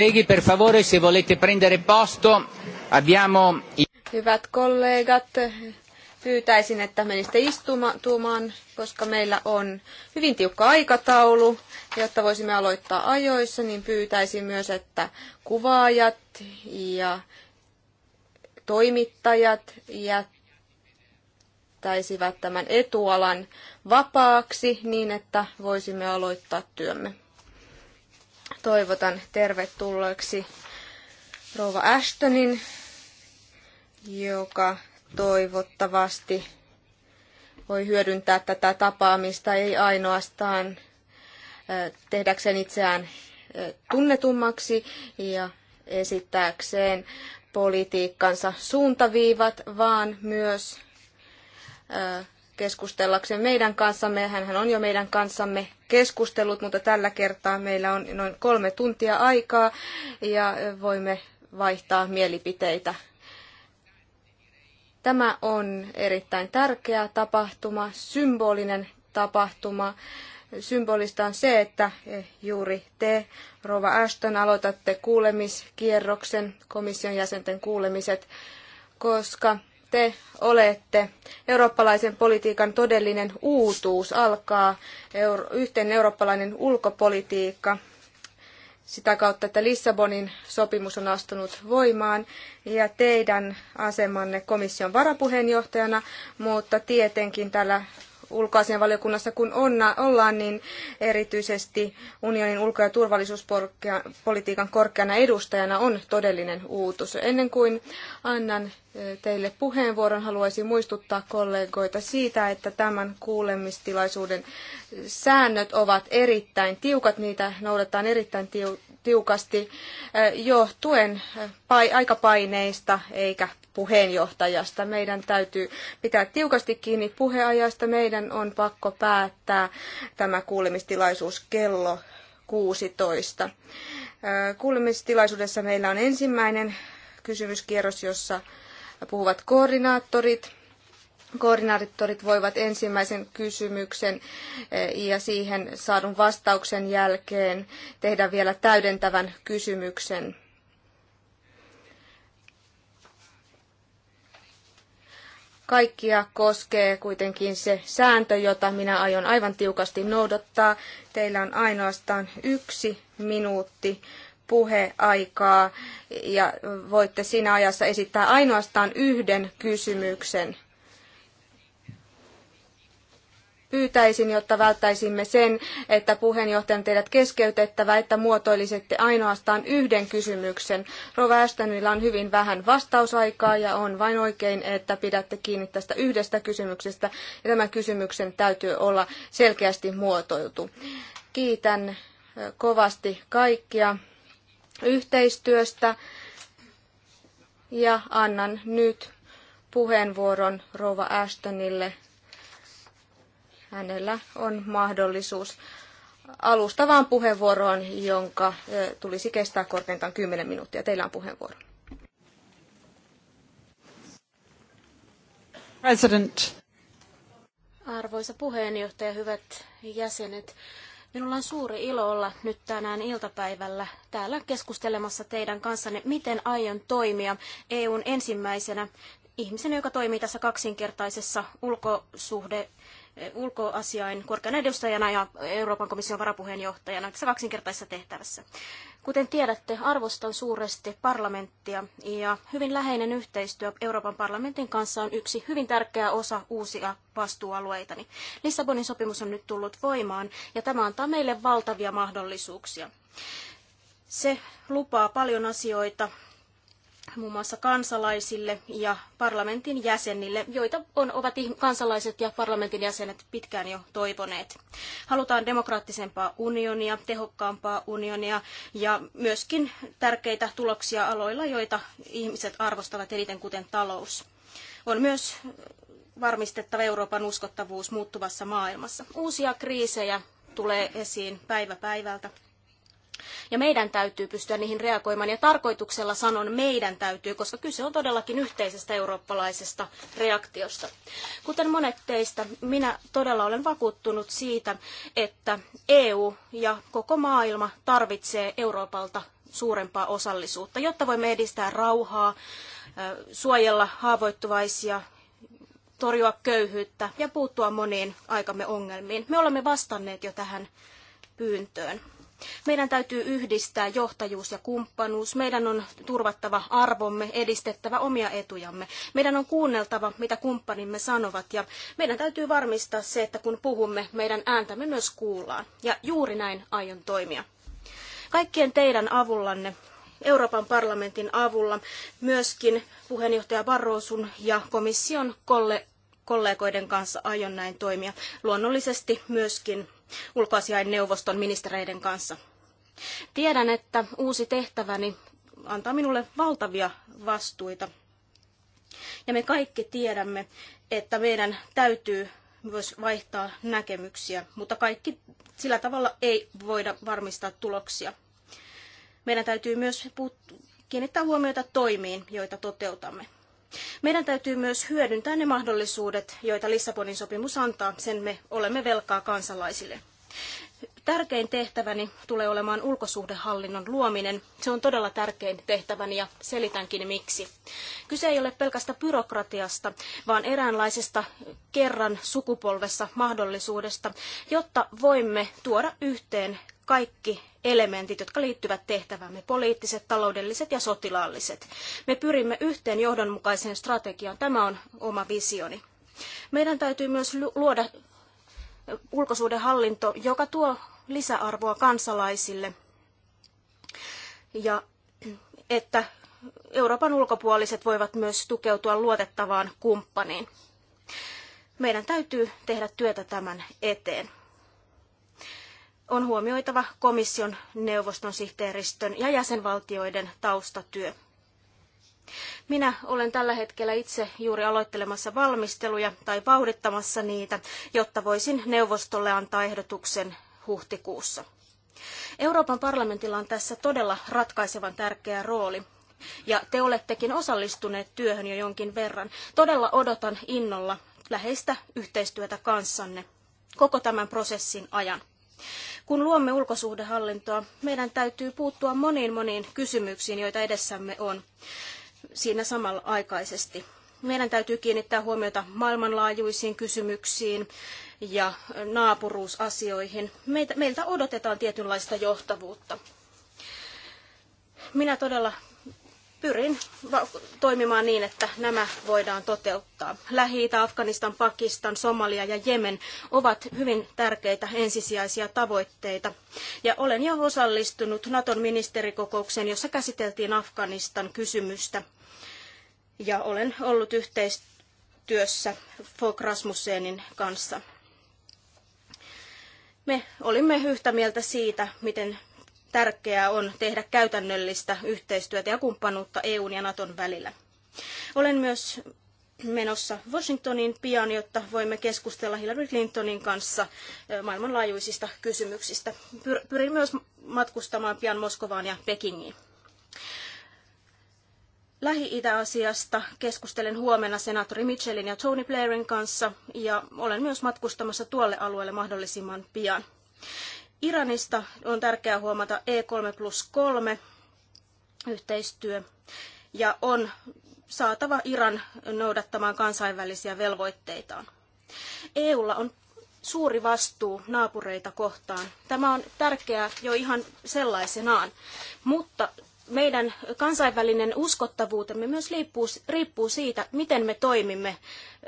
Colleghi, per favore, se volete prendere posto, abbiamo... Hyvät kollegat, pyytäisin, että menisitte istumaan, koska meillä on hyvin tiukka aikataulu. Jotta voisimme aloittaa ajoissa, niin pyytäisin myös, että kuvaajat ja toimittajat jättäisivät tämän etualan vapaaksi niin, että voisimme aloittaa työmme toivotan tervetulleeksi rouva Ashtonin, joka toivottavasti voi hyödyntää tätä tapaamista ei ainoastaan tehdäkseen itseään tunnetummaksi ja esittääkseen politiikkansa suuntaviivat, vaan myös keskustellakseen meidän kanssamme. Hänhän on jo meidän kanssamme keskustellut, mutta tällä kertaa meillä on noin kolme tuntia aikaa ja voimme vaihtaa mielipiteitä. Tämä on erittäin tärkeä tapahtuma, symbolinen tapahtuma. Symbolista on se, että juuri te, Rova Ashton, aloitatte kuulemiskierroksen, komission jäsenten kuulemiset, koska te olette eurooppalaisen politiikan todellinen uutuus, alkaa euro, yhteinen eurooppalainen ulkopolitiikka sitä kautta, että Lissabonin sopimus on astunut voimaan ja teidän asemanne komission varapuheenjohtajana, mutta tietenkin tällä ulkoasianvaliokunnassa kun on, ollaan, niin erityisesti unionin ulko- ja turvallisuuspolitiikan korkeana edustajana on todellinen uutus. Ennen kuin annan teille puheenvuoron, haluaisin muistuttaa kollegoita siitä, että tämän kuulemistilaisuuden säännöt ovat erittäin tiukat. Niitä noudatetaan erittäin tiukasti tiukasti eh, johtuen aikapaineista eikä puheenjohtajasta. Meidän täytyy pitää tiukasti kiinni puheajasta. Meidän on pakko päättää tämä kuulemistilaisuus kello 16. Eh, kuulemistilaisuudessa meillä on ensimmäinen kysymyskierros, jossa puhuvat koordinaattorit koordinaattorit voivat ensimmäisen kysymyksen eh, ja siihen saadun vastauksen jälkeen tehdä vielä täydentävän kysymyksen. Kaikkia koskee kuitenkin se sääntö, jota minä aion aivan tiukasti noudattaa. Teillä on ainoastaan yksi minuutti puheaikaa ja voitte siinä ajassa esittää ainoastaan yhden kysymyksen pyytäisin, jotta välttäisimme sen, että puheenjohtajan teidät keskeytettävä, että muotoilisitte ainoastaan yhden kysymyksen. Rova Ashtonilla on hyvin vähän vastausaikaa ja on vain oikein, että pidätte kiinni tästä yhdestä kysymyksestä ja tämän kysymyksen täytyy olla selkeästi muotoiltu. Kiitän kovasti kaikkia yhteistyöstä ja annan nyt puheenvuoron Rova Ashtonille hänellä on mahdollisuus alustavaan puheenvuoroon, jonka tulisi kestää korkeintaan 10 minuuttia. Teillä on puheenvuoro. President. Arvoisa puheenjohtaja, hyvät jäsenet. Minulla on suuri ilo olla nyt tänään iltapäivällä täällä keskustelemassa teidän kanssanne, miten aion toimia EUn ensimmäisenä ihmisenä, joka toimii tässä kaksinkertaisessa ulkosuhde- ulkoasiain korkean edustajana ja Euroopan komission varapuheenjohtajana tässä kaksinkertaisessa tehtävässä. Kuten tiedätte, arvostan suuresti parlamenttia ja hyvin läheinen yhteistyö Euroopan parlamentin kanssa on yksi hyvin tärkeä osa uusia vastuualueitani. Lissabonin sopimus on nyt tullut voimaan ja tämä antaa meille valtavia mahdollisuuksia. Se lupaa paljon asioita muun muassa kansalaisille ja parlamentin jäsenille, joita on, ovat kansalaiset ja parlamentin jäsenet pitkään jo toivoneet. Halutaan demokraattisempaa unionia, tehokkaampaa unionia ja myöskin tärkeitä tuloksia aloilla, joita ihmiset arvostavat eniten, kuten talous. On myös varmistettava Euroopan uskottavuus muuttuvassa maailmassa. Uusia kriisejä tulee esiin päivä päivältä. Ja meidän täytyy pystyä niihin reagoimaan. Ja tarkoituksella sanon meidän täytyy, koska kyse on todellakin yhteisestä eurooppalaisesta reaktiosta. Kuten monet teistä, minä todella olen vakuuttunut siitä, että EU ja koko maailma tarvitsee Euroopalta suurempaa osallisuutta, jotta voimme edistää rauhaa, suojella haavoittuvaisia torjua köyhyyttä ja puuttua moniin aikamme ongelmiin. Me olemme vastanneet jo tähän pyyntöön. Meidän täytyy yhdistää johtajuus ja kumppanuus. Meidän on turvattava arvomme, edistettävä omia etujamme. Meidän on kuunneltava, mitä kumppanimme sanovat. Ja meidän täytyy varmistaa se, että kun puhumme, meidän ääntämme myös kuullaan. Ja juuri näin aion toimia. Kaikkien teidän avullanne Euroopan parlamentin avulla, myöskin puheenjohtaja Barrosun ja komission kollegoiden kanssa aion näin toimia. Luonnollisesti myöskin ulkoasiainneuvoston ministereiden kanssa. Tiedän, että uusi tehtäväni antaa minulle valtavia vastuita. Ja me kaikki tiedämme, että meidän täytyy myös vaihtaa näkemyksiä, mutta kaikki sillä tavalla ei voida varmistaa tuloksia. Meidän täytyy myös puut- kiinnittää huomiota toimiin, joita toteutamme. Meidän täytyy myös hyödyntää ne mahdollisuudet, joita Lissabonin sopimus antaa, sen me olemme velkaa kansalaisille. Tärkein tehtäväni tulee olemaan ulkosuhdehallinnon luominen. Se on todella tärkein tehtäväni ja selitänkin miksi. Kyse ei ole pelkästä byrokratiasta, vaan eräänlaisesta kerran sukupolvessa mahdollisuudesta, jotta voimme tuoda yhteen kaikki elementit, jotka liittyvät tehtävämme, poliittiset, taloudelliset ja sotilaalliset. Me pyrimme yhteen johdonmukaiseen strategiaan. Tämä on oma visioni. Meidän täytyy myös luoda ulkosuudenhallinto, joka tuo lisäarvoa kansalaisille ja että Euroopan ulkopuoliset voivat myös tukeutua luotettavaan kumppaniin. Meidän täytyy tehdä työtä tämän eteen on huomioitava komission, neuvoston sihteeristön ja jäsenvaltioiden taustatyö. Minä olen tällä hetkellä itse juuri aloittelemassa valmisteluja tai vauhdittamassa niitä, jotta voisin neuvostolle antaa ehdotuksen huhtikuussa. Euroopan parlamentilla on tässä todella ratkaisevan tärkeä rooli. Ja te olettekin osallistuneet työhön jo jonkin verran. Todella odotan innolla läheistä yhteistyötä kanssanne koko tämän prosessin ajan. Kun luomme ulkosuhdehallintoa, meidän täytyy puuttua moniin moniin kysymyksiin, joita edessämme on siinä samalla aikaisesti. Meidän täytyy kiinnittää huomiota maailmanlaajuisiin kysymyksiin ja naapuruusasioihin. Meiltä odotetaan tietynlaista johtavuutta minä todella pyrin toimimaan niin, että nämä voidaan toteuttaa. lähi Afganistan, Pakistan, Somalia ja Jemen ovat hyvin tärkeitä ensisijaisia tavoitteita. Ja olen jo osallistunut Naton ministerikokoukseen, jossa käsiteltiin Afganistan kysymystä. Ja olen ollut yhteistyössä Fogh Rasmussenin kanssa. Me olimme yhtä mieltä siitä, miten tärkeää on tehdä käytännöllistä yhteistyötä ja kumppanuutta EUn ja Naton välillä. Olen myös menossa Washingtoniin pian, jotta voimme keskustella Hillary Clintonin kanssa maailmanlaajuisista kysymyksistä. Pyrin myös matkustamaan pian Moskovaan ja Pekingiin. Lähi-Itä-asiasta keskustelen huomenna senaattori Mitchellin ja Tony Blairin kanssa ja olen myös matkustamassa tuolle alueelle mahdollisimman pian. Iranista on tärkeää huomata E3 plus 3 yhteistyö ja on saatava Iran noudattamaan kansainvälisiä velvoitteitaan. EUlla on suuri vastuu naapureita kohtaan. Tämä on tärkeää jo ihan sellaisenaan, mutta meidän kansainvälinen uskottavuutemme myös riippuu, riippuu siitä, miten me toimimme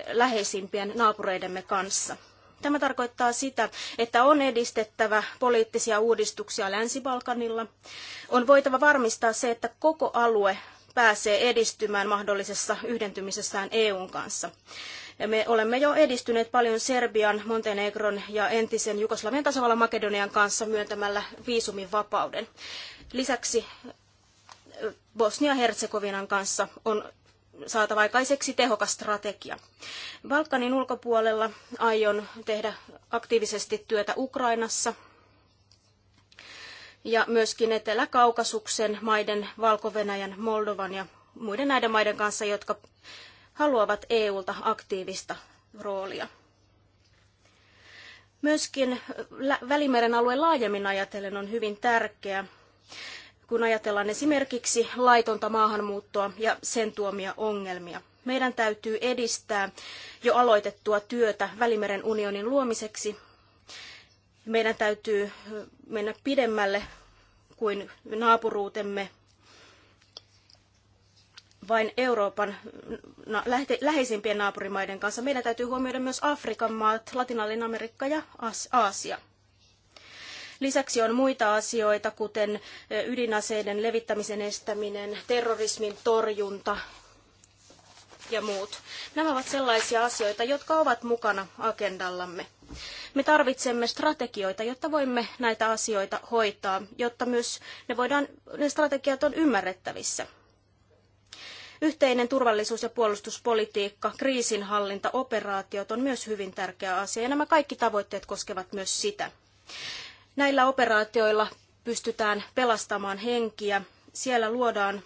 läheisimpien naapureidemme kanssa. Tämä tarkoittaa sitä, että on edistettävä poliittisia uudistuksia Länsi-Balkanilla. On voitava varmistaa se, että koko alue pääsee edistymään mahdollisessa yhdentymisessään EUn kanssa. Ja me olemme jo edistyneet paljon Serbian, Montenegron ja entisen Jugoslavian tasavallan Makedonian kanssa myöntämällä viisumin vapauden. Lisäksi Bosnia-Herzegovinan kanssa on saatava aikaiseksi tehokas strategia. Balkanin ulkopuolella aion tehdä aktiivisesti työtä Ukrainassa ja myöskin Etelä-Kaukasuksen maiden, valko Moldovan ja muiden näiden maiden kanssa, jotka haluavat EUlta aktiivista roolia. Myöskin Välimeren alue laajemmin ajatellen on hyvin tärkeä kun ajatellaan esimerkiksi laitonta maahanmuuttoa ja sen tuomia ongelmia. Meidän täytyy edistää jo aloitettua työtä Välimeren unionin luomiseksi. Meidän täytyy mennä pidemmälle kuin naapuruutemme. Vain Euroopan läheisimpien naapurimaiden kanssa meidän täytyy huomioida myös Afrikan maat, Latinalainen Amerikka ja Aasia. Lisäksi on muita asioita, kuten ydinaseiden levittämisen estäminen, terrorismin torjunta ja muut. Nämä ovat sellaisia asioita, jotka ovat mukana agendallamme. Me tarvitsemme strategioita, jotta voimme näitä asioita hoitaa, jotta myös ne, voidaan, ne strategiat on ymmärrettävissä. Yhteinen turvallisuus- ja puolustuspolitiikka, kriisinhallinta, operaatiot on myös hyvin tärkeä asia ja nämä kaikki tavoitteet koskevat myös sitä. Näillä operaatioilla pystytään pelastamaan henkiä. Siellä luodaan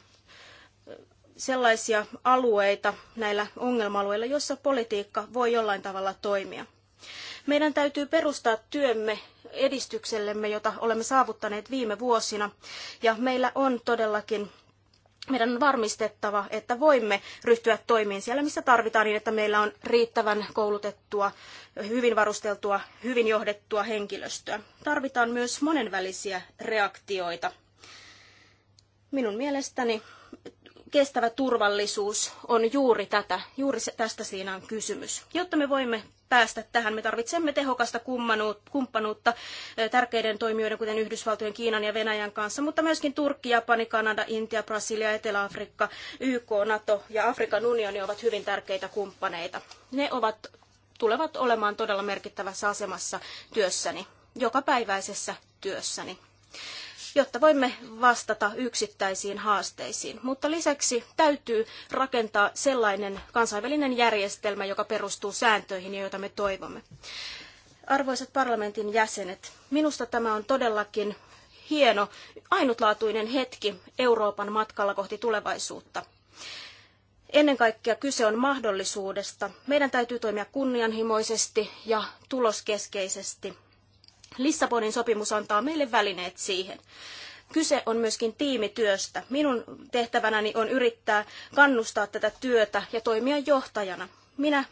sellaisia alueita näillä ongelma-alueilla, joissa politiikka voi jollain tavalla toimia. Meidän täytyy perustaa työmme edistyksellemme, jota olemme saavuttaneet viime vuosina, ja meillä on todellakin meidän on varmistettava, että voimme ryhtyä toimiin siellä, missä tarvitaan niin, että meillä on riittävän koulutettua, hyvin varusteltua, hyvin johdettua henkilöstöä. Tarvitaan myös monenvälisiä reaktioita. Minun mielestäni kestävä turvallisuus on juuri tätä, juuri tästä siinä on kysymys. Jotta me voimme päästä tähän. Me tarvitsemme tehokasta kumppanuutta tärkeiden toimijoiden, kuten Yhdysvaltojen, Kiinan ja Venäjän kanssa, mutta myöskin Turkki, Japani, Kanada, Intia, Brasilia, Etelä-Afrikka, YK, NATO ja Afrikan unioni ovat hyvin tärkeitä kumppaneita. Ne ovat, tulevat olemaan todella merkittävässä asemassa työssäni, jokapäiväisessä työssäni jotta voimme vastata yksittäisiin haasteisiin. Mutta lisäksi täytyy rakentaa sellainen kansainvälinen järjestelmä, joka perustuu sääntöihin, joita me toivomme. Arvoisat parlamentin jäsenet, minusta tämä on todellakin hieno, ainutlaatuinen hetki Euroopan matkalla kohti tulevaisuutta. Ennen kaikkea kyse on mahdollisuudesta. Meidän täytyy toimia kunnianhimoisesti ja tuloskeskeisesti Lissabonin sopimus antaa meille välineet siihen. Kyse on myöskin tiimityöstä. Minun tehtävänäni on yrittää kannustaa tätä työtä ja toimia johtajana. Minä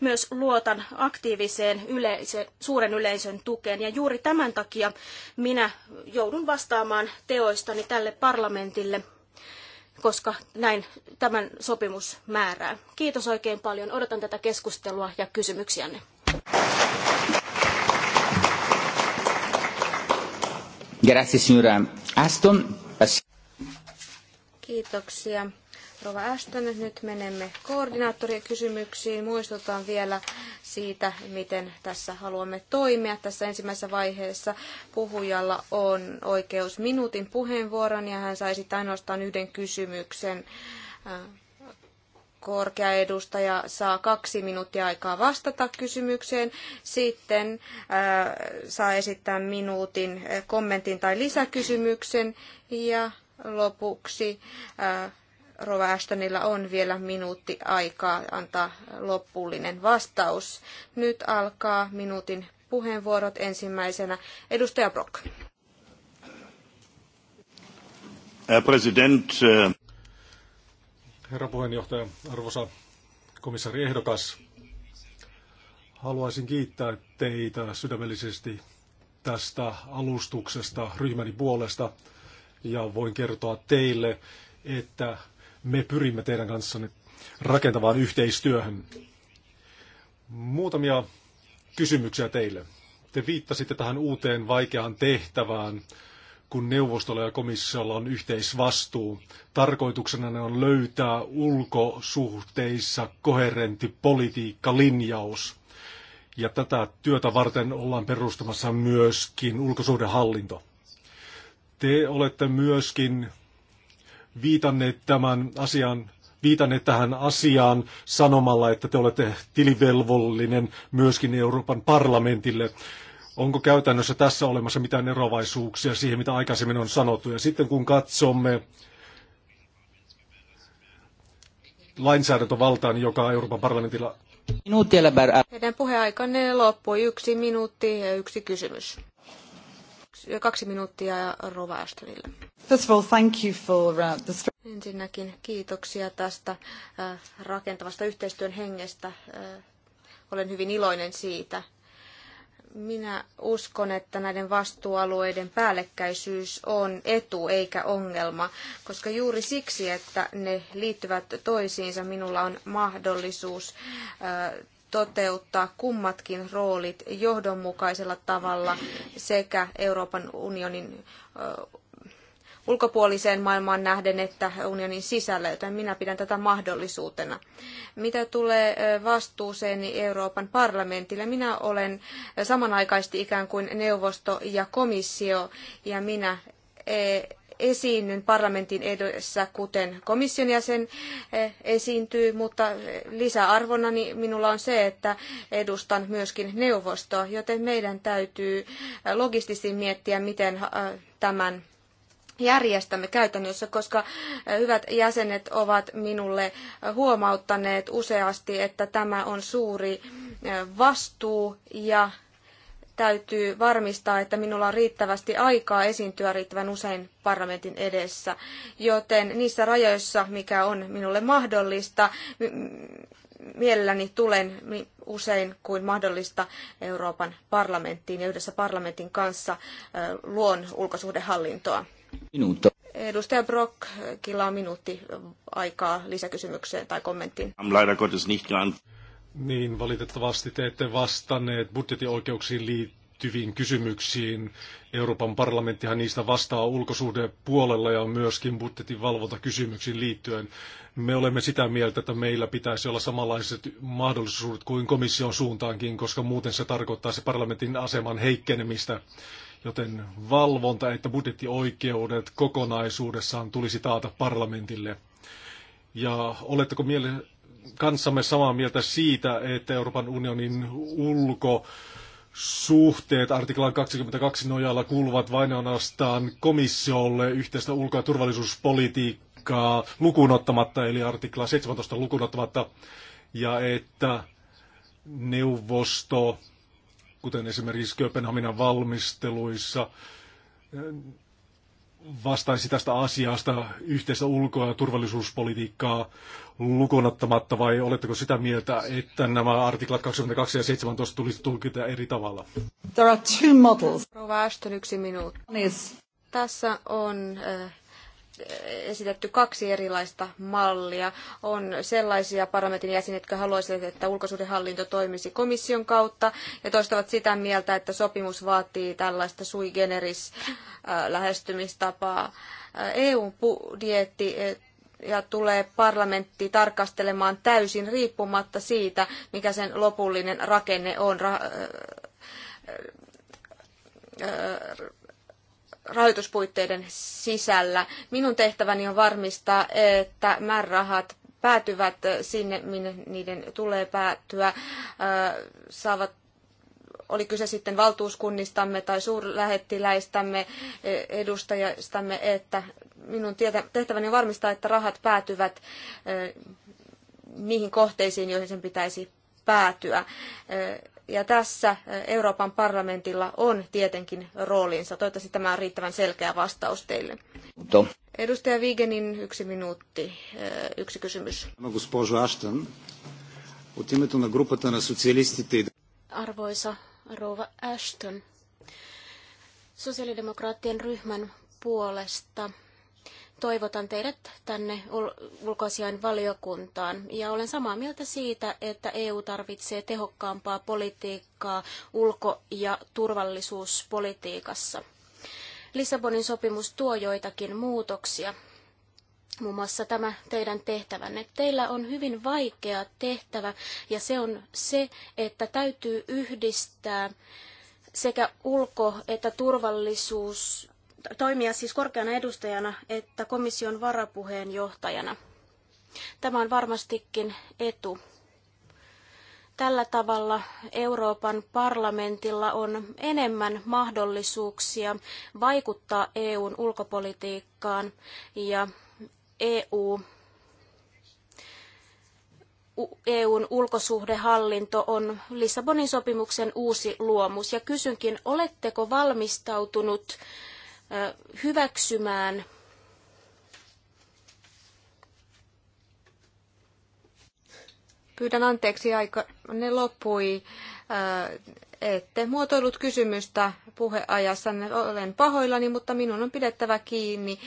myös luotan aktiiviseen yleisön, suuren yleisön tukeen. Ja juuri tämän takia minä joudun vastaamaan teoistani tälle parlamentille, koska näin tämän sopimus määrää. Kiitos oikein paljon. Odotan tätä keskustelua ja kysymyksiänne. Grazie, signora Aston. Kiitoksia. Rova Ashton, nyt menemme koordinaattorikysymyksiin. Muistutan vielä siitä, miten tässä haluamme toimia. Tässä ensimmäisessä vaiheessa puhujalla on oikeus minuutin puheenvuoron ja hän saisi ainoastaan yhden kysymyksen äh, korkea edustaja saa kaksi minuuttia aikaa vastata kysymykseen. Sitten äh, saa esittää minuutin äh, kommentin tai lisäkysymyksen. Ja lopuksi äh, Rova Ashtonilla on vielä minuutti aikaa antaa loppullinen vastaus. Nyt alkaa minuutin puheenvuorot ensimmäisenä. Edustaja Brock. Herr Präsident herra puheenjohtaja, arvoisa komissari ehdokas. Haluaisin kiittää teitä sydämellisesti tästä alustuksesta ryhmäni puolesta ja voin kertoa teille, että me pyrimme teidän kanssanne rakentavaan yhteistyöhön. Muutamia kysymyksiä teille. Te viittasitte tähän uuteen vaikeaan tehtävään, kun neuvostolla ja komissiolla on yhteisvastuu. Tarkoituksena ne on löytää ulkosuhteissa koherentti politiikkalinjaus. Ja tätä työtä varten ollaan perustamassa myöskin ulkosuhdehallinto. Te olette myöskin viitanneet tämän asian viitanneet tähän asiaan sanomalla, että te olette tilivelvollinen myöskin Euroopan parlamentille. Onko käytännössä tässä olemassa mitään erovaisuuksia siihen, mitä aikaisemmin on sanottu? Ja sitten kun katsomme lainsäädäntövaltaan, joka Euroopan parlamentilla... Meidän puheaikanne loppui yksi minuutti ja yksi kysymys. Kaksi minuuttia Rova Astonille. First of all, thank you for uh, Ensinnäkin kiitoksia tästä uh, rakentavasta yhteistyön hengestä. Uh, olen hyvin iloinen siitä. Minä uskon, että näiden vastuualueiden päällekkäisyys on etu eikä ongelma, koska juuri siksi, että ne liittyvät toisiinsa, minulla on mahdollisuus toteuttaa kummatkin roolit johdonmukaisella tavalla sekä Euroopan unionin ulkopuoliseen maailmaan nähden että unionin sisällä, joten minä pidän tätä mahdollisuutena. Mitä tulee niin Euroopan parlamentille, minä olen samanaikaisesti ikään kuin neuvosto ja komissio, ja minä e, esiinnyn parlamentin edessä, kuten komission jäsen e, esiintyy, mutta lisäarvona minulla on se, että edustan myöskin neuvostoa, joten meidän täytyy logistisesti miettiä, miten tämän järjestämme käytännössä, koska eh, hyvät jäsenet ovat minulle eh, huomauttaneet useasti, että tämä on suuri eh, vastuu ja täytyy varmistaa, että minulla on riittävästi aikaa esiintyä riittävän usein parlamentin edessä. Joten niissä rajoissa, mikä on minulle mahdollista, mielelläni tulen usein kuin mahdollista Euroopan parlamenttiin ja yhdessä parlamentin kanssa luon ulkosuhdehallintoa. Minuutta. Edustaja Brock, kyllä on minuutti aikaa lisäkysymykseen tai kommenttiin. Am nicht Niin, valitettavasti te ette vastanneet budjettioikeuksiin liittyviin kysymyksiin. Euroopan parlamenttihan niistä vastaa ulkosuhdepuolella ja myöskin budjetin valvontakysymyksiin liittyen. Me olemme sitä mieltä, että meillä pitäisi olla samanlaiset mahdollisuudet kuin komission suuntaankin, koska muuten se tarkoittaa se parlamentin aseman heikkenemistä joten valvonta että budjettioikeudet kokonaisuudessaan tulisi taata parlamentille. Ja oletteko miele kanssamme samaa mieltä siitä, että Euroopan unionin ulko suhteet artiklan 22 nojalla kuuluvat vain ainoastaan komissiolle yhteistä ulko- ja turvallisuuspolitiikkaa lukunottamatta, eli artikla 17 lukunottamatta, ja että neuvosto kuten esimerkiksi Kööpenhaminan valmisteluissa, vastaisi tästä asiasta yhteistä ulkoa ja turvallisuuspolitiikkaa lukunottamatta, vai oletteko sitä mieltä, että nämä artiklat 22 ja 17 tulisi tulkita eri tavalla? There are two models. Rova yksi minuutti. Tässä on äh, esitetty kaksi erilaista mallia. On sellaisia parlamentin jäseniä, jotka haluaisivat, että ulkosuhdehallinto toimisi komission kautta, ja toistavat sitä mieltä, että sopimus vaatii tällaista sui generis äh, lähestymistapaa. Äh, EU-budjetti äh, ja tulee parlamentti tarkastelemaan täysin riippumatta siitä, mikä sen lopullinen rakenne on rahoituspuitteiden sisällä. Minun tehtäväni on varmistaa, että määrärahat päätyvät sinne, minne niiden tulee päätyä, saavat oli kyse sitten valtuuskunnistamme tai suurlähettiläistämme, e, edustajistamme, että minun tehtäväni on varmistaa, että rahat päätyvät e, niihin kohteisiin, joihin sen pitäisi päätyä. E, ja tässä Euroopan parlamentilla on tietenkin roolinsa. Toivottavasti tämä on riittävän selkeä vastaus teille. Edustaja Vigenin yksi minuutti, yksi kysymys. Arvoisa rouva Ashton, sosiaalidemokraattien ryhmän puolesta toivotan teidät tänne ul- ulkoasian valiokuntaan. Ja olen samaa mieltä siitä, että EU tarvitsee tehokkaampaa politiikkaa ulko- ja turvallisuuspolitiikassa. Lissabonin sopimus tuo joitakin muutoksia. Muun muassa tämä teidän tehtävänne. Teillä on hyvin vaikea tehtävä ja se on se, että täytyy yhdistää sekä ulko- että turvallisuus toimia siis korkeana edustajana että komission varapuheenjohtajana. Tämä on varmastikin etu. Tällä tavalla Euroopan parlamentilla on enemmän mahdollisuuksia vaikuttaa EUn ulkopolitiikkaan ja EU EUn ulkosuhdehallinto on Lissabonin sopimuksen uusi luomus. Ja kysynkin, oletteko valmistautunut hyväksymään. Pyydän anteeksi, aika ne loppui. Ette muotoillut kysymystä puheajassa. Olen pahoillani, mutta minun on pidettävä kiinni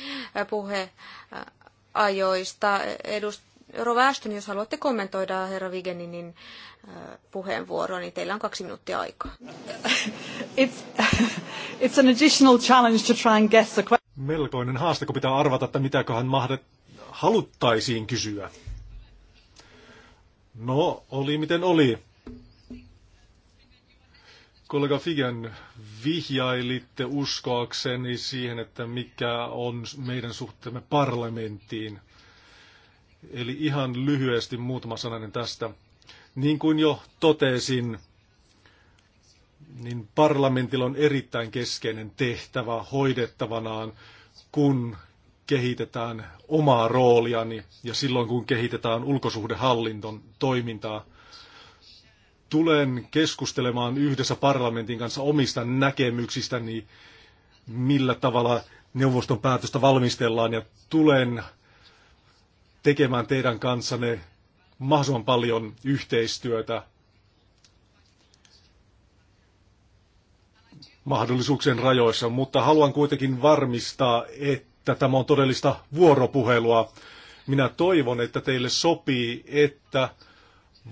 puheajoista. Edust- Rova Ashton, jos haluatte kommentoida herra Vigeninin äh, puheenvuoroa, niin teillä on kaksi minuuttia aikaa. It's, it's an additional challenge to try and guess a question. Melkoinen haaste, kun pitää arvata, että mitäköhän mahdet haluttaisiin kysyä. No, oli miten oli. Kollega Figen, vihjailitte uskoakseni siihen, että mikä on meidän suhteemme parlamenttiin. Eli ihan lyhyesti muutama sananen tästä. Niin kuin jo totesin, niin parlamentilla on erittäin keskeinen tehtävä hoidettavanaan, kun kehitetään omaa rooliani ja silloin kun kehitetään ulkosuhdehallinton toimintaa. Tulen keskustelemaan yhdessä parlamentin kanssa omista näkemyksistäni, millä tavalla neuvoston päätöstä valmistellaan ja tulen tekemään teidän kanssanne mahdollisimman paljon yhteistyötä mahdollisuuksien rajoissa, mutta haluan kuitenkin varmistaa, että tämä on todellista vuoropuhelua. Minä toivon, että teille sopii, että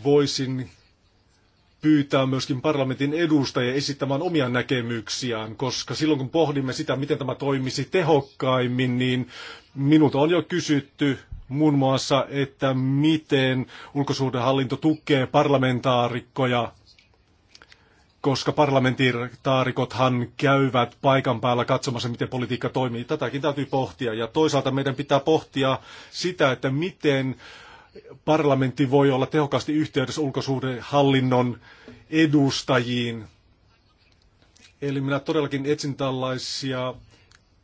voisin pyytää myöskin parlamentin edustajia esittämään omia näkemyksiään, koska silloin kun pohdimme sitä, miten tämä toimisi tehokkaimmin, niin minulta on jo kysytty muun muassa, että miten ulkosuhdehallinto tukee parlamentaarikkoja, koska parlamentaarikothan käyvät paikan päällä katsomassa, miten politiikka toimii. Tätäkin täytyy pohtia. Ja toisaalta meidän pitää pohtia sitä, että miten parlamentti voi olla tehokkaasti yhteydessä ulkosuhdehallinnon edustajiin. Eli minä todellakin etsin tällaisia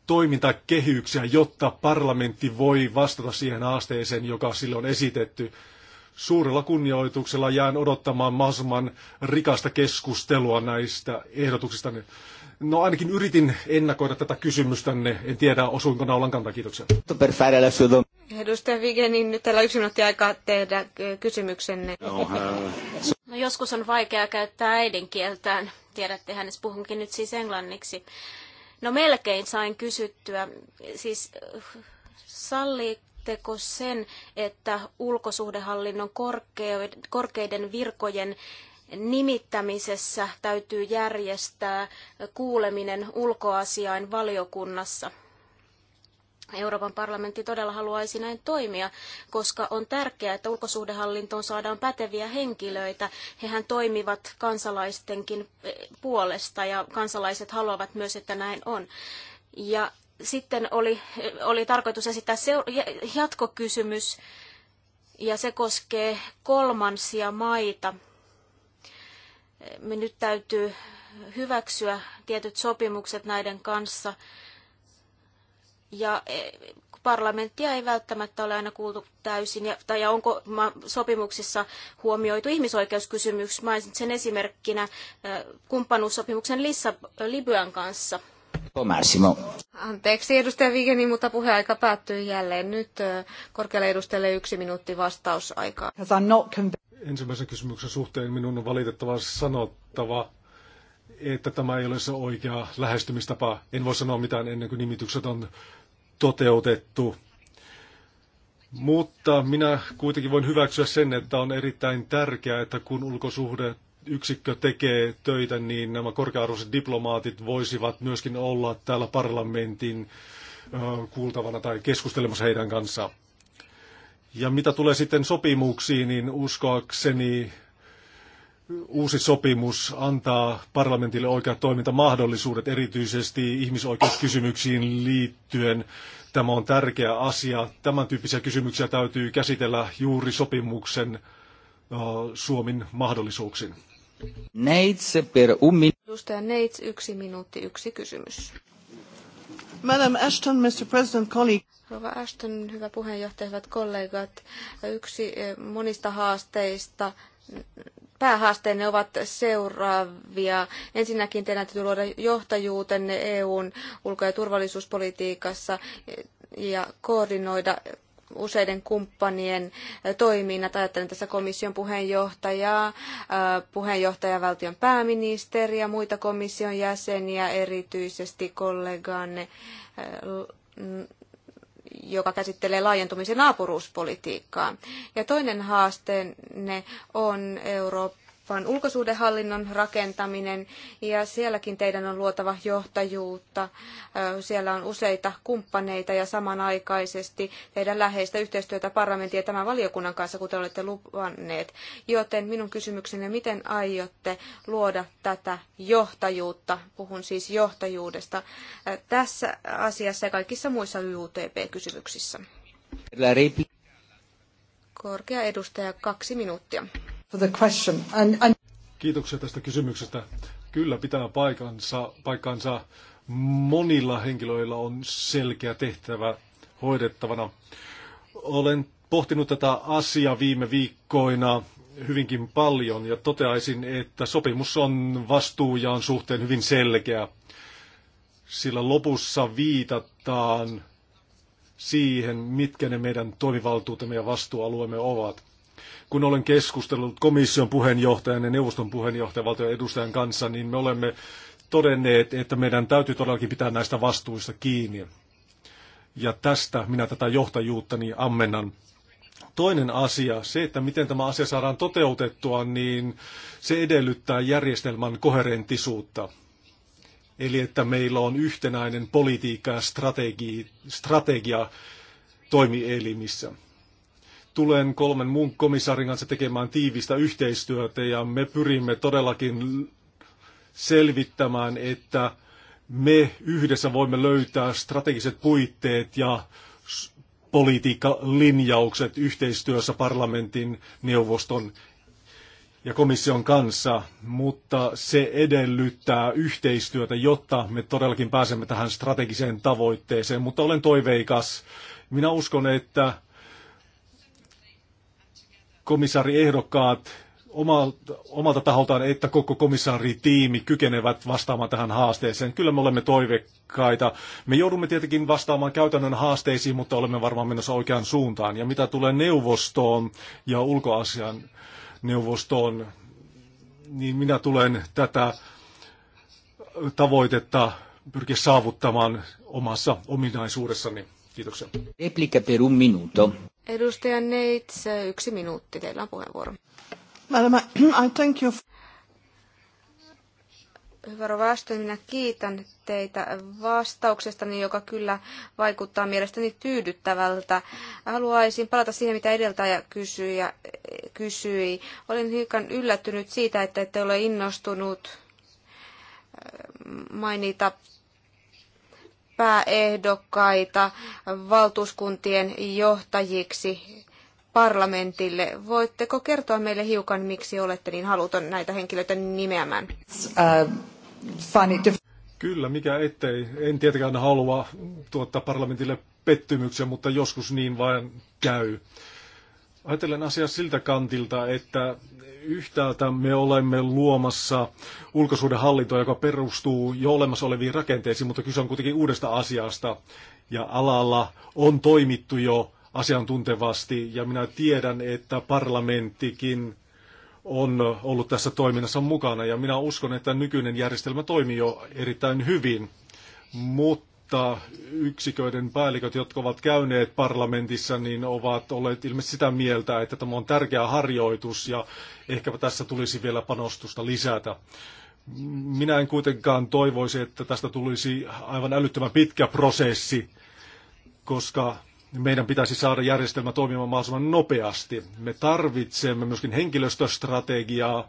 toimintakehyksiä, jotta parlamentti voi vastata siihen haasteeseen, joka sille on esitetty. Suurella kunnioituksella jään odottamaan mahdollisimman rikasta keskustelua näistä ehdotuksista. No ainakin yritin ennakoida tätä kysymystänne. En tiedä, osuinko naulan kantaa. Kiitoksia. Edustaja Vigenin, nyt täällä on yksi minuutti aikaa tehdä kysymyksenne. No, no joskus on vaikea käyttää äidinkieltään. Tiedättehän, että puhunkin nyt siis englanniksi. No melkein sain kysyttyä, siis sallitteko sen, että ulkosuhdehallinnon korkeiden virkojen nimittämisessä täytyy järjestää kuuleminen ulkoasiain valiokunnassa? Euroopan parlamentti todella haluaisi näin toimia, koska on tärkeää, että ulkosuhdehallintoon saadaan päteviä henkilöitä. Hehän toimivat kansalaistenkin eh, puolesta ja kansalaiset haluavat myös, että näin on. Ja sitten oli, eh, oli tarkoitus esittää jatkokysymys ja se koskee kolmansia maita. Eh, me nyt täytyy hyväksyä tietyt sopimukset näiden kanssa ja e, parlamenttia ei välttämättä ole aina kuultu täysin, ja, tai onko sopimuksissa huomioitu ihmisoikeuskysymys. Mainitsen esimerkkinä e, kumppanuussopimuksen Lissa, Libyan kanssa. Massimo. Anteeksi edustaja Vigeni, mutta puheaika päättyy jälleen. Nyt e, korkealle edustajalle yksi minuutti vastausaikaa. Ensimmäisen kysymyksen suhteen minun on valitettavasti sanottava, että tämä ei ole se oikea lähestymistapa. En voi sanoa mitään ennen kuin nimitykset on toteutettu. Mutta minä kuitenkin voin hyväksyä sen, että on erittäin tärkeää, että kun ulkosuhde yksikkö tekee töitä, niin nämä korkearvoiset diplomaatit voisivat myöskin olla täällä parlamentin kuultavana tai keskustelemassa heidän kanssaan. Ja mitä tulee sitten sopimuksiin, niin uskoakseni uusi sopimus antaa parlamentille oikeat toimintamahdollisuudet, erityisesti ihmisoikeuskysymyksiin liittyen. Tämä on tärkeä asia. Tämän tyyppisiä kysymyksiä täytyy käsitellä juuri sopimuksen Suomen mahdollisuuksiin. Neits per un Edustaja Neits, yksi minuutti, yksi kysymys. Madam Ashton, Mr. President, colleague. Rova Ashton, hyvä puheenjohtaja, hyvät kollegat. Yksi monista haasteista päähaasteenne ovat seuraavia. Ensinnäkin teidän täytyy luoda johtajuutenne EUn ulko- ja turvallisuuspolitiikassa ja koordinoida useiden kumppanien toiminnat. Ajattelen tässä komission puheenjohtajaa, äh, puheenjohtajavaltion pääministeriä, muita komission jäseniä, erityisesti kolleganne. Äh, joka käsittelee laajentumisen naapuruuspolitiikkaa. Ja toinen haasteenne on Euroopan vaan ulkosuhdehallinnon rakentaminen, ja sielläkin teidän on luotava johtajuutta. Siellä on useita kumppaneita ja samanaikaisesti teidän läheistä yhteistyötä parlamentin ja tämän valiokunnan kanssa, kuten olette luvanneet. Joten minun kysymykseni, miten aiotte luoda tätä johtajuutta, puhun siis johtajuudesta, tässä asiassa ja kaikissa muissa utp kysymyksissä Korkea edustaja, kaksi minuuttia for the question. And, and... Kiitoksia tästä kysymyksestä. Kyllä pitää paikansa, paikkansa. Monilla henkilöillä on selkeä tehtävä hoidettavana. Olen pohtinut tätä asiaa viime viikkoina hyvinkin paljon ja toteaisin, että sopimus on vastuujaan suhteen hyvin selkeä, sillä lopussa viitataan siihen, mitkä ne meidän toimivaltuutemme ja vastuualueemme ovat kun olen keskustellut komission puheenjohtajan ja neuvoston puheenjohtajan valtion edustajan kanssa, niin me olemme todenneet, että meidän täytyy todellakin pitää näistä vastuista kiinni. Ja tästä minä tätä johtajuuttani ammennan. Toinen asia, se, että miten tämä asia saadaan toteutettua, niin se edellyttää järjestelmän koherentisuutta. Eli että meillä on yhtenäinen politiikka ja strategia toimielimissä tulen kolmen muun komissaarin kanssa tekemään tiivistä yhteistyötä ja me pyrimme todellakin selvittämään, että me yhdessä voimme löytää strategiset puitteet ja politiikkalinjaukset yhteistyössä parlamentin, neuvoston ja komission kanssa, mutta se edellyttää yhteistyötä, jotta me todellakin pääsemme tähän strategiseen tavoitteeseen. Mutta olen toiveikas. Minä uskon, että komissaariehdokkaat omalta, omalta taholtaan, että koko komissaaritiimi kykenevät vastaamaan tähän haasteeseen. Kyllä me olemme toivekkaita. Me joudumme tietenkin vastaamaan käytännön haasteisiin, mutta olemme varmaan menossa oikeaan suuntaan. Ja mitä tulee neuvostoon ja ulkoasian neuvostoon, niin minä tulen tätä tavoitetta pyrkiä saavuttamaan omassa ominaisuudessani. Kiitoksia. Replika per un minuto. Edustaja Neits, yksi minuutti, teillä on puheenvuoro. Madam, I thank you. Hyvä Rovaston, minä kiitän teitä vastauksestani, joka kyllä vaikuttaa mielestäni tyydyttävältä. Haluaisin palata siihen, mitä edeltäjä kysyi. Ja kysyi. Olin hiukan yllättynyt siitä, että ette ole innostunut mainita pääehdokkaita valtuuskuntien johtajiksi parlamentille. Voitteko kertoa meille hiukan, miksi olette niin haluton näitä henkilöitä nimeämään? Kyllä, mikä ettei. En tietenkään halua tuottaa parlamentille pettymyksen, mutta joskus niin vain käy. Ajattelen asiaa siltä kantilta, että yhtäältä me olemme luomassa ulkosuhdehallintoa, joka perustuu jo olemassa oleviin rakenteisiin, mutta kyse on kuitenkin uudesta asiasta. Ja alalla on toimittu jo asiantuntevasti, ja minä tiedän, että parlamenttikin on ollut tässä toiminnassa mukana, ja minä uskon, että nykyinen järjestelmä toimii jo erittäin hyvin. Mutta mutta yksiköiden päälliköt, jotka ovat käyneet parlamentissa, niin ovat olleet ilmeisesti sitä mieltä, että tämä on tärkeä harjoitus ja ehkäpä tässä tulisi vielä panostusta lisätä. Minä en kuitenkaan toivoisi, että tästä tulisi aivan älyttömän pitkä prosessi, koska meidän pitäisi saada järjestelmä toimimaan mahdollisimman nopeasti. Me tarvitsemme myöskin henkilöstöstrategiaa,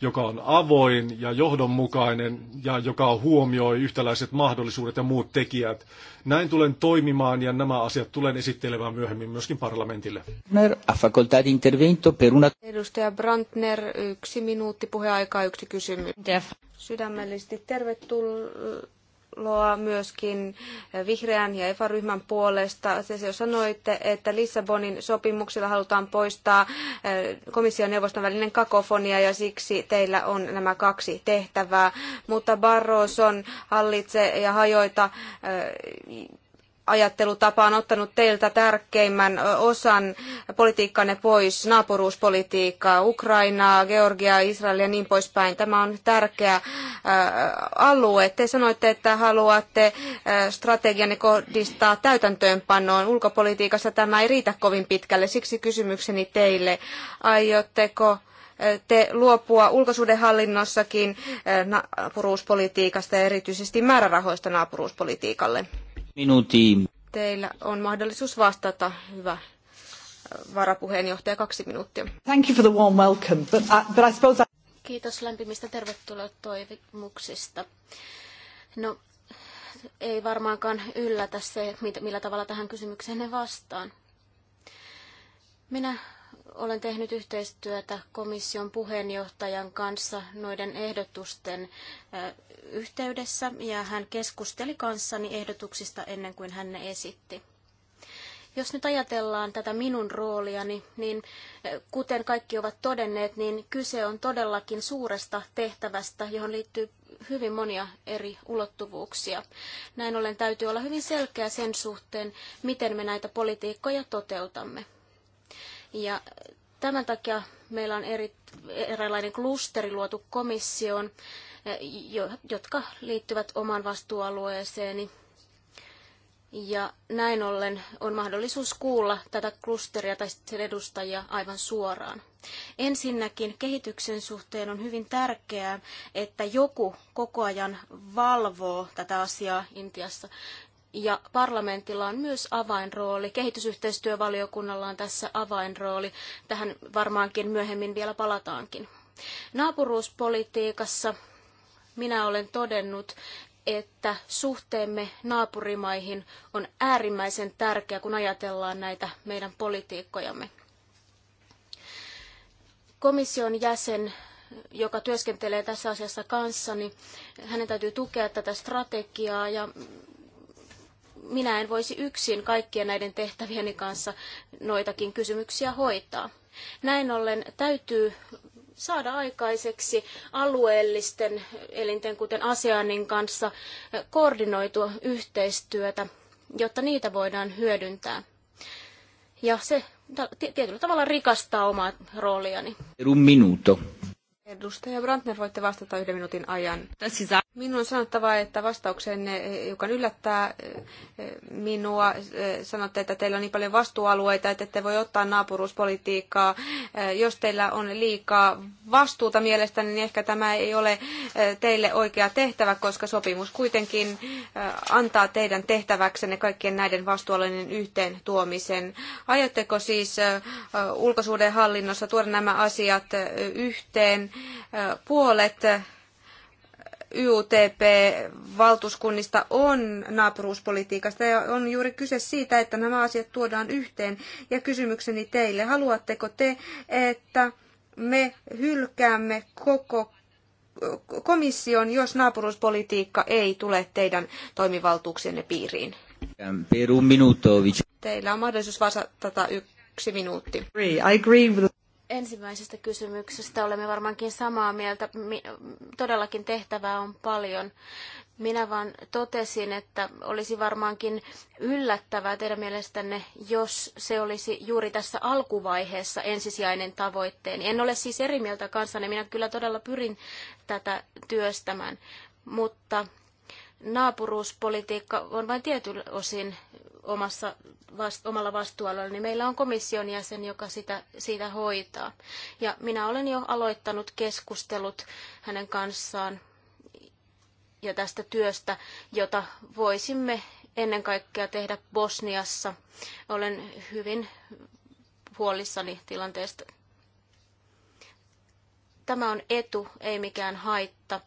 joka on avoin ja johdonmukainen ja joka huomioi yhtäläiset mahdollisuudet ja muut tekijät. Näin tulen toimimaan ja nämä asiat tulen esittelemään myöhemmin myöskin parlamentille. Edustaja Brandner, yksi minuutti puheaikaa, yksi kysymys. Sydämellisesti tervetuloa loa myöskin vihreän ja EFA-ryhmän puolesta. Se jo sanoitte, että Lissabonin sopimuksella halutaan poistaa eh, komission neuvoston välinen kakofonia ja siksi teillä on nämä kaksi tehtävää. Mutta Barroson hallitse ja hajoita eh, ajattelutapa on ottanut teiltä tärkeimmän osan politiikkanne pois, naapuruuspolitiikkaa, Ukrainaa, Georgiaa, Israelia ja niin poispäin. Tämä on tärkeä alue. Te sanoitte, että haluatte strategianne kohdistaa täytäntöönpanoon. Ulkopolitiikassa tämä ei riitä kovin pitkälle, siksi kysymykseni teille. Aiotteko te luopua ulkosuhdehallinnossakin naapuruuspolitiikasta ja erityisesti määrärahoista naapuruuspolitiikalle? Teillä on mahdollisuus vastata, hyvä varapuheenjohtaja, kaksi minuuttia. Thank you for the warm welcome, but I, uh, but I suppose I... Kiitos lämpimistä tervetuloa toivomuksista. No, ei varmaankaan yllätä se, millä tavalla tähän kysymykseen ne vastaan. Minä olen tehnyt yhteistyötä komission puheenjohtajan kanssa noiden ehdotusten yhteydessä ja hän keskusteli kanssani ehdotuksista ennen kuin hän ne esitti. Jos nyt ajatellaan tätä minun rooliani, niin kuten kaikki ovat todenneet, niin kyse on todellakin suuresta tehtävästä, johon liittyy hyvin monia eri ulottuvuuksia. Näin ollen täytyy olla hyvin selkeä sen suhteen, miten me näitä politiikkoja toteutamme. Ja tämän takia meillä on eri, eräänlainen klusteri luotu komissioon, jotka liittyvät omaan vastuualueeseeni. Ja näin ollen on mahdollisuus kuulla tätä klusteria tai sen edustajia aivan suoraan. Ensinnäkin kehityksen suhteen on hyvin tärkeää, että joku koko ajan valvoo tätä asiaa Intiassa ja parlamentilla on myös avainrooli. Kehitysyhteistyövaliokunnalla on tässä avainrooli. Tähän varmaankin myöhemmin vielä palataankin. Naapuruuspolitiikassa minä olen todennut, että suhteemme naapurimaihin on äärimmäisen tärkeä, kun ajatellaan näitä meidän politiikkojamme. Komission jäsen joka työskentelee tässä asiassa kanssani, hänen täytyy tukea tätä strategiaa ja minä en voisi yksin kaikkien näiden tehtävieni kanssa noitakin kysymyksiä hoitaa. Näin ollen täytyy saada aikaiseksi alueellisten elinten, kuten ASEANin kanssa, koordinoitua yhteistyötä, jotta niitä voidaan hyödyntää. Ja se tietyllä tavalla rikastaa omaa rooliani. Un minuto. Edustaja Brandner, voitte vastata yhden minuutin ajan. Siis Minun on sanottava, että vastauksenne, joka eh, yllättää eh, minua, eh, sanotte, että teillä on niin paljon vastuualueita, että ette voi ottaa naapuruuspolitiikkaa. Jos teillä on liikaa vastuuta mielestäni, niin ehkä tämä ei ole teille oikea tehtävä, koska sopimus kuitenkin antaa teidän tehtäväksenne kaikkien näiden vastuualueiden yhteen tuomisen. Aiotteko siis hallinnossa tuoda nämä asiat yhteen? puolet YUTP-valtuuskunnista on naapuruuspolitiikasta ja on juuri kyse siitä, että nämä asiat tuodaan yhteen. Ja kysymykseni teille, haluatteko te, että me hylkäämme koko komission, jos naapuruuspolitiikka ei tule teidän toimivaltuuksienne piiriin? Um, Teillä on mahdollisuus vastata yksi minuutti. I agree with ensimmäisestä kysymyksestä olemme varmaankin samaa mieltä. Todellakin tehtävää on paljon. Minä vaan totesin, että olisi varmaankin yllättävää teidän mielestänne, jos se olisi juuri tässä alkuvaiheessa ensisijainen tavoitteeni. En ole siis eri mieltä kanssanne, minä kyllä todella pyrin tätä työstämään, mutta naapuruuspolitiikka on vain tietyn osin omassa, vast, omalla vastuualueella, niin meillä on komission jäsen, joka sitä, siitä hoitaa. Ja minä olen jo aloittanut keskustelut hänen kanssaan ja tästä työstä, jota voisimme ennen kaikkea tehdä Bosniassa. Olen hyvin huolissani tilanteesta. Tämä on etu, ei mikään haitta.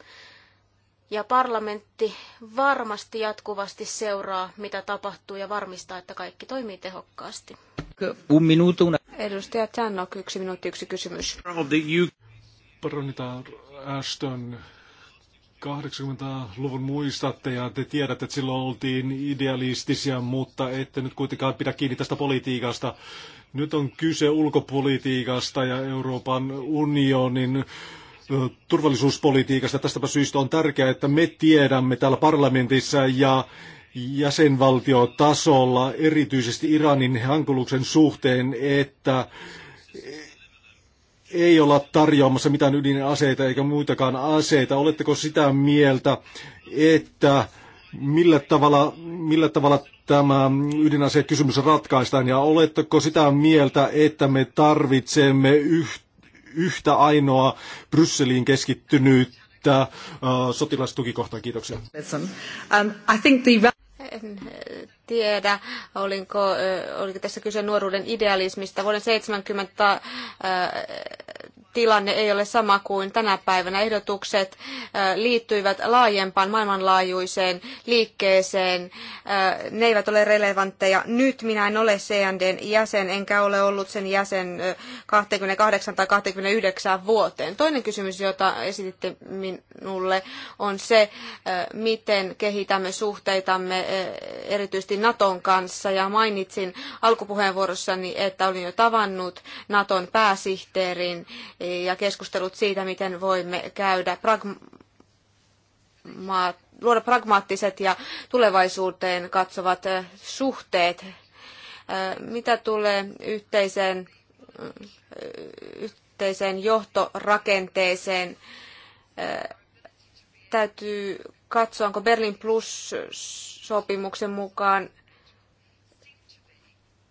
Ja parlamentti varmasti jatkuvasti seuraa, mitä tapahtuu ja varmistaa, että kaikki toimii tehokkaasti. Un minuto, Edustaja Tannok, yksi minuutti, yksi kysymys. Paronitar Ashton, 80-luvun muistatte ja te tiedätte, että silloin oltiin idealistisia, mutta ette nyt kuitenkaan pidä kiinni tästä politiikasta. Nyt on kyse ulkopolitiikasta ja Euroopan unionin turvallisuuspolitiikasta. Tästäpä syystä on tärkeää, että me tiedämme täällä parlamentissa ja jäsenvaltiotasolla, erityisesti Iranin hankuluksen suhteen, että ei olla tarjoamassa mitään ydinaseita eikä muitakaan aseita. Oletteko sitä mieltä, että millä tavalla, millä tavalla tämä ydinasekysymys ratkaistaan ja oletteko sitä mieltä, että me tarvitsemme yhteyttä? yhtä ainoa Brysseliin keskittynyttä äh, sotilastukikohtaa. Kiitoksia. Um, en äh, tiedä, olinko, äh, oliko tässä kyse nuoruuden idealismista. Vuoden 70 tilanne ei ole sama kuin tänä päivänä. Ehdotukset liittyivät laajempaan maailmanlaajuiseen liikkeeseen. Ne eivät ole relevantteja. Nyt minä en ole CNDn jäsen, enkä ole ollut sen jäsen 28 tai 29 vuoteen. Toinen kysymys, jota esititte minulle, on se, miten kehitämme suhteitamme erityisesti Naton kanssa. Ja mainitsin alkupuheenvuorossani, että olin jo tavannut Naton pääsihteerin ja keskustelut siitä, miten voimme käydä pragma- luoda pragmaattiset ja tulevaisuuteen katsovat suhteet. Mitä tulee yhteiseen, yhteiseen johtorakenteeseen, täytyy katsoa, onko Berlin Plus-sopimuksen mukaan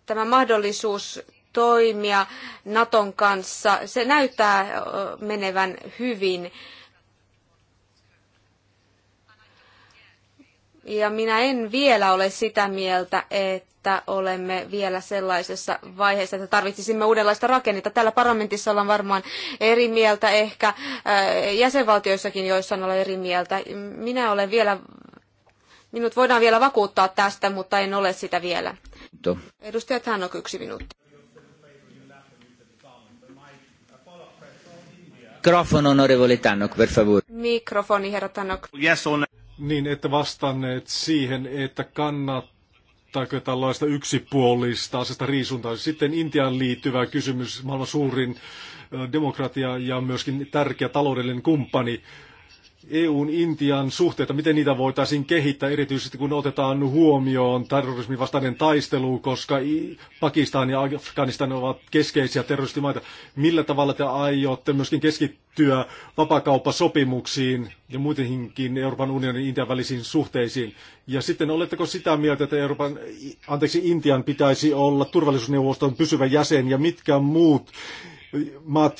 tämä mahdollisuus toimia Naton kanssa. Se näyttää menevän hyvin. Ja minä en vielä ole sitä mieltä, että olemme vielä sellaisessa vaiheessa, että tarvitsisimme uudenlaista rakennetta. Täällä parlamentissa ollaan varmaan eri mieltä, ehkä jäsenvaltioissakin joissa on eri mieltä. Minä olen vielä, minut voidaan vielä vakuuttaa tästä, mutta en ole sitä vielä. Edustaja Tanok, yksi minuutti. onorevole Tannok, per Mikrofoni, herra Tannok. Yes, on. Niin, että vastanneet siihen, että kannattaako tällaista yksipuolista asesta riisuntaa. Sitten Intiaan liittyvä kysymys, maailman suurin demokratia ja myöskin tärkeä taloudellinen kumppani. EUn Intian suhteita, miten niitä voitaisiin kehittää, erityisesti kun otetaan huomioon terrorismin vastainen taistelu, koska Pakistan ja Afganistan ovat keskeisiä terroristimaita. Millä tavalla te aiotte myöskin keskittyä vapakauppasopimuksiin ja muutenkin Euroopan unionin ja Intian välisiin suhteisiin? Ja sitten oletteko sitä mieltä, että Euroopan, anteeksi, Intian pitäisi olla turvallisuusneuvoston pysyvä jäsen ja mitkä muut maat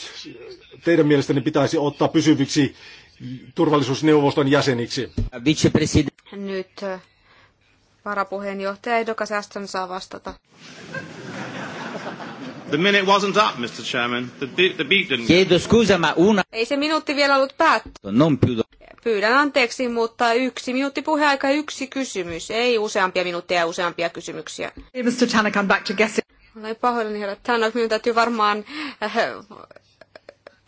teidän mielestänne pitäisi ottaa pysyviksi turvallisuusneuvoston jäseniksi. Nyt äh, varapuheenjohtaja Edokas Aston saa vastata. The minute wasn't up, Mr. Chairman. The, the beat didn't... Chiedo scusa, ma una... Ei se minuutti vielä ollut päättynyt. Non più... Pyydän anteeksi, mutta yksi minuutti puheaika, yksi kysymys. Ei useampia minuutteja, useampia kysymyksiä. Mr. Tanner, come back to guessing. Olen pahoillani, herra Tanner. Minun täytyy varmaan äh,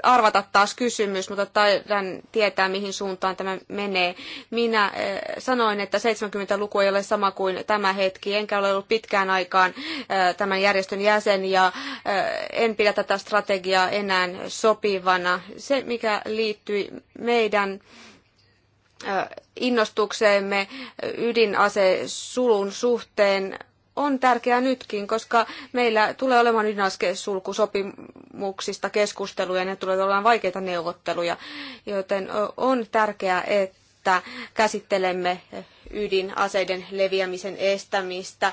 arvata taas kysymys, mutta taidan tietää, mihin suuntaan tämä menee. Minä eh, sanoin, että 70-luku ei ole sama kuin tämä hetki, enkä ole ollut pitkään aikaan eh, tämän järjestön jäsen ja eh, en pidä tätä strategiaa enää sopivana. Se, mikä liittyi meidän innostukseemme sulun suhteen on tärkeää nytkin, koska meillä tulee olemaan ydinaskesulkusopimuksista keskusteluja ja ne tulee olemaan vaikeita neuvotteluja, joten on tärkeää, että käsittelemme ydinaseiden leviämisen estämistä.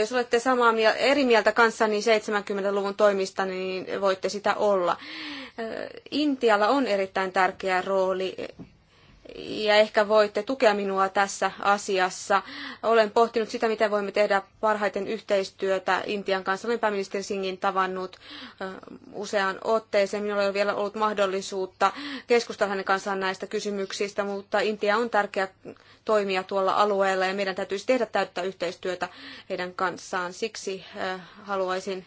Jos olette samaa mieltä, eri mieltä kanssani 70-luvun toimista, niin voitte sitä olla. Intialla on erittäin tärkeä rooli ja ehkä voitte tukea minua tässä asiassa. Olen pohtinut sitä, miten voimme tehdä parhaiten yhteistyötä Intian kanssa. Olen pääministeri Singin tavannut useaan otteeseen. Minulla ei ole vielä ollut mahdollisuutta keskustella hänen kanssaan näistä kysymyksistä, mutta Intia on tärkeä toimija tuolla alueella ja meidän täytyisi tehdä täyttä yhteistyötä heidän kanssaan. Siksi haluaisin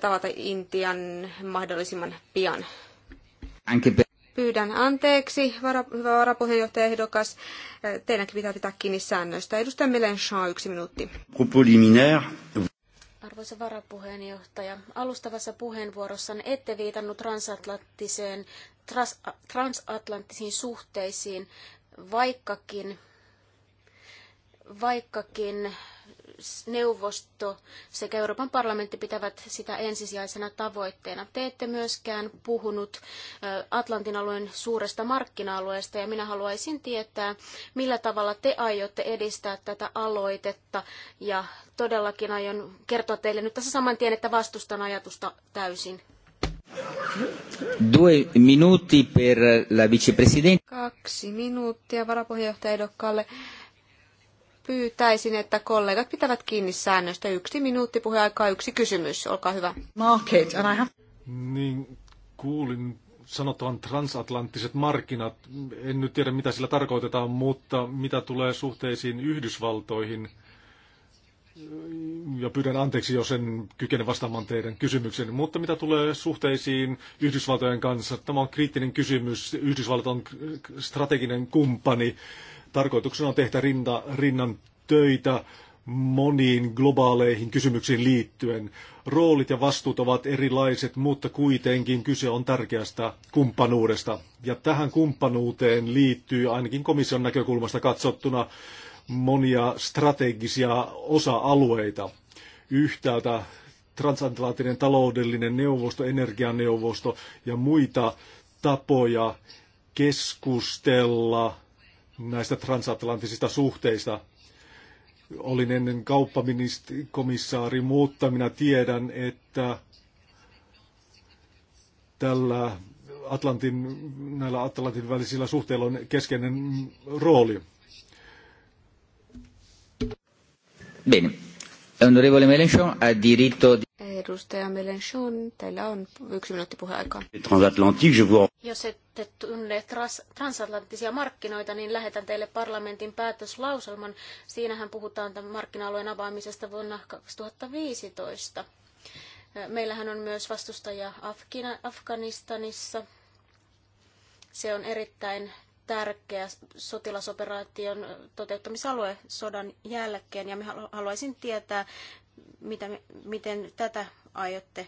tavata Intian mahdollisimman pian. Pyydän anteeksi, vara, hyvä varapuheenjohtajaehdokas. Äh, teidänkin pitää pitää kiinni säännöistä. Edustaja Melenchon, yksi minuutti. Arvoisa varapuheenjohtaja, alustavassa puheenvuorossanne ette viitannut transatlanttiseen, trans, transatlanttisiin suhteisiin, vaikkakin, vaikkakin neuvosto sekä Euroopan parlamentti pitävät sitä ensisijaisena tavoitteena. Te ette myöskään puhunut Atlantin alueen suuresta markkina-alueesta ja minä haluaisin tietää, millä tavalla te aiotte edistää tätä aloitetta ja todellakin aion kertoa teille nyt tässä saman tien, että vastustan ajatusta täysin. Due per la vicepresidente. Kaksi minuuttia varapuheenjohtajaehdokkaalle. ehdokkaalle pyytäisin, että kollegat pitävät kiinni säännöstä. Yksi minuutti puheaikaa, yksi kysymys. Olkaa hyvä. Market, and I Niin, kuulin sanottavan transatlanttiset markkinat. En nyt tiedä, mitä sillä tarkoitetaan, mutta mitä tulee suhteisiin Yhdysvaltoihin, ja pyydän anteeksi, jos en kykene vastaamaan teidän kysymykseen, mutta mitä tulee suhteisiin Yhdysvaltojen kanssa, tämä on kriittinen kysymys. Yhdysvallat on strateginen kumppani Tarkoituksena on tehdä rinta, rinnan töitä moniin globaaleihin kysymyksiin liittyen. Roolit ja vastuut ovat erilaiset, mutta kuitenkin kyse on tärkeästä kumppanuudesta. Ja tähän kumppanuuteen liittyy ainakin komission näkökulmasta katsottuna monia strategisia osa-alueita. Yhtäältä transatlanttinen taloudellinen neuvosto, energianeuvosto ja muita tapoja keskustella – näistä transatlanttisista suhteista. Olin ennen kauppakomissaari, mutta minä tiedän, että tällä Atlantin, näillä Atlantin välisillä suhteilla on keskeinen rooli. Bene. Onorevole Melenchon ha diritto... Edustaja Melenchon, teillä on yksi minuutti puheaikaa. Transatlantique, je vous... Jos ette tunne trans- transatlanttisia markkinoita, niin lähetän teille parlamentin päätöslauselman. Siinähän puhutaan tämän markkina-alueen avaamisesta vuonna 2015. Meillähän on myös vastustaja Afgina- Afganistanissa. Se on erittäin tärkeä sotilasoperaation toteuttamisalue sodan jälkeen, ja me haluaisin tietää, mitä, miten tätä aiotte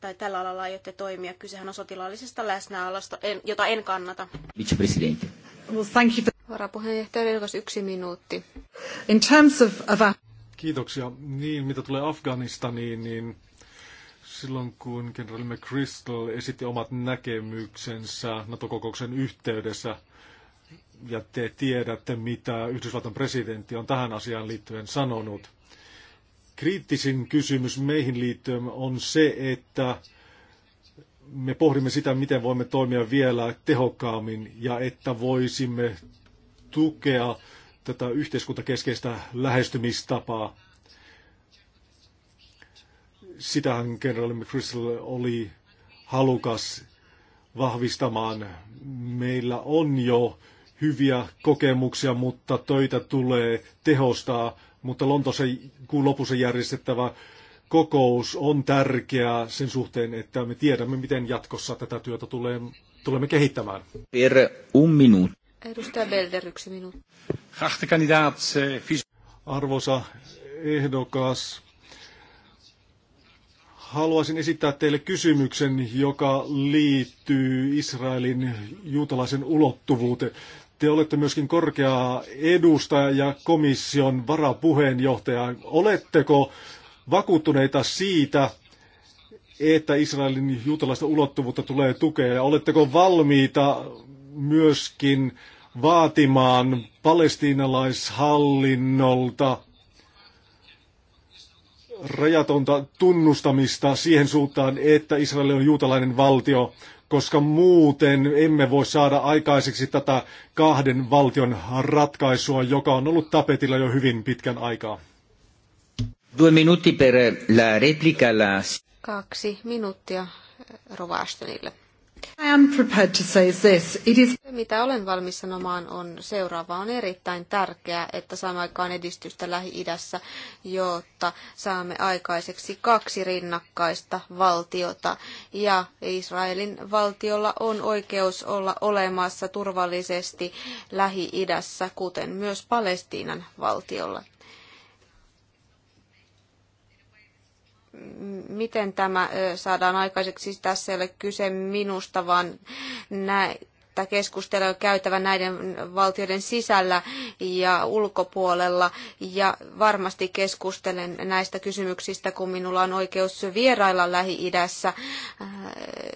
tai tällä alalla aiotte toimia. Kysehän on sotilaallisesta läsnäolosta, jota en kannata. thank you. Varapuheenjohtaja Relkos, yksi minuutti. In terms of Kiitoksia. Niin, mitä tulee Afganistaniin, niin silloin, kun kenraali McChrystal esitti omat näkemyksensä NATO-kokouksen yhteydessä, ja te tiedätte, mitä Yhdysvaltain presidentti on tähän asiaan liittyen sanonut. Kriittisin kysymys meihin liittyen on se, että me pohdimme sitä, miten voimme toimia vielä tehokkaammin ja että voisimme tukea tätä yhteiskuntakeskeistä lähestymistapaa sitähän kenraali McChrystal oli halukas vahvistamaan. Meillä on jo hyviä kokemuksia, mutta töitä tulee tehostaa. Mutta Lontossa kuun lopussa järjestettävä kokous on tärkeää sen suhteen, että me tiedämme, miten jatkossa tätä työtä tulee, tulemme kehittämään. Per un minuut. Edustaja Belder, yksi minuutti. Eh, Arvoisa ehdokas, haluaisin esittää teille kysymyksen, joka liittyy Israelin juutalaisen ulottuvuuteen. Te olette myöskin korkea edustaja ja komission varapuheenjohtaja. Oletteko vakuuttuneita siitä, että Israelin juutalaista ulottuvuutta tulee tukea? Ja oletteko valmiita myöskin vaatimaan palestiinalaishallinnolta rajatonta tunnustamista siihen suuntaan, että Israel on juutalainen valtio, koska muuten emme voi saada aikaiseksi tätä kahden valtion ratkaisua, joka on ollut tapetilla jo hyvin pitkän aikaa. Due minuutti per la replica la... Kaksi minuuttia Rovastonille. I am prepared to say this. It is... Mitä olen valmis sanomaan on seuraava. On erittäin tärkeää, että saamme aikaan edistystä Lähi-idässä, jotta saamme aikaiseksi kaksi rinnakkaista valtiota. Ja Israelin valtiolla on oikeus olla olemassa turvallisesti Lähi-idässä, kuten myös Palestiinan valtiolla. miten tämä saadaan aikaiseksi. Siis tässä ei ole kyse minusta, vaan näitä keskustelua käytävä näiden valtioiden sisällä ja ulkopuolella. Ja varmasti keskustelen näistä kysymyksistä, kun minulla on oikeus vierailla Lähi-idässä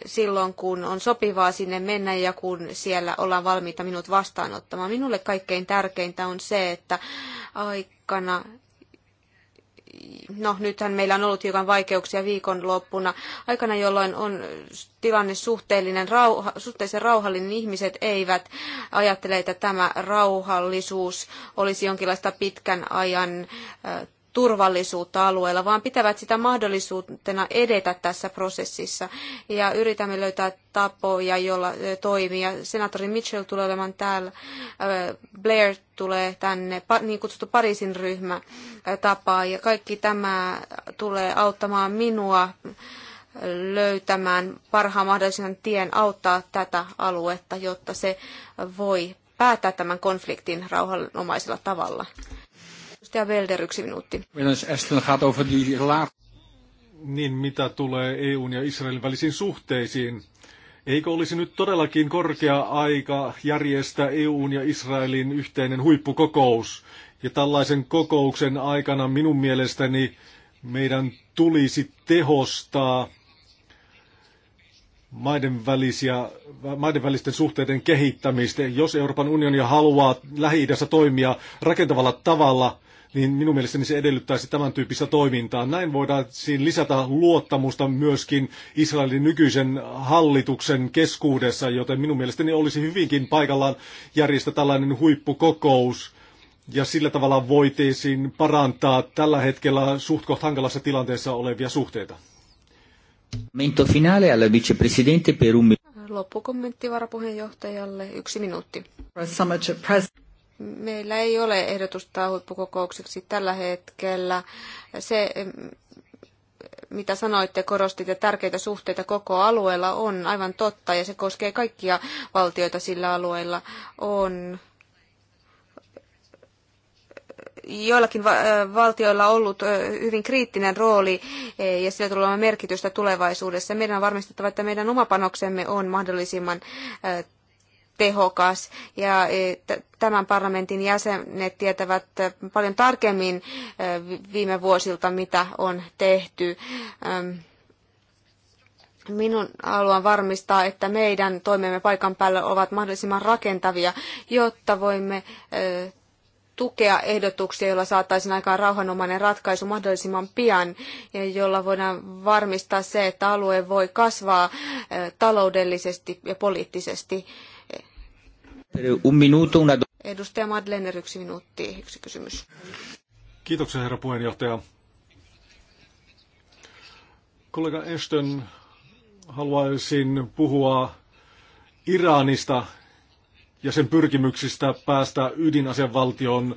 silloin, kun on sopivaa sinne mennä ja kun siellä ollaan valmiita minut vastaanottamaan. Minulle kaikkein tärkeintä on se, että aikana no nythän meillä on ollut hiukan vaikeuksia viikonloppuna. Aikana, jolloin on tilanne suhteellinen, rauha, suhteellisen rauhallinen, ihmiset eivät ajattele, että tämä rauhallisuus olisi jonkinlaista pitkän ajan äh, turvallisuutta alueella, vaan pitävät sitä mahdollisuutena edetä tässä prosessissa. Ja yritämme löytää tapoja, jolla toimia. Senaattori Mitchell tulee olemaan täällä, Blair tulee tänne, niin kutsuttu Pariisin ryhmä tapaa, ja kaikki tämä tulee auttamaan minua löytämään parhaan mahdollisen tien auttaa tätä aluetta, jotta se voi päättää tämän konfliktin rauhanomaisella tavalla. Edustaja Belder, yksi minuutti. Niin mitä tulee EUn ja Israelin välisiin suhteisiin, Eikö olisi nyt todellakin korkea aika järjestää EUn ja Israelin yhteinen huippukokous? Ja tällaisen kokouksen aikana minun mielestäni meidän tulisi tehostaa maiden, välisiä, maiden välisten suhteiden kehittämistä. Jos Euroopan unioni haluaa lähi toimia rakentavalla tavalla, niin minun mielestäni se edellyttäisi tämän tyyppistä toimintaa. Näin voidaan siinä lisätä luottamusta myöskin Israelin nykyisen hallituksen keskuudessa, joten minun mielestäni olisi hyvinkin paikallaan järjestää tällainen huippukokous, ja sillä tavalla voitaisiin parantaa tällä hetkellä suhtkoht hankalassa tilanteessa olevia suhteita. Finale alla vicepresidente per un... Loppukommentti varapuheenjohtajalle yksi minuutti. Meillä ei ole ehdotusta huippukokoukseksi tällä hetkellä. Se, mitä sanoitte, korostitte tärkeitä suhteita koko alueella, on aivan totta ja se koskee kaikkia valtioita sillä alueella. On joillakin valtioilla ollut hyvin kriittinen rooli e, ja sillä tulee olemaan merkitystä tulevaisuudessa. Meidän on varmistettava, että meidän oma panoksemme on mahdollisimman tehokas ja e, tämän parlamentin jäsenet tietävät e, paljon tarkemmin e, viime vuosilta, mitä on tehty. Minun haluan varmistaa, että meidän toimemme paikan päällä ovat mahdollisimman rakentavia, jotta voimme tukea ehdotuksia, joilla saataisiin aikaan rauhanomainen ratkaisu mahdollisimman pian, ja jolla voidaan varmistaa se, että alue voi kasvaa taloudellisesti ja poliittisesti. Edustaja Madlener, yksi minuutti, yksi kysymys. Kiitoksia, herra puheenjohtaja. Kollega Ashton, haluaisin puhua Iranista ja sen pyrkimyksistä päästä ydinasevaltion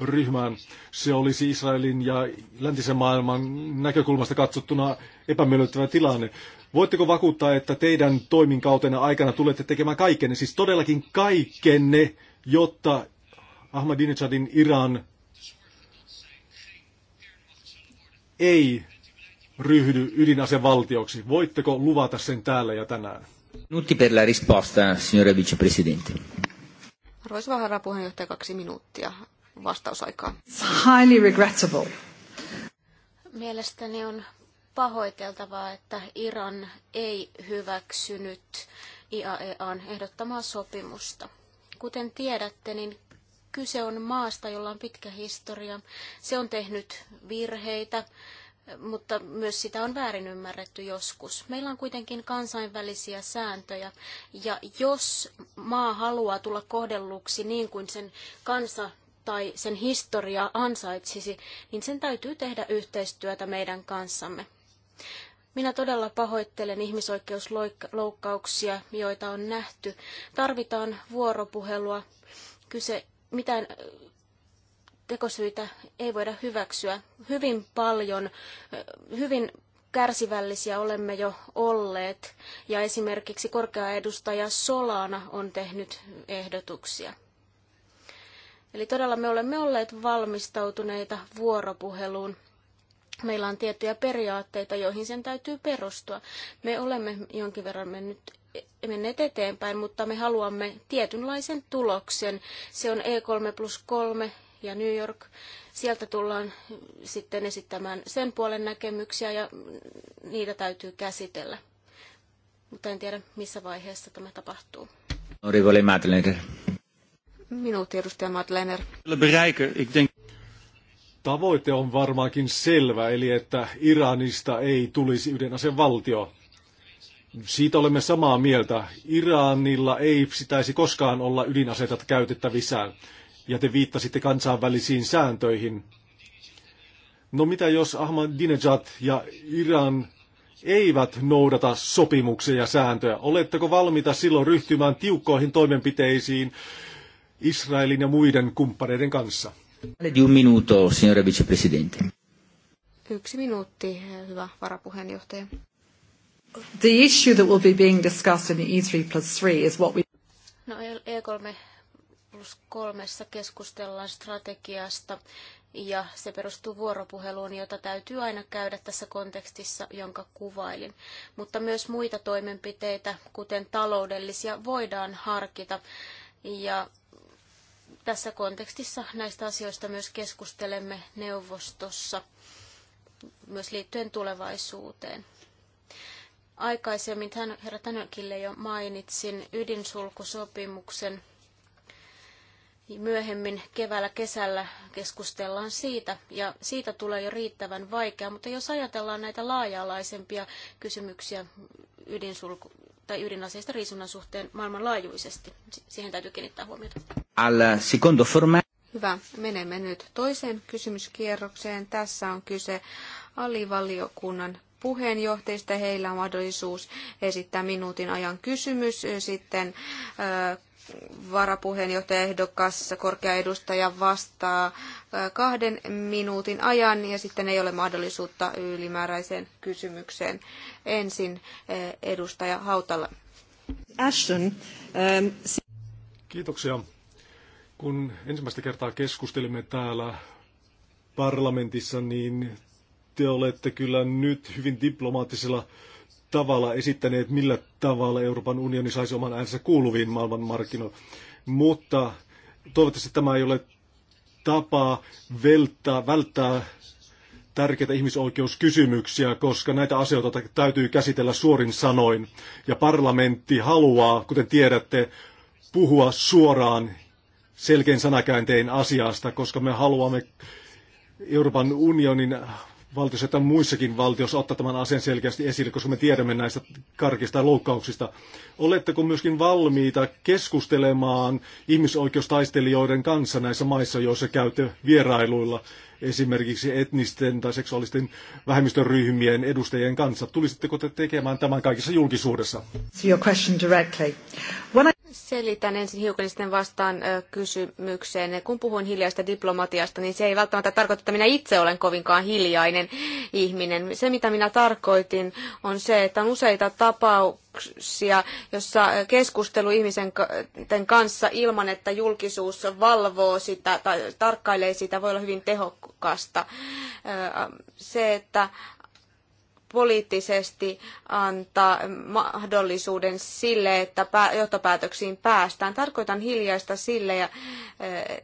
ryhmään. Se olisi Israelin ja läntisen maailman näkökulmasta katsottuna epämiellyttävä tilanne. Voitteko vakuuttaa, että teidän toiminkautena aikana tulette tekemään kaikkenne, siis todellakin kaikkenne, jotta Ahmadinejadin Iran ei ryhdy ydinasevaltioksi. Voitteko luvata sen täällä ja tänään? Minuutti per la risposta, signore vicepresidente. Arvoisa herra puheenjohtaja, kaksi minuuttia vastausaikaa. It's highly regrettable. Mielestäni on pahoiteltavaa, että Iran ei hyväksynyt IAEAn ehdottamaa sopimusta. Kuten tiedätte, niin kyse on maasta, jolla on pitkä historia. Se on tehnyt virheitä, mutta myös sitä on väärin ymmärretty joskus. Meillä on kuitenkin kansainvälisiä sääntöjä, ja jos maa haluaa tulla kohdelluksi niin kuin sen kansa tai sen historia ansaitsisi, niin sen täytyy tehdä yhteistyötä meidän kanssamme. Minä todella pahoittelen ihmisoikeusloukkauksia, joita on nähty. Tarvitaan vuoropuhelua. Kyse mitään äh, tekosyitä ei voida hyväksyä. Hyvin paljon, äh, hyvin kärsivällisiä olemme jo olleet, ja esimerkiksi korkea edustaja Solana on tehnyt ehdotuksia. Eli todella me olemme olleet valmistautuneita vuoropuheluun Meillä on tiettyjä periaatteita, joihin sen täytyy perustua. Me olemme jonkin verran mennyt menneet eteenpäin, mutta me haluamme tietynlaisen tuloksen. Se on E3 plus 3 ja New York. Sieltä tullaan sitten esittämään sen puolen näkemyksiä ja niitä täytyy käsitellä. Mutta en tiedä, missä vaiheessa tämä tapahtuu. Minuutti, edustaja Madlener tavoite on varmaankin selvä, eli että Iranista ei tulisi ydinasevaltio. Siitä olemme samaa mieltä. Iranilla ei pitäisi koskaan olla ydinaseita käytettävissään. Ja te viittasitte kansainvälisiin sääntöihin. No mitä jos Ahmadinejad ja Iran eivät noudata sopimuksia ja sääntöjä? Oletteko valmiita silloin ryhtymään tiukkoihin toimenpiteisiin Israelin ja muiden kumppaneiden kanssa? Di un minuto, signora vicepresidente. Yksi minuutti, hyvä varapuheenjohtaja. The issue that will be being discussed in the E3 plus 3 is what we... No E3 e plus kolmessa keskustellaan strategiasta ja se perustuu vuoropuheluun, jota täytyy aina käydä tässä kontekstissa, jonka kuvailin. Mutta myös muita toimenpiteitä, kuten taloudellisia, voidaan harkita ja tässä kontekstissa näistä asioista myös keskustelemme neuvostossa, myös liittyen tulevaisuuteen. Aikaisemmin hän, herra Tänökille jo mainitsin ydinsulkusopimuksen. Myöhemmin keväällä kesällä keskustellaan siitä, ja siitä tulee jo riittävän vaikea, mutta jos ajatellaan näitä laaja-alaisempia kysymyksiä ydinsulku, tai ydinaseista riisunnan suhteen maailmanlaajuisesti. Siihen täytyy kiinnittää huomiota. Al secondo forma. Hyvä. Menemme nyt toiseen kysymyskierrokseen. Tässä on kyse alivaliokunnan puheenjohtajista. Heillä on mahdollisuus esittää minuutin ajan kysymys. Sitten varapuheenjohtajaehdokas korkea edustaja vastaa kahden minuutin ajan ja sitten ei ole mahdollisuutta ylimääräiseen kysymykseen. Ensin edustaja Hautala. Ashton, ähm, Kiitoksia. Kun ensimmäistä kertaa keskustelimme täällä parlamentissa, niin te olette kyllä nyt hyvin diplomaattisella tavalla esittäneet, millä tavalla Euroopan unioni saisi oman äänensä kuuluviin maailmanmarkkinoille. Mutta toivottavasti tämä ei ole tapa välttää, välttää tärkeitä ihmisoikeuskysymyksiä, koska näitä asioita täytyy käsitellä suorin sanoin. Ja parlamentti haluaa, kuten tiedätte, puhua suoraan selkein sanakääntein asiasta, koska me haluamme Euroopan unionin valtiossa että muissakin valtioissa ottaa tämän asian selkeästi esille, koska me tiedämme näistä karkista loukkauksista. Oletteko myöskin valmiita keskustelemaan ihmisoikeustaistelijoiden kanssa näissä maissa, joissa käytte vierailuilla, esimerkiksi etnisten tai seksuaalisten vähemmistöryhmien edustajien kanssa? Tulisitteko te tekemään tämän kaikessa julkisuudessa? So your question directly. When I... Selitän ensin hiukan sitten vastaan kysymykseen. Kun puhuin hiljaista diplomatiasta, niin se ei välttämättä tarkoita, että minä itse olen kovinkaan hiljainen ihminen. Se, mitä minä tarkoitin, on se, että on useita tapauksia, jossa keskustelu ihmisen kanssa ilman, että julkisuus valvoo sitä tai tarkkailee sitä, voi olla hyvin tehokasta. Se, että poliittisesti antaa mahdollisuuden sille, että johtopäätöksiin päästään. Tarkoitan hiljaista sille, ja, eh,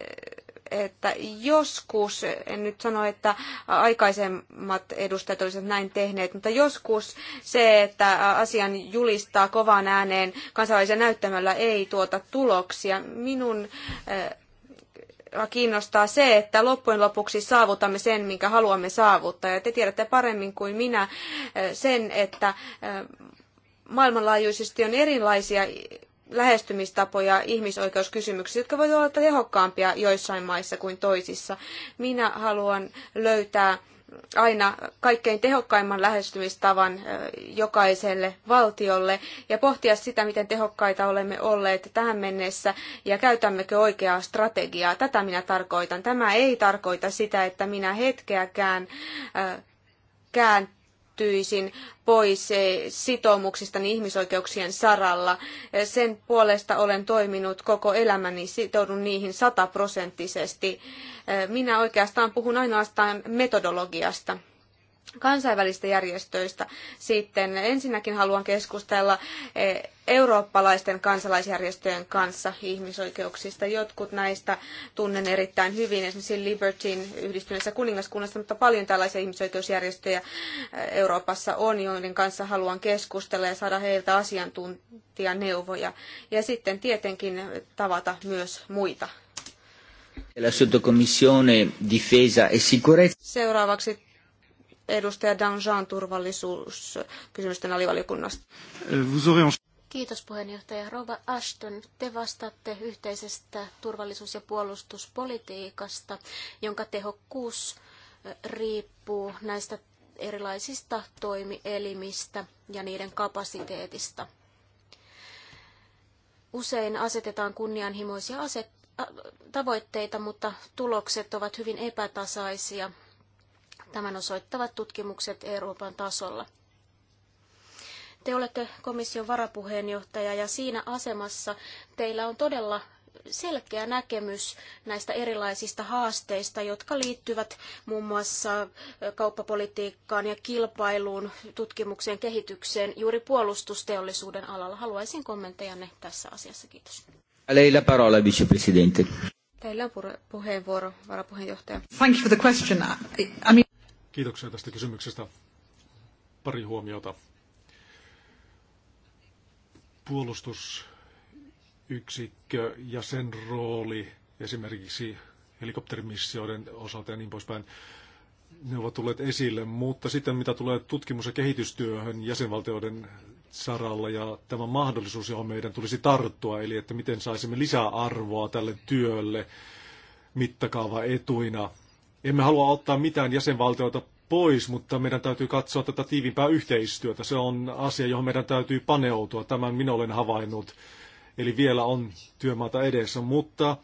että joskus, en nyt sano, että aikaisemmat edustajat olisivat näin tehneet, mutta joskus se, että asian julistaa kovaan ääneen kansalaisen näyttämällä ei tuota tuloksia. Minun eh, kiinnostaa se, että loppujen lopuksi saavutamme sen, minkä haluamme saavuttaa. Ja te tiedätte paremmin kuin minä eh, sen, että eh, maailmanlaajuisesti on erilaisia lähestymistapoja ihmisoikeuskysymyksiä, jotka voivat olla tehokkaampia joissain maissa kuin toisissa. Minä haluan löytää aina kaikkein tehokkaimman lähestymistavan jokaiselle valtiolle ja pohtia sitä, miten tehokkaita olemme olleet tähän mennessä ja käytämmekö oikeaa strategiaa. Tätä minä tarkoitan. Tämä ei tarkoita sitä, että minä hetkeäkään kään päättyisin pois eh, sitoumuksistani ihmisoikeuksien saralla. Eh, sen puolesta olen toiminut koko elämäni, sitoudun niihin sataprosenttisesti. Eh, minä oikeastaan puhun ainoastaan metodologiasta kansainvälistä järjestöistä sitten. Ensinnäkin haluan keskustella eh, eurooppalaisten kansalaisjärjestöjen kanssa ihmisoikeuksista. Jotkut näistä tunnen erittäin hyvin, esimerkiksi Libertyn yhdistyneessä kuningaskunnassa, mutta paljon tällaisia ihmisoikeusjärjestöjä eh, Euroopassa on, joiden kanssa haluan keskustella ja saada heiltä asiantuntijaneuvoja. Ja sitten tietenkin tavata myös muita. La difesa e sicurezza. Seuraavaksi edustaja Danjean turvallisuuskysymysten alivaliokunnasta. Kiitos puheenjohtaja. Rova Ashton, te vastaatte yhteisestä turvallisuus- ja puolustuspolitiikasta, jonka tehokkuus riippuu näistä erilaisista toimielimistä ja niiden kapasiteetista. Usein asetetaan kunnianhimoisia tavoitteita, mutta tulokset ovat hyvin epätasaisia Tämän osoittavat tutkimukset Euroopan tasolla. Te olette komission varapuheenjohtaja ja siinä asemassa teillä on todella selkeä näkemys näistä erilaisista haasteista, jotka liittyvät muun muassa kauppapolitiikkaan ja kilpailuun, tutkimukseen, kehitykseen juuri puolustusteollisuuden alalla. Haluaisin kommenttejanne tässä asiassa. Kiitos. Leila parola, vicepresidente. Teillä on puheenvuoro, varapuheenjohtaja. Thank you for the question. I mean... Kiitoksia tästä kysymyksestä. Pari huomiota. Puolustusyksikkö ja sen rooli esimerkiksi helikopterimissioiden osalta ja niin poispäin, ne ovat tulleet esille, mutta sitten mitä tulee tutkimus- ja kehitystyöhön jäsenvaltioiden saralla ja tämä mahdollisuus, johon meidän tulisi tarttua, eli että miten saisimme lisää arvoa tälle työlle mittakaava etuina – emme halua ottaa mitään jäsenvaltioita pois, mutta meidän täytyy katsoa tätä tiivimpää yhteistyötä. Se on asia, johon meidän täytyy paneutua. Tämän minä olen havainnut. Eli vielä on työmaata edessä, mutta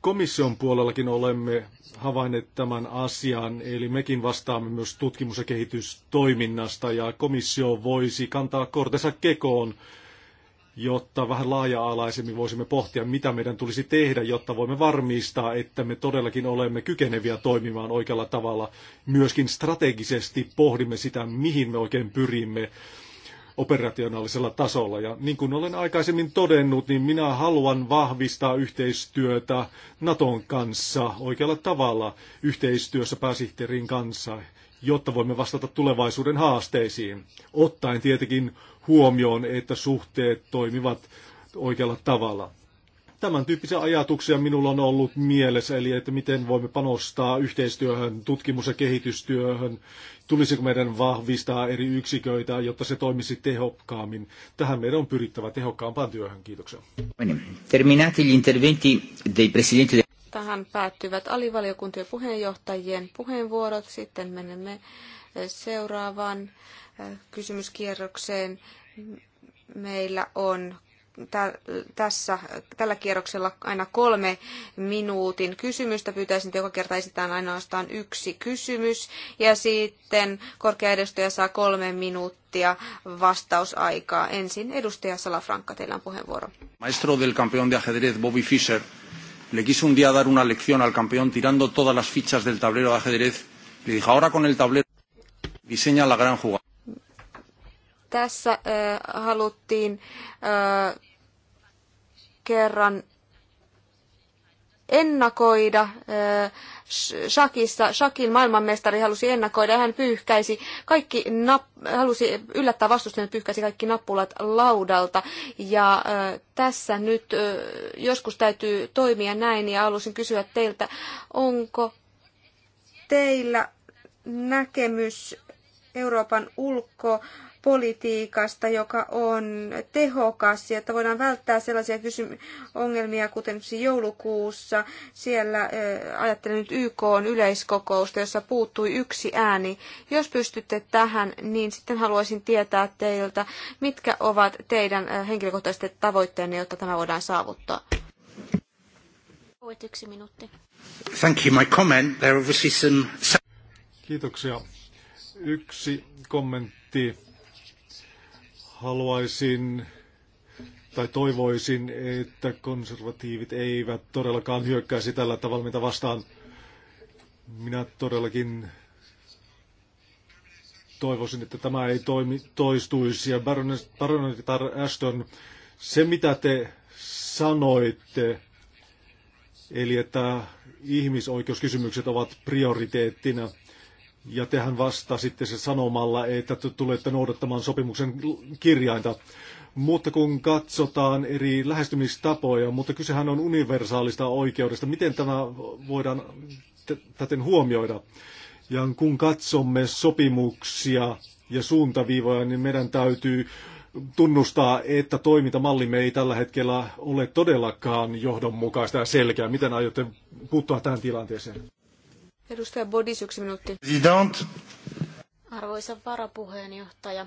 komission puolellakin olemme havainneet tämän asian, eli mekin vastaamme myös tutkimus- ja kehitystoiminnasta, ja komissio voisi kantaa kortensa kekoon jotta vähän laaja-alaisemmin voisimme pohtia, mitä meidän tulisi tehdä, jotta voimme varmistaa, että me todellakin olemme kykeneviä toimimaan oikealla tavalla. Myöskin strategisesti pohdimme sitä, mihin me oikein pyrimme operationaalisella tasolla. Ja niin kuin olen aikaisemmin todennut, niin minä haluan vahvistaa yhteistyötä Naton kanssa oikealla tavalla yhteistyössä pääsihteerin kanssa jotta voimme vastata tulevaisuuden haasteisiin. Ottaen tietenkin huomioon, että suhteet toimivat oikealla tavalla. Tämän tyyppisiä ajatuksia minulla on ollut mielessä, eli että miten voimme panostaa yhteistyöhön, tutkimus- ja kehitystyöhön, tulisiko meidän vahvistaa eri yksiköitä, jotta se toimisi tehokkaammin. Tähän meidän on pyrittävä tehokkaampaan työhön. Kiitoksia. Terminati gli interventi dei presidenti Tähän päättyvät alivaliokuntien puheenjohtajien puheenvuorot. Sitten menemme eh, seuraavaan eh, kysymyskierrokseen. Meillä on tässä, tällä kierroksella aina kolme minuutin kysymystä. Pyytäisin, että joka kerta esitään ainoastaan yksi kysymys. Ja sitten korkea edustaja saa kolme minuuttia vastausaikaa. Ensin edustaja Salafranca, teillä on puheenvuoro. Maestro del campeón de ajedrez Bobby Fischer le quiso un día dar una lección al campeón tirando todas las fichas del tablero de ajedrez. Le dijo, ahora con el tablero diseña la gran jugada. Tässä äh, haluttiin äh, kerran ennakoida äh, Shakissa. Shakin maailmanmestari halusi ennakoida hän pyyhkäisi kaikki nap- halusi yllättää vastustajan, pyyhkäisi kaikki nappulat laudalta. Ja äh, tässä nyt äh, joskus täytyy toimia näin ja halusin kysyä teiltä, onko teillä näkemys Euroopan ulko- politiikasta, joka on tehokas ja että voidaan välttää sellaisia kysym- ongelmia, kuten joulukuussa. Siellä ajattelen nyt YK on yleiskokousta, jossa puuttui yksi ääni. Jos pystytte tähän, niin sitten haluaisin tietää teiltä, mitkä ovat teidän henkilökohtaiset tavoitteenne, jotta tämä voidaan saavuttaa. yksi minuutti. Thank you. My comment. There are obviously some... Kiitoksia. Yksi kommentti haluaisin tai toivoisin, että konservatiivit eivät todellakaan hyökkäisi tällä tavalla, mitä vastaan. Minä todellakin toivoisin, että tämä ei toimi, toistuisi. Ja baronitar Ashton, se mitä te sanoitte, eli että ihmisoikeuskysymykset ovat prioriteettina, ja tehän vastasitte se sanomalla, että tulette noudattamaan sopimuksen kirjainta. Mutta kun katsotaan eri lähestymistapoja, mutta kysehän on universaalista oikeudesta, miten tämä voidaan täten huomioida? Ja kun katsomme sopimuksia ja suuntaviivoja, niin meidän täytyy tunnustaa, että toimintamallimme ei tällä hetkellä ole todellakaan johdonmukaista ja selkeä. Miten aiotte puuttua tähän tilanteeseen? Edustaja Bodis, yksi minuutti. President. Arvoisa varapuheenjohtaja,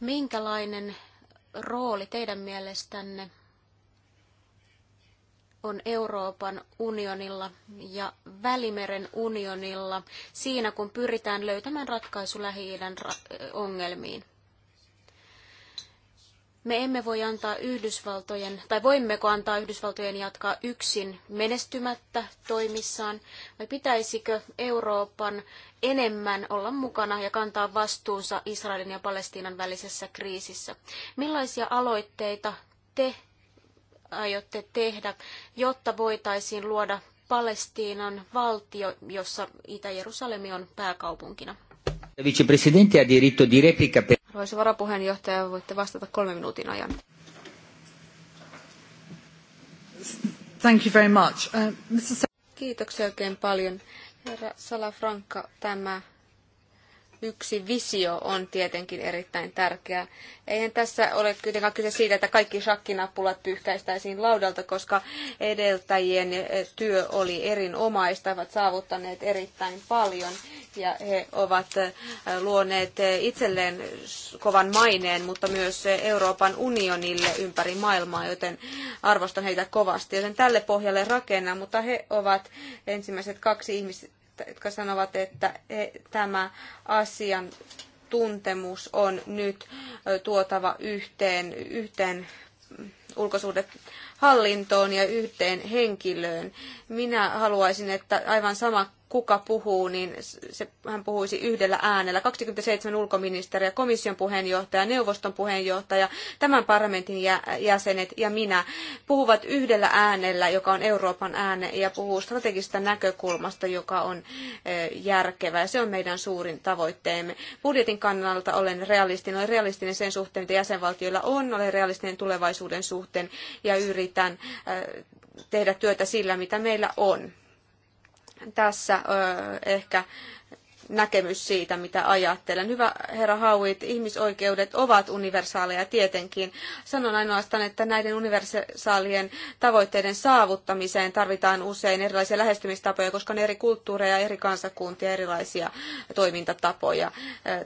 minkälainen rooli teidän mielestänne on Euroopan unionilla ja Välimeren unionilla siinä, kun pyritään löytämään ratkaisu lähi ongelmiin? Me emme voi antaa Yhdysvaltojen, tai voimmeko antaa Yhdysvaltojen jatkaa yksin menestymättä toimissaan, vai pitäisikö Euroopan enemmän olla mukana ja kantaa vastuunsa Israelin ja Palestiinan välisessä kriisissä? Millaisia aloitteita te aiotte tehdä, jotta voitaisiin luoda Palestiinan valtio, jossa Itä-Jerusalemi on pääkaupunkina? Vicepresidente ha diritto di replica per... Arvoisa varapuheenjohtaja, voitte vastata kolmen minuutin ajan. Thank you very much. Uh, Kiitoksia oikein paljon. Herra Salafranca, tämä yksi visio on tietenkin erittäin tärkeä. Eihän tässä ole kuitenkaan kyse siitä, että kaikki shakkinappulat pyyhkäistäisiin laudalta, koska edeltäjien työ oli erinomaista, ovat saavuttaneet erittäin paljon ja he ovat äh, luoneet äh, itselleen kovan maineen, mutta myös Euroopan unionille ympäri maailmaa, joten arvostan heitä kovasti. Joten tälle pohjalle rakennan, mutta he ovat ensimmäiset kaksi ihmistä, jotka sanovat, että e, tämä asian tuntemus on nyt tuotava yhteen, yhteen ulkosuudet hallintoon ja yhteen henkilöön. Minä haluaisin, että aivan sama kuka puhuu, niin se, hän puhuisi yhdellä äänellä. 27 ulkoministeriä, komission puheenjohtaja, neuvoston puheenjohtaja, tämän parlamentin jäsenet ja minä puhuvat yhdellä äänellä, joka on Euroopan ääne, ja puhuu strategista näkökulmasta, joka on e, järkevä. Se on meidän suurin tavoitteemme. Budjetin kannalta olen realistinen. Olen realistinen sen suhteen, mitä jäsenvaltioilla on. Olen realistinen tulevaisuuden suhteen ja yritän e, tehdä työtä sillä, mitä meillä on tässä ehkä näkemys siitä, mitä ajattelen. Hyvä herra Hauit, ihmisoikeudet ovat universaaleja tietenkin. Sanon ainoastaan, että näiden universaalien tavoitteiden saavuttamiseen tarvitaan usein erilaisia lähestymistapoja, koska on eri kulttuureja, eri kansakuntia, erilaisia toimintatapoja.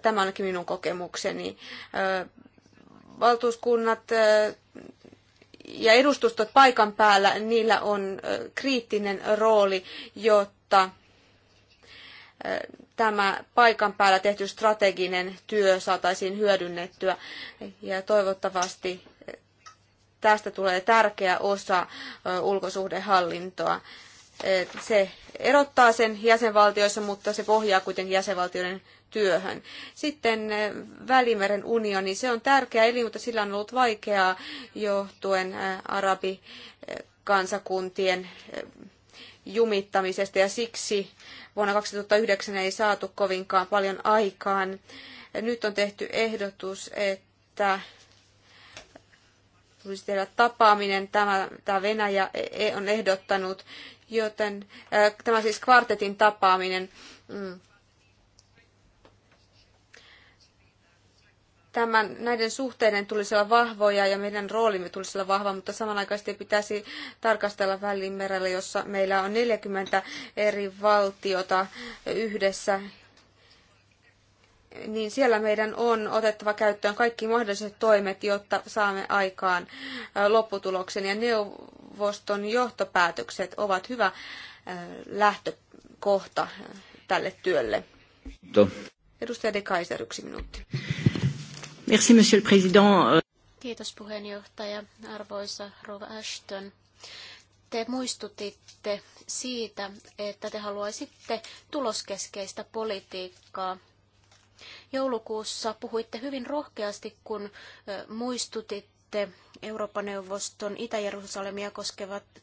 Tämä onkin minun kokemukseni. Valtuuskunnat ja edustustot paikan päällä, niillä on kriittinen rooli, jotta mutta tämä paikan päällä tehty strateginen työ saataisiin hyödynnettyä ja toivottavasti tästä tulee tärkeä osa ulkosuhdehallintoa. Se erottaa sen jäsenvaltioissa, mutta se pohjaa kuitenkin jäsenvaltioiden työhön. Sitten Välimeren unioni, se on tärkeä eli, mutta sillä on ollut vaikeaa johtuen arabikansakuntien kansakuntien jumittamisesta ja siksi vuonna 2009 ei saatu kovinkaan paljon aikaan. Nyt on tehty ehdotus, että tulisi tehdä tapaaminen, tämä, tämä Venäjä e, e, on ehdottanut, joten tämä siis kvartetin tapaaminen. Mm tämän, näiden suhteiden tulisi olla vahvoja ja meidän roolimme tulisi olla vahva, mutta samanaikaisesti pitäisi tarkastella Välimerellä, jossa meillä on 40 eri valtiota yhdessä, niin siellä meidän on otettava käyttöön kaikki mahdolliset toimet, jotta saamme aikaan lopputuloksen. Ja neuvoston johtopäätökset ovat hyvä lähtökohta tälle työlle. To. Edustaja De Kaiser, yksi minuutti. Merci, monsieur le président. Kiitos puheenjohtaja, arvoisa Rova Ashton. Te muistutitte siitä, että te haluaisitte tuloskeskeistä politiikkaa. Joulukuussa puhuitte hyvin rohkeasti, kun muistutitte Euroopan neuvoston Itä-Jerusalemia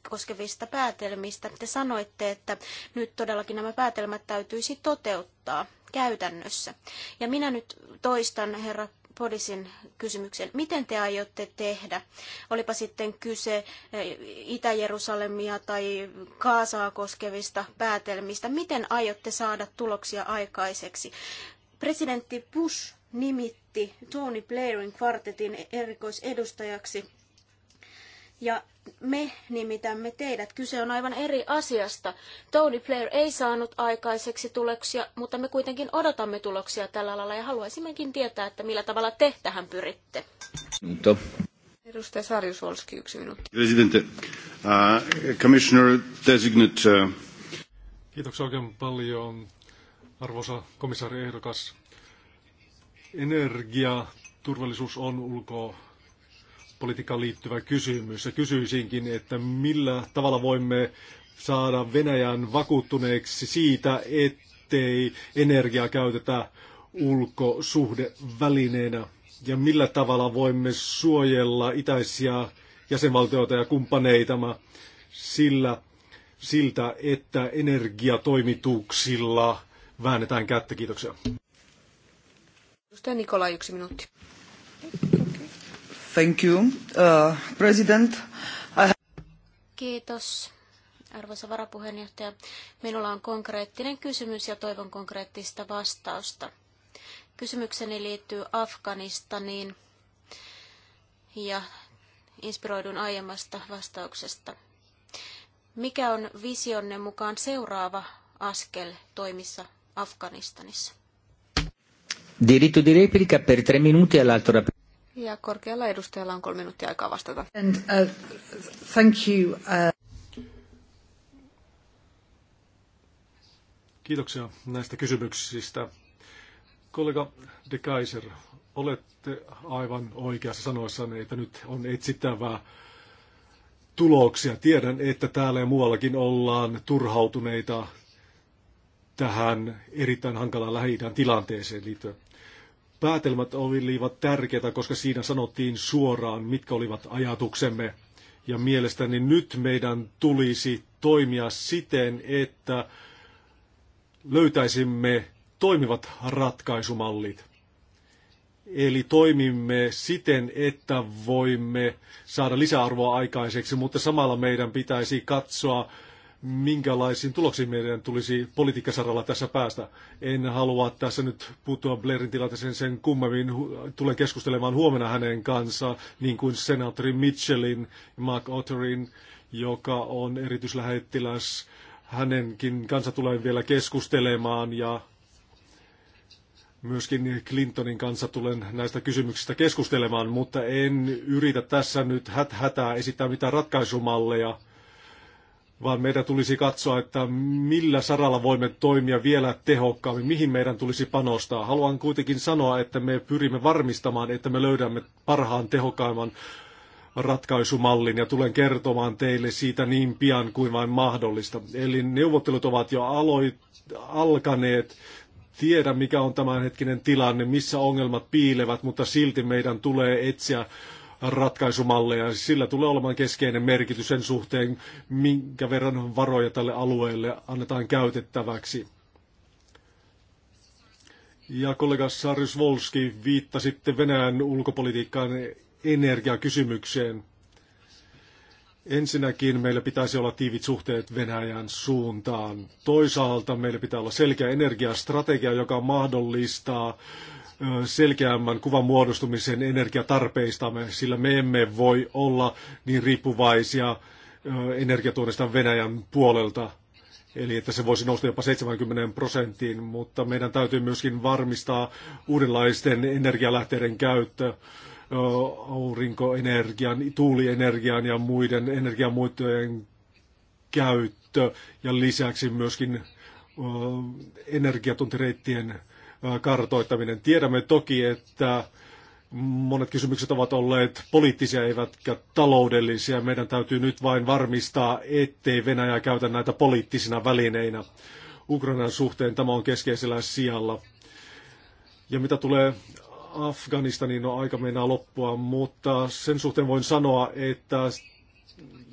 koskevista päätelmistä. Te sanoitte, että nyt todellakin nämä päätelmät täytyisi toteuttaa käytännössä. Ja minä nyt toistan, herra Polisin kysymyksen. Miten te aiotte tehdä? Olipa sitten kyse eh, Itä-Jerusalemia tai Kaasaa koskevista päätelmistä. Miten aiotte saada tuloksia aikaiseksi? Presidentti Bush nimitti Tony Blairin kvartetin erikoisedustajaksi ja me nimitämme teidät. Kyse on aivan eri asiasta. Tony Blair ei saanut aikaiseksi tuloksia, mutta me kuitenkin odotamme tuloksia tällä alalla ja haluaisimmekin tietää, että millä tavalla te tähän pyritte. Mutta. Edustaja Sarju Solski, yksi minuutti. Presidente, uh, commissioner designate. Uh... Kiitoksia oikein paljon, arvoisa komissaari ehdokas. Energia, turvallisuus on ulko politiikkaan liittyvä kysymys. Ja kysyisinkin, että millä tavalla voimme saada Venäjän vakuuttuneeksi siitä, ettei energiaa käytetä ulkosuhdevälineenä ja millä tavalla voimme suojella itäisiä jäsenvaltioita ja kumppaneita sillä, siltä, että energiatoimituksilla väännetään kättä. Kiitoksia. Edustaja Nikola, yksi minuutti. Thank you, uh, President. Kiitos, arvoisa varapuheenjohtaja. Minulla on konkreettinen kysymys ja toivon konkreettista vastausta. Kysymykseni liittyy Afganistaniin ja inspiroidun aiemmasta vastauksesta. Mikä on visionne mukaan seuraava askel toimissa Afganistanissa? Diritto di replica per tre minuti ja korkealla edustajalla on kolme minuuttia aikaa vastata. And, uh, thank you, uh... Kiitoksia näistä kysymyksistä. Kollega De Kaiser, olette aivan oikeassa sanoissanne, että nyt on etsittävää tuloksia. Tiedän, että täällä ja muuallakin ollaan turhautuneita tähän erittäin hankalaan lähi tilanteeseen liittyen päätelmät olivat tärkeitä, koska siinä sanottiin suoraan, mitkä olivat ajatuksemme. Ja mielestäni nyt meidän tulisi toimia siten, että löytäisimme toimivat ratkaisumallit. Eli toimimme siten, että voimme saada lisäarvoa aikaiseksi, mutta samalla meidän pitäisi katsoa minkälaisiin tuloksiin meidän tulisi politiikkasaralla tässä päästä. En halua tässä nyt puuttua Blairin tilanteeseen sen kummemmin. Tulen keskustelemaan huomenna hänen kanssaan, niin kuin senaattori Mitchellin ja Mark Otterin, joka on erityislähettiläs. Hänenkin kanssa tulen vielä keskustelemaan ja myöskin Clintonin kanssa tulen näistä kysymyksistä keskustelemaan, mutta en yritä tässä nyt häthätää esittää mitään ratkaisumalleja – vaan meidän tulisi katsoa, että millä saralla voimme toimia vielä tehokkaammin, mihin meidän tulisi panostaa. Haluan kuitenkin sanoa, että me pyrimme varmistamaan, että me löydämme parhaan tehokkaimman ratkaisumallin ja tulen kertomaan teille siitä niin pian kuin vain mahdollista. Eli neuvottelut ovat jo aloit, alkaneet. Tiedä, mikä on tämänhetkinen tilanne, missä ongelmat piilevät, mutta silti meidän tulee etsiä ratkaisumalleja. Siis sillä tulee olemaan keskeinen merkitys sen suhteen, minkä verran varoja tälle alueelle annetaan käytettäväksi. Ja kollega Sarius Volski sitten Venäjän ulkopolitiikkaan energiakysymykseen. Ensinnäkin meillä pitäisi olla tiivit suhteet Venäjän suuntaan. Toisaalta meillä pitää olla selkeä energiastrategia, joka mahdollistaa selkeämmän kuvan muodostumisen energiatarpeistamme, sillä me emme voi olla niin riippuvaisia energiatuonnista Venäjän puolelta, eli että se voisi nousta jopa 70 prosenttiin, mutta meidän täytyy myöskin varmistaa uudenlaisten energialähteiden käyttö aurinkoenergian, tuulienergian ja muiden energiamuotojen käyttö ja lisäksi myöskin energiatuntireittien Äh, kartoittaminen. Tiedämme toki, että monet kysymykset ovat olleet poliittisia eivätkä taloudellisia. Meidän täytyy nyt vain varmistaa, ettei Venäjä käytä näitä poliittisina välineinä. Ukrainan suhteen tämä on keskeisellä sijalla. Ja mitä tulee Afganistaniin, no aika meinaa loppua, mutta sen suhteen voin sanoa, että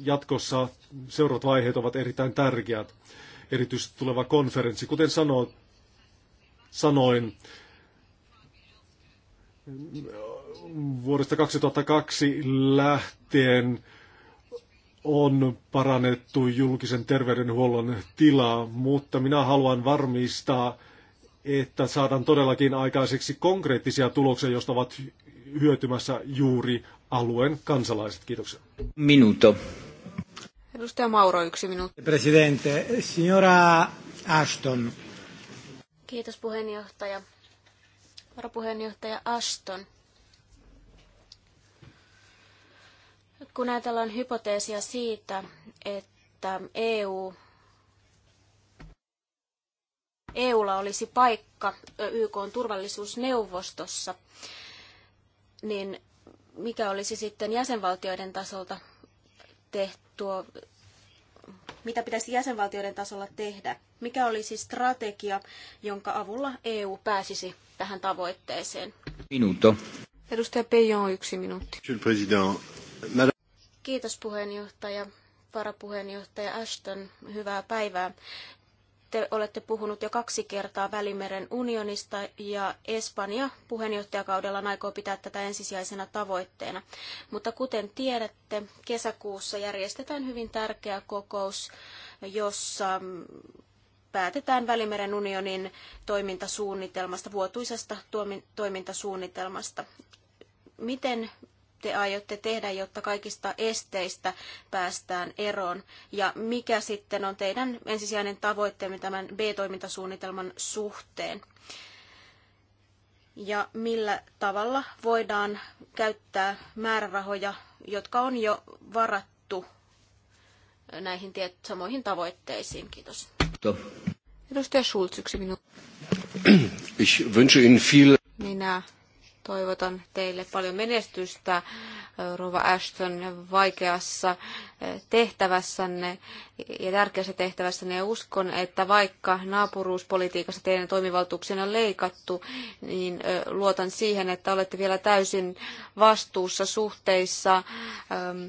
jatkossa seuraavat vaiheet ovat erittäin tärkeät, erityisesti tuleva konferenssi. Kuten sanot, sanoin, vuodesta 2002 lähtien on parannettu julkisen terveydenhuollon tilaa, mutta minä haluan varmistaa, että saadaan todellakin aikaiseksi konkreettisia tuloksia, joista ovat hyötymässä juuri alueen kansalaiset. Kiitoksia. Minuto. Edustaja Mauro, yksi minuutti. Presidente, signora Ashton. Kiitos puheenjohtaja. Varapuheenjohtaja Ashton. Kun ajatellaan hypoteesia siitä, että EU, EUlla olisi paikka YK turvallisuusneuvostossa, niin mikä olisi sitten jäsenvaltioiden tasolta te tuo mitä pitäisi jäsenvaltioiden tasolla tehdä? Mikä olisi siis strategia, jonka avulla EU pääsisi tähän tavoitteeseen? Minuutto. Edustaja Peijon, yksi minuutti. Kiitos puheenjohtaja, varapuheenjohtaja Ashton. Hyvää päivää. Te olette puhunut jo kaksi kertaa Välimeren unionista ja Espanja puheenjohtajakaudellaan aikoo pitää tätä ensisijaisena tavoitteena. Mutta kuten tiedätte, kesäkuussa järjestetään hyvin tärkeä kokous, jossa päätetään Välimeren unionin toimintasuunnitelmasta, vuotuisesta toimintasuunnitelmasta. Miten te aiotte tehdä, jotta kaikista esteistä päästään eroon? Ja mikä sitten on teidän ensisijainen tavoitteemme tämän B-toimintasuunnitelman suhteen? Ja millä tavalla voidaan käyttää määrärahoja, jotka on jo varattu näihin tiet- samoihin tavoitteisiin? Kiitos. Edustaja Schulz, yksi minuutti. Ich wünsche Ihnen viel... Minä Toivotan teille paljon menestystä, Rova Ashton, vaikeassa eh, tehtävässänne ja tärkeässä tehtävässänne. Ja uskon, että vaikka naapuruuspolitiikassa teidän toimivaltuuksenne on leikattu, niin eh, luotan siihen, että olette vielä täysin vastuussa suhteissa ähm,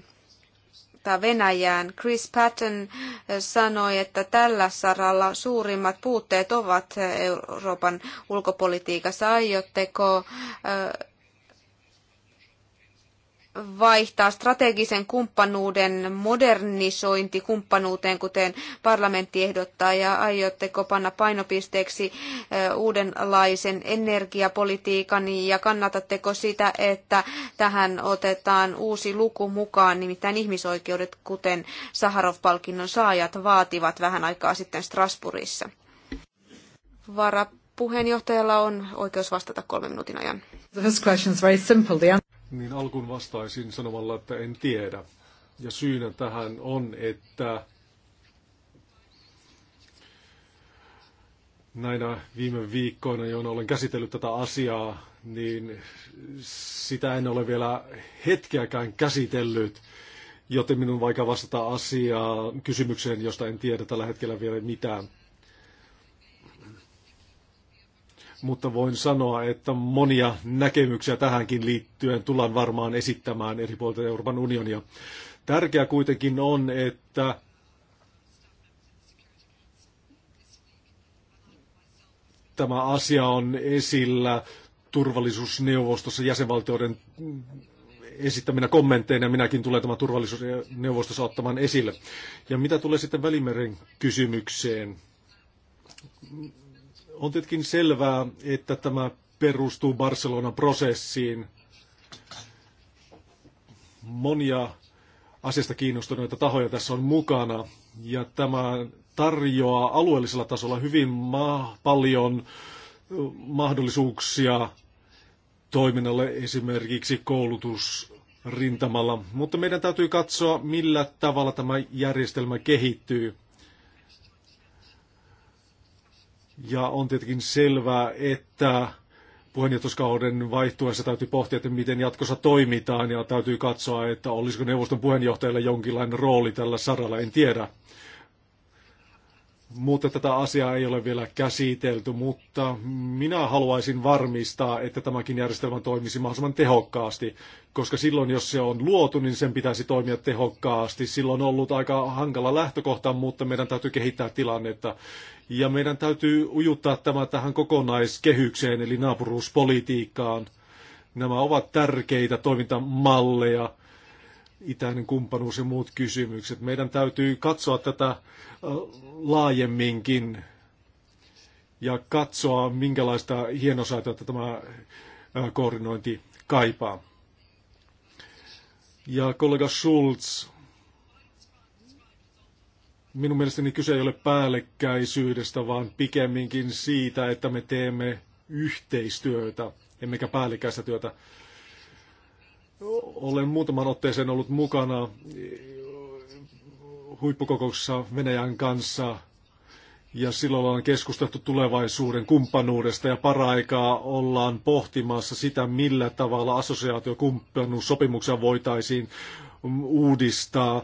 suhdetta Venäjään. Chris Patton eh, sanoi, että tällä saralla suurimmat puutteet ovat Euroopan ulkopolitiikassa. Aiotteko eh, vaihtaa strategisen kumppanuuden modernisointi kumppanuuteen, kuten parlamentti ehdottaa, ja aiotteko panna painopisteeksi uudenlaisen energiapolitiikan, ja kannatatteko sitä, että tähän otetaan uusi luku mukaan, nimittäin ihmisoikeudet, kuten Saharov-palkinnon saajat vaativat vähän aikaa sitten Strasbourgissa? Varapuheenjohtajalla on oikeus vastata kolmen minuutin ajan. question is very simple. The niin alkuun vastaisin sanomalla, että en tiedä. Ja syynä tähän on, että näinä viime viikkoina, joina olen käsitellyt tätä asiaa, niin sitä en ole vielä hetkeäkään käsitellyt, joten minun vaikka vastata asiaa kysymykseen, josta en tiedä tällä hetkellä vielä mitään. mutta voin sanoa, että monia näkemyksiä tähänkin liittyen tullaan varmaan esittämään eri puolilta Euroopan unionia. Tärkeää kuitenkin on, että tämä asia on esillä turvallisuusneuvostossa jäsenvaltioiden esittäminä kommentteina. Minäkin tulee tämä turvallisuusneuvostossa ottamaan esille. Ja mitä tulee sitten Välimeren kysymykseen? On tietenkin selvää, että tämä perustuu Barcelonan prosessiin. Monia asiasta kiinnostuneita tahoja tässä on mukana, ja tämä tarjoaa alueellisella tasolla hyvin ma- paljon mahdollisuuksia toiminnalle esimerkiksi koulutusrintamalla, mutta meidän täytyy katsoa, millä tavalla tämä järjestelmä kehittyy. Ja on tietenkin selvää, että puheenjohtoskauden vaihtuessa täytyy pohtia, että miten jatkossa toimitaan ja täytyy katsoa, että olisiko neuvoston puheenjohtajalle jonkinlainen rooli tällä saralla, en tiedä mutta tätä asiaa ei ole vielä käsitelty, mutta minä haluaisin varmistaa, että tämäkin järjestelmä toimisi mahdollisimman tehokkaasti, koska silloin jos se on luotu, niin sen pitäisi toimia tehokkaasti. Silloin on ollut aika hankala lähtökohta, mutta meidän täytyy kehittää tilannetta. Ja meidän täytyy ujuttaa tämä tähän kokonaiskehykseen, eli naapuruuspolitiikkaan. Nämä ovat tärkeitä toimintamalleja itäinen kumppanuus ja muut kysymykset. Meidän täytyy katsoa tätä laajemminkin ja katsoa, minkälaista hienosaitoa tämä koordinointi kaipaa. Ja kollega Schulz, minun mielestäni kyse ei ole päällekkäisyydestä, vaan pikemminkin siitä, että me teemme yhteistyötä, emmekä päällekkäistä työtä. Olen muutaman otteeseen ollut mukana huippukokouksessa Venäjän kanssa ja silloin on keskusteltu tulevaisuuden kumppanuudesta ja paraikaa ollaan pohtimassa sitä, millä tavalla assosiaatiokumppanuussopimuksia voitaisiin uudistaa.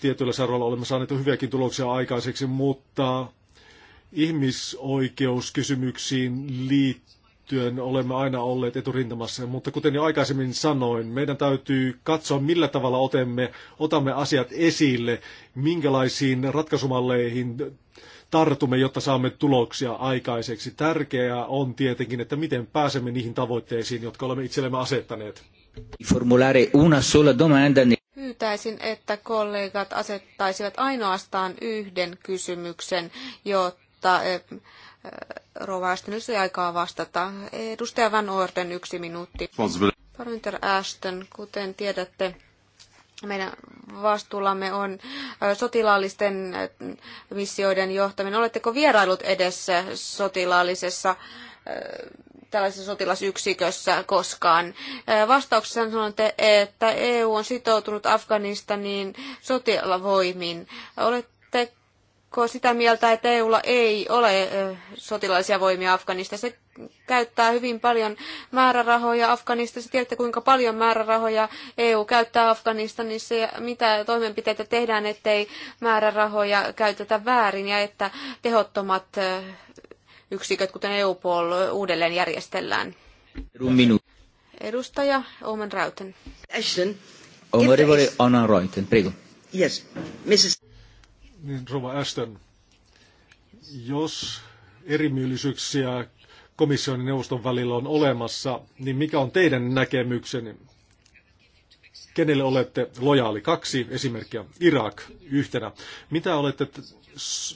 Tietyillä saroilla olemme saaneet hyviäkin tuloksia aikaiseksi, mutta ihmisoikeuskysymyksiin liittyen liittyen olemme aina olleet eturintamassa, mutta kuten jo aikaisemmin sanoin, meidän täytyy katsoa millä tavalla otemme, otamme asiat esille, minkälaisiin ratkaisumalleihin tartumme, jotta saamme tuloksia aikaiseksi. Tärkeää on tietenkin, että miten pääsemme niihin tavoitteisiin, jotka olemme itsellemme asettaneet. Formulare una sola domanda pyytäisin, että kollegat asettaisivat ainoastaan yhden kysymyksen, jotta eh, Rova Ashton, nyt se aikaa vastata. Edustaja Van Orden, yksi minuutti. Parinter Ashton, kuten tiedätte, meidän vastuullamme on sotilaallisten missioiden johtaminen. Oletteko vierailut edessä sotilaallisessa tällaisessa sotilasyksikössä koskaan. Vastauksessa sanoitte, että EU on sitoutunut Afganistaniin sotilavoimiin. Olette sitä mieltä, että EUlla ei ole sotilaisia voimia Afganistassa. Se käyttää hyvin paljon määrärahoja Afganistassa. Tiedätte, kuinka paljon määrärahoja EU käyttää Afganistanissa ja mitä toimenpiteitä tehdään, ettei määrärahoja käytetä väärin ja että tehottomat yksiköt, kuten EUPOL, uudelleen järjestellään. Edustaja Omen Rauten. Ashton. Honorable Anna Rauten, prego. Yes, Mrs niin Rova Ashton, jos erimielisyyksiä komission ja neuvoston välillä on olemassa, niin mikä on teidän näkemyksenne? Kenelle olette lojaali? Kaksi esimerkkiä. Irak yhtenä. Mitä olette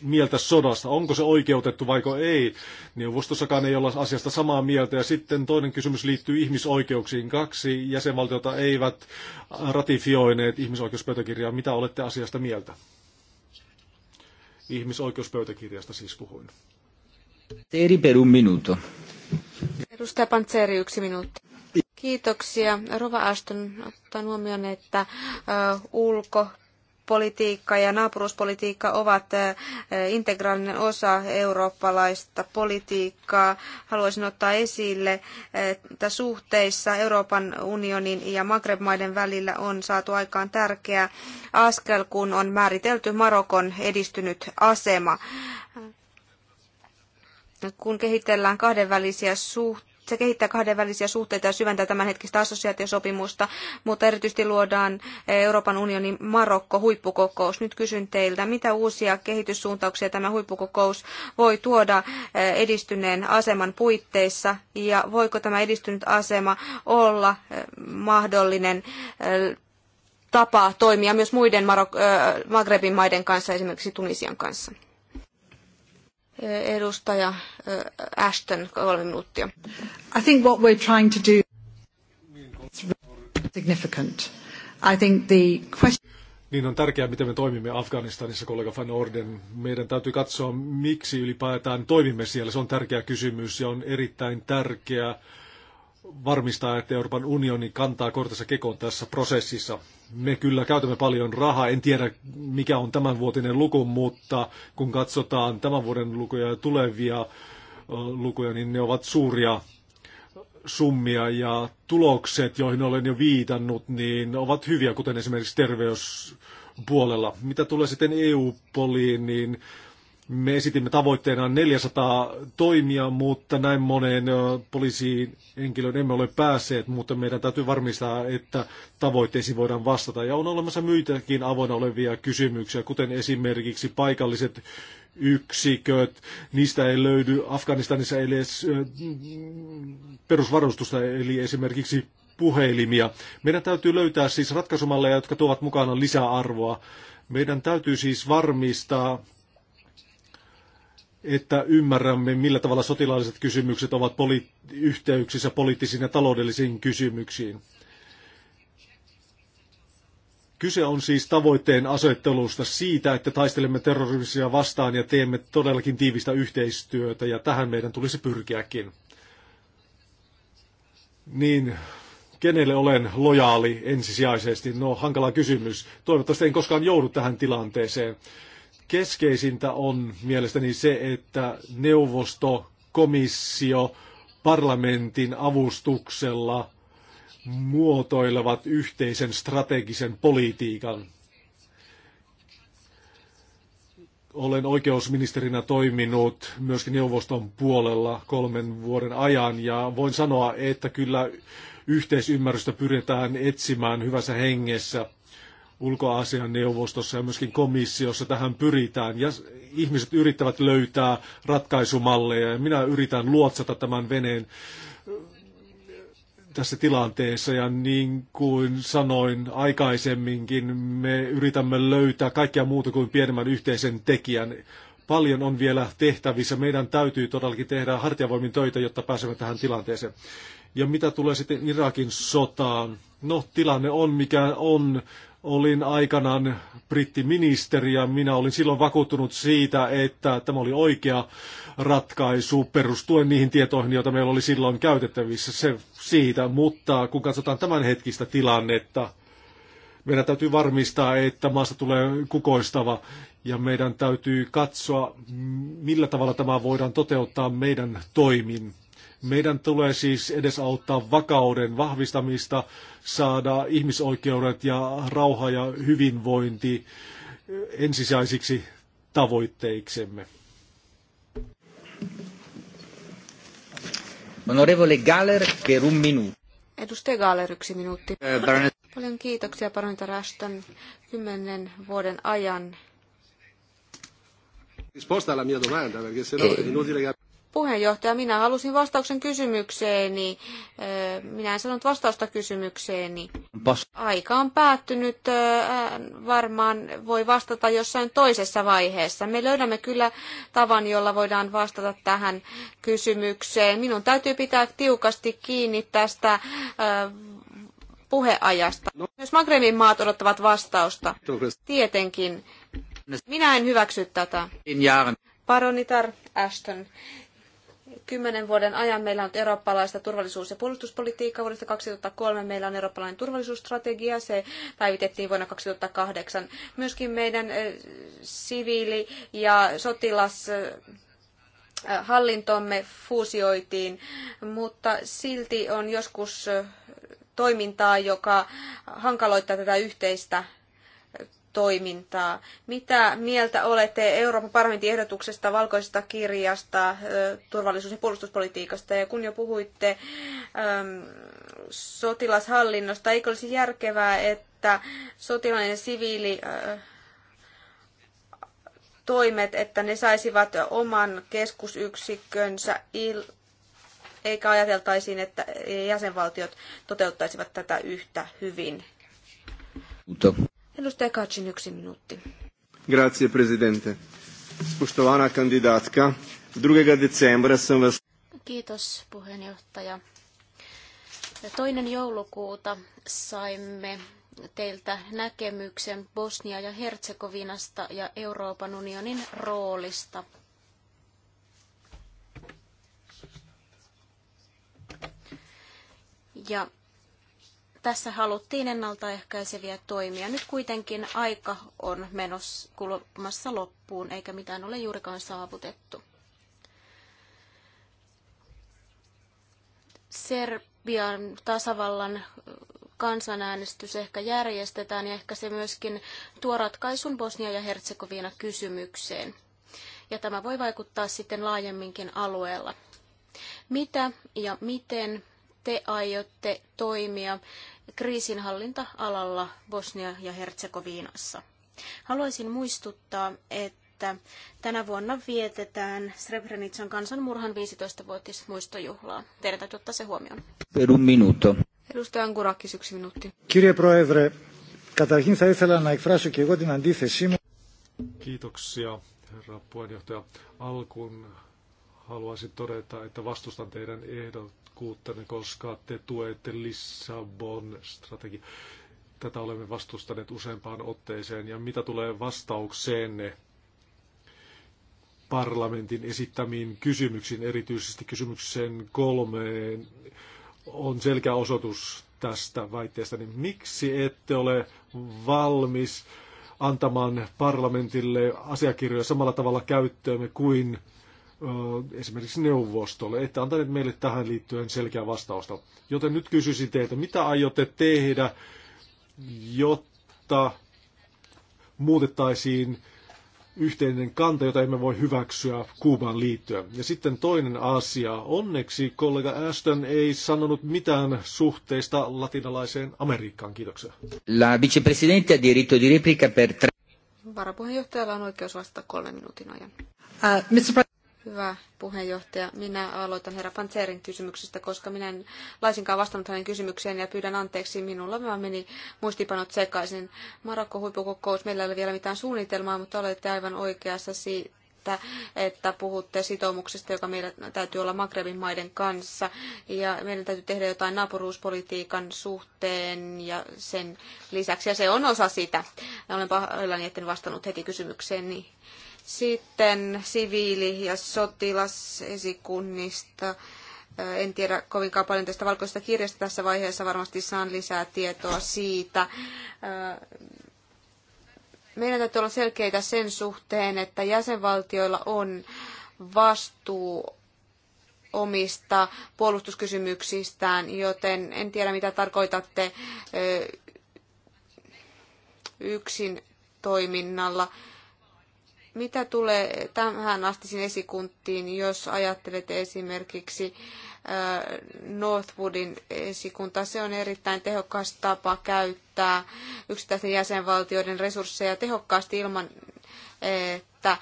mieltä sodasta? Onko se oikeutettu vaiko ei? Neuvostossakaan ei olla asiasta samaa mieltä. Ja sitten toinen kysymys liittyy ihmisoikeuksiin. Kaksi jäsenvaltiota eivät ratifioineet ihmisoikeuspöytäkirjaa. Mitä olette asiasta mieltä? Ihmisoikeuspöytäkirjasta siis puhuin. Teeri per un minuto. Edustaja Pantseri, yksi minuutti. Kiitoksia. Rova Aston ottaa huomioon, että ulko politiikka ja naapuruuspolitiikka ovat integraalinen osa eurooppalaista politiikkaa. Haluaisin ottaa esille, että suhteissa Euroopan unionin ja Maghreb-maiden välillä on saatu aikaan tärkeä askel, kun on määritelty Marokon edistynyt asema kun kehitellään kahdenvälisiä suhteita, se kehittää kahdenvälisiä suhteita ja syventää tämänhetkistä assosiaatiosopimusta, mutta erityisesti luodaan Euroopan unionin Marokko-huippukokous. Nyt kysyn teiltä, mitä uusia kehityssuuntauksia tämä huippukokous voi tuoda eh, edistyneen aseman puitteissa ja voiko tämä edistynyt asema olla eh, mahdollinen eh, tapa toimia myös muiden Marok- Magrebin maiden kanssa, esimerkiksi Tunisian kanssa? Edustaja eh, Ashton, kolme minuuttia. I think what we're trying to do is significant. I think the question... Niin on tärkeää, miten me toimimme Afganistanissa, kollega Van Orden. Meidän täytyy katsoa, miksi ylipäätään toimimme siellä. Se on tärkeä kysymys ja on erittäin tärkeää varmistaa, että Euroopan unioni kantaa kortensa kekoon tässä prosessissa. Me kyllä käytämme paljon rahaa, en tiedä mikä on tämänvuotinen luku, mutta kun katsotaan tämän vuoden lukuja ja tulevia lukuja, niin ne ovat suuria summia ja tulokset, joihin olen jo viitannut, niin ovat hyviä, kuten esimerkiksi terveyspuolella. Mitä tulee sitten EU-poliin, niin me esitimme tavoitteena 400 toimia, mutta näin moneen poliisiin henkilöön emme ole päässeet, mutta meidän täytyy varmistaa, että tavoitteisiin voidaan vastata. Ja on olemassa myitäkin avoinna olevia kysymyksiä, kuten esimerkiksi paikalliset yksiköt, niistä ei löydy Afganistanissa ei edes perusvarustusta, eli esimerkiksi puhelimia. Meidän täytyy löytää siis ratkaisumalleja, jotka tuovat mukana lisäarvoa. Meidän täytyy siis varmistaa että ymmärrämme, millä tavalla sotilaalliset kysymykset ovat poli- yhteyksissä poliittisiin ja taloudellisiin kysymyksiin. Kyse on siis tavoitteen asettelusta siitä, että taistelemme terrorismia vastaan ja teemme todellakin tiivistä yhteistyötä, ja tähän meidän tulisi pyrkiäkin. Niin, kenelle olen lojaali ensisijaisesti? No, hankala kysymys. Toivottavasti en koskaan joudu tähän tilanteeseen keskeisintä on mielestäni se, että neuvosto, komissio, parlamentin avustuksella muotoilevat yhteisen strategisen politiikan. Olen oikeusministerinä toiminut myöskin neuvoston puolella kolmen vuoden ajan ja voin sanoa, että kyllä yhteisymmärrystä pyritään etsimään hyvässä hengessä – ulkoasian neuvostossa ja myöskin komissiossa tähän pyritään. Ja ihmiset yrittävät löytää ratkaisumalleja ja minä yritän luotsata tämän veneen äh, tässä tilanteessa ja niin kuin sanoin aikaisemminkin, me yritämme löytää kaikkea muuta kuin pienemmän yhteisen tekijän. Paljon on vielä tehtävissä. Meidän täytyy todellakin tehdä hartiavoimin töitä, jotta pääsemme tähän tilanteeseen. Ja mitä tulee sitten Irakin sotaan? No, tilanne on mikä on olin aikanaan brittiministeri ja minä olin silloin vakuuttunut siitä, että tämä oli oikea ratkaisu perustuen niihin tietoihin, joita meillä oli silloin käytettävissä se siitä. Mutta kun katsotaan tämänhetkistä tilannetta, meidän täytyy varmistaa, että maasta tulee kukoistava ja meidän täytyy katsoa, millä tavalla tämä voidaan toteuttaa meidän toimin. Meidän tulee siis edesauttaa vakauden vahvistamista, saada ihmisoikeudet ja rauha ja hyvinvointi ensisijaisiksi tavoitteiksemme. Onorevole Galler, per un minuto. Edustaja Gaaler, yksi minuutti. Eh, Paljon kiitoksia Paronita Rashton kymmenen vuoden ajan. Risposta alla mia domanda, perché sennò eh. è inutile Puheenjohtaja, minä halusin vastauksen kysymykseeni. Äh, minä en sanonut vastausta kysymykseeni. Pas. Aika on päättynyt. Äh, varmaan voi vastata jossain toisessa vaiheessa. Me löydämme kyllä tavan, jolla voidaan vastata tähän kysymykseen. Minun täytyy pitää tiukasti kiinni tästä äh, puheajasta. Myös Magrebin maat odottavat vastausta. Tietenkin. Minä en hyväksy tätä. Paronitar Ashton kymmenen vuoden ajan meillä on eurooppalaista turvallisuus- ja puolustuspolitiikkaa. Vuodesta 2003 meillä on eurooppalainen turvallisuusstrategia. Se päivitettiin vuonna 2008. Myöskin meidän siviili- ja sotilashallintomme fuusioitiin, mutta silti on joskus toimintaa, joka hankaloittaa tätä yhteistä toimintaa. Mitä mieltä olette Euroopan parlamentin ehdotuksesta, valkoisesta kirjasta, turvallisuus- ja puolustuspolitiikasta? Ja kun jo puhuitte äm, sotilashallinnosta, eikö olisi järkevää, että sotilainen ja siviili äh, toimet, että ne saisivat oman keskusyksikkönsä il- eikä ajateltaisiin, että jäsenvaltiot toteuttaisivat tätä yhtä hyvin. Mutta Edustaja Katsin yksi minuutti. Grazie, presidente. 2. decembra sam vas... Kiitos, puheenjohtaja. Toinen joulukuuta saimme teiltä näkemyksen Bosnia ja Herzegovinasta ja Euroopan unionin roolista. Ja tässä haluttiin ennaltaehkäiseviä toimia. Nyt kuitenkin aika on menossa kulumassa loppuun, eikä mitään ole juurikaan saavutettu. Serbian tasavallan kansanäänestys ehkä järjestetään ja ehkä se myöskin tuo ratkaisun Bosnia ja Herzegovina kysymykseen. Ja tämä voi vaikuttaa sitten laajemminkin alueella. Mitä ja miten te aiotte toimia kriisinhallinta-alalla Bosnia ja Herzegovinassa. Haluaisin muistuttaa, että tänä vuonna vietetään Srebrenican kansanmurhan 15-vuotismuistojuhlaa. Teidän täytyy ottaa se huomioon. Per un minuto. Edustaja Angurakis, yksi minuutti. Kirje Proevre, Katarhin θα ήθελα να εκφράσω Kiitoksia, herra puheenjohtaja. Alkuun haluaisin todeta, että vastustan teidän ehdot, halukkuuttanne, koska te tuette Lissabon strategiaa. Tätä olemme vastustaneet useampaan otteeseen. Ja mitä tulee vastaukseenne parlamentin esittämiin kysymyksiin, erityisesti kysymykseen kolmeen, on selkeä osoitus tästä väitteestä, niin miksi ette ole valmis antamaan parlamentille asiakirjoja samalla tavalla käyttöömme kuin esimerkiksi neuvostolle, että antaneet meille tähän liittyen selkeää vastausta. Joten nyt kysyisin teiltä, mitä aiotte tehdä, jotta muutettaisiin yhteinen kanta, jota emme voi hyväksyä Kuuban liittyen. Ja sitten toinen asia. Onneksi kollega Ashton ei sanonut mitään suhteista latinalaiseen Amerikkaan. Kiitoksia. La vicepresidente ha diritto di replica per tre... Varapuheenjohtajalla on oikeus vastata kolmen minuutin ajan. Uh, Mr. Hyvä puheenjohtaja. Minä aloitan herra Panzerin kysymyksestä, koska minä en laisinkaan vastannut hänen kysymykseen ja pyydän anteeksi. Minulla vaan meni muistipanot sekaisin. Marokko huippukokous, meillä ei ole vielä mitään suunnitelmaa, mutta olette aivan oikeassa siitä että, puhutte sitoumuksesta, joka meillä täytyy olla Magrebin maiden kanssa. Ja meidän täytyy tehdä jotain naapuruuspolitiikan suhteen ja sen lisäksi. Ja se on osa sitä. Olen pahoillani, etten vastannut heti kysymykseen. Niin sitten siviili- ja sotilasesikunnista. En tiedä kovinkaan paljon tästä valkoisesta kirjasta tässä vaiheessa. Varmasti saan lisää tietoa siitä. Meidän täytyy olla selkeitä sen suhteen, että jäsenvaltioilla on vastuu omista puolustuskysymyksistään, joten en tiedä mitä tarkoitatte yksin toiminnalla. Mitä tulee tähän astisiin esikuntiin, jos ajattelet esimerkiksi äh, Northwoodin esikuntaa, se on erittäin tehokas tapa käyttää yksittäisten jäsenvaltioiden resursseja tehokkaasti ilman, että äh,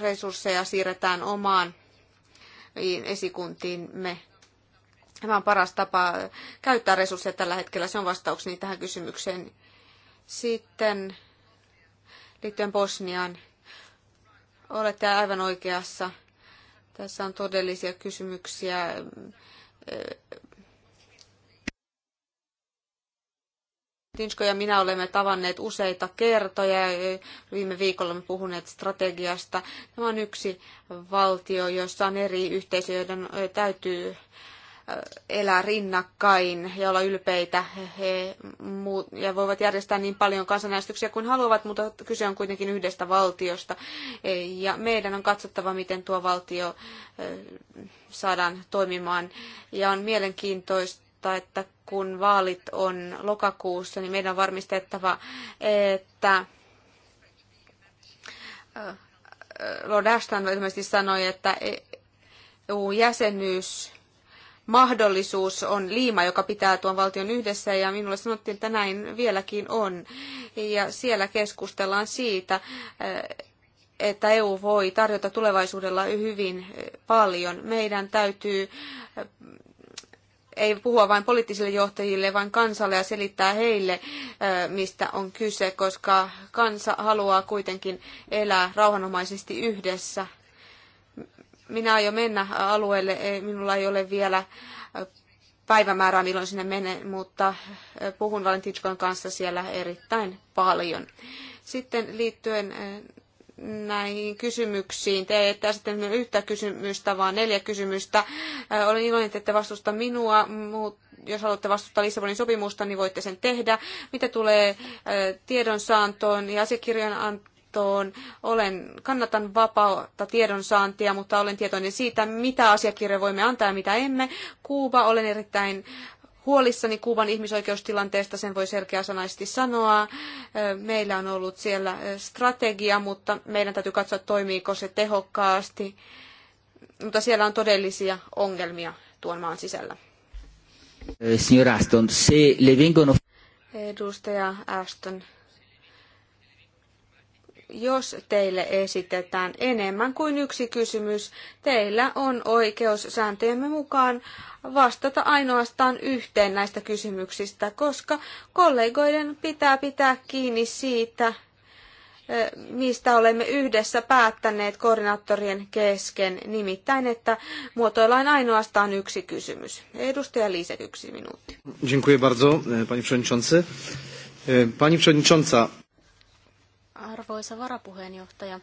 resursseja siirretään omaan esikuntiimme. Tämä on paras tapa käyttää resursseja tällä hetkellä. Se on vastaukseni tähän kysymykseen. Sitten liittyen Bosniaan. Olette aivan oikeassa. Tässä on todellisia kysymyksiä Tinsko ja minä olemme tavanneet useita kertoja. Viime viikolla me puhuneet strategiasta. Tämä on yksi valtio, jossa on eri yhteisöjä, joiden täytyy elää rinnakkain ja olla ylpeitä. He muut, ja voivat järjestää niin paljon kansanäänestyksiä kuin haluavat, mutta kyse on kuitenkin yhdestä valtiosta. Ja meidän on katsottava, miten tuo valtio eh, saadaan toimimaan. Ja on mielenkiintoista, että kun vaalit on lokakuussa, niin meidän on varmistettava, että eh, Lord Ashton ilmeisesti sanoi, että EU-jäsenyys e mahdollisuus on liima, joka pitää tuon valtion yhdessä ja minulle sanottiin, että näin vieläkin on. Ja siellä keskustellaan siitä, eh, että EU voi tarjota tulevaisuudella hyvin eh, paljon. Meidän täytyy eh, ei puhua vain poliittisille johtajille, vaan kansalle ja selittää heille, mistä on kyse, koska kansa haluaa kuitenkin elää rauhanomaisesti yhdessä minä aion mennä alueelle, minulla ei ole vielä äh, päivämäärää milloin sinne menen, mutta äh, puhun Valentitskon kanssa siellä erittäin paljon. Sitten liittyen äh, näihin kysymyksiin. Te ette sitten yhtä kysymystä, vaan neljä kysymystä. Olen iloinen, että ette vastusta minua, mutta jos haluatte vastustaa Lissabonin sopimusta, niin voitte sen tehdä. Mitä tulee tiedonsaantoon ja asiakirjan tietoon. Olen, kannatan vapautta tiedonsaantia, mutta olen tietoinen siitä, mitä asiakirjoja voimme antaa ja mitä emme. Kuuba, olen erittäin huolissani Kuuban ihmisoikeustilanteesta, sen voi selkeäsanaisesti sanoa. Meillä on ollut siellä strategia, mutta meidän täytyy katsoa, toimiiko se tehokkaasti. Mutta siellä on todellisia ongelmia tuon maan sisällä. Eh, Signor Aston, se le vengono... Edustaja Aston, jos teille esitetään enemmän kuin yksi kysymys, teillä on oikeus sääntöjemme mukaan vastata ainoastaan yhteen näistä kysymyksistä, koska kollegoiden pitää pitää kiinni siitä, mistä olemme yhdessä päättäneet koordinaattorien kesken, nimittäin, että muotoillaan ainoastaan yksi kysymys. Edustaja Liise, yksi minuutti. Dziękuję bardzo, e, pani przewodniczący. E, pani przewodnicząca. Arvoisa varapuheenjohtaja,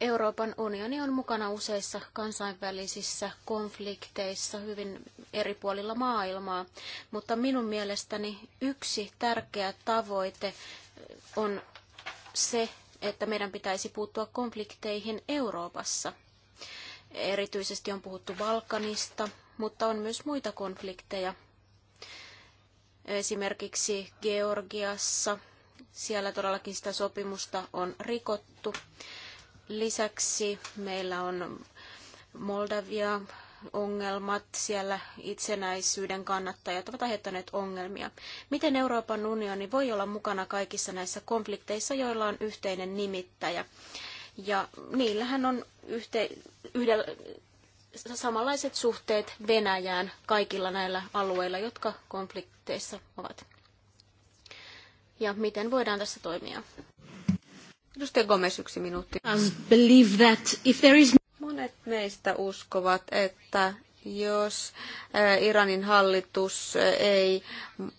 Euroopan unioni on mukana useissa kansainvälisissä konflikteissa hyvin eri puolilla maailmaa, mutta minun mielestäni yksi tärkeä tavoite on se, että meidän pitäisi puuttua konflikteihin Euroopassa. Erityisesti on puhuttu Balkanista, mutta on myös muita konflikteja Esimerkiksi Georgiassa, siellä todellakin sitä sopimusta on rikottu. Lisäksi meillä on Moldavia, ongelmat, siellä itsenäisyyden kannattajat ovat aiheuttaneet ongelmia. Miten Euroopan unioni voi olla mukana kaikissa näissä konflikteissa, joilla on yhteinen nimittäjä? Ja niillähän on yhte, yhdellä, samanlaiset suhteet Venäjään kaikilla näillä alueilla, jotka konflikteissa ovat. Ja miten voidaan tässä toimia? Edustaja yksi minuutti. Monet meistä uskovat, että jos Iranin hallitus ei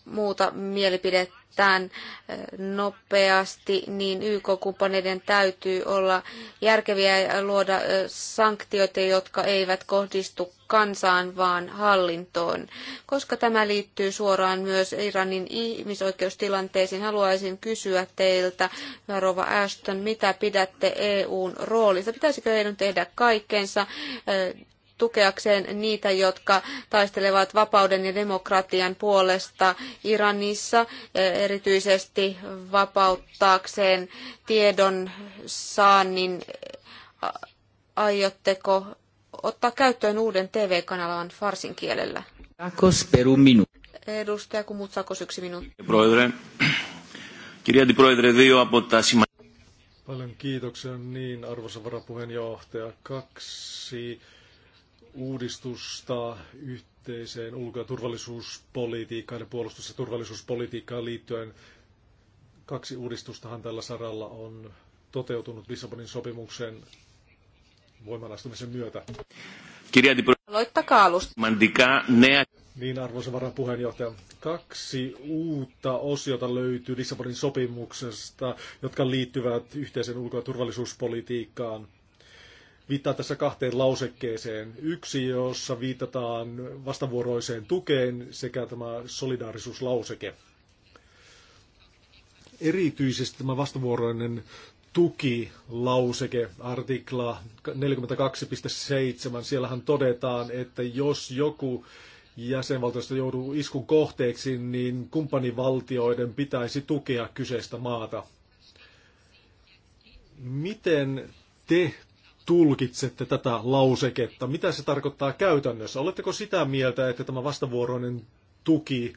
muuta mielipidettä, erittäin nopeasti, niin YK-kumppaneiden täytyy olla järkeviä ja luoda sanktioita, jotka eivät kohdistu kansaan, vaan hallintoon. Koska tämä liittyy suoraan myös Iranin ihmisoikeustilanteisiin, haluaisin kysyä teiltä, Rova Ashton, mitä pidätte EUn roolista? Pitäisikö EUn tehdä kaikkensa tukeakseen niitä, jotka taistelevat vapauden ja demokratian puolesta Iranissa, e, erityisesti vapauttaakseen tiedon saannin. Aiotteko ottaa käyttöön uuden TV-kanavan farsin kielellä? Sakos per un minuutti. Edustaja Kumutsakos, yksi minuutti. Paljon kiitoksia. Niin, arvoisa varapuheenjohtaja, kaksi uudistusta yhteiseen ulko- ja turvallisuuspolitiikkaan ja puolustus- ja turvallisuuspolitiikkaan liittyen. Kaksi uudistustahan tällä saralla on toteutunut Lissabonin sopimuksen voimalaistumisen myötä. Aloittakaa alusta. Niin, arvoisa puheenjohtaja. Kaksi uutta osiota löytyy Lissabonin sopimuksesta, jotka liittyvät yhteisen ulko- ja turvallisuuspolitiikkaan. Viittaan tässä kahteen lausekkeeseen. Yksi, jossa viitataan vastavuoroiseen tukeen sekä tämä solidaarisuuslauseke. Erityisesti tämä vastavuoroinen tukilauseke, artikla 42.7. Siellähän todetaan, että jos joku jäsenvaltiosta joutuu iskun kohteeksi, niin kumppanivaltioiden pitäisi tukea kyseistä maata. Miten te tulkitsette tätä lauseketta? Mitä se tarkoittaa käytännössä? Oletteko sitä mieltä, että tämä vastavuoroinen tuki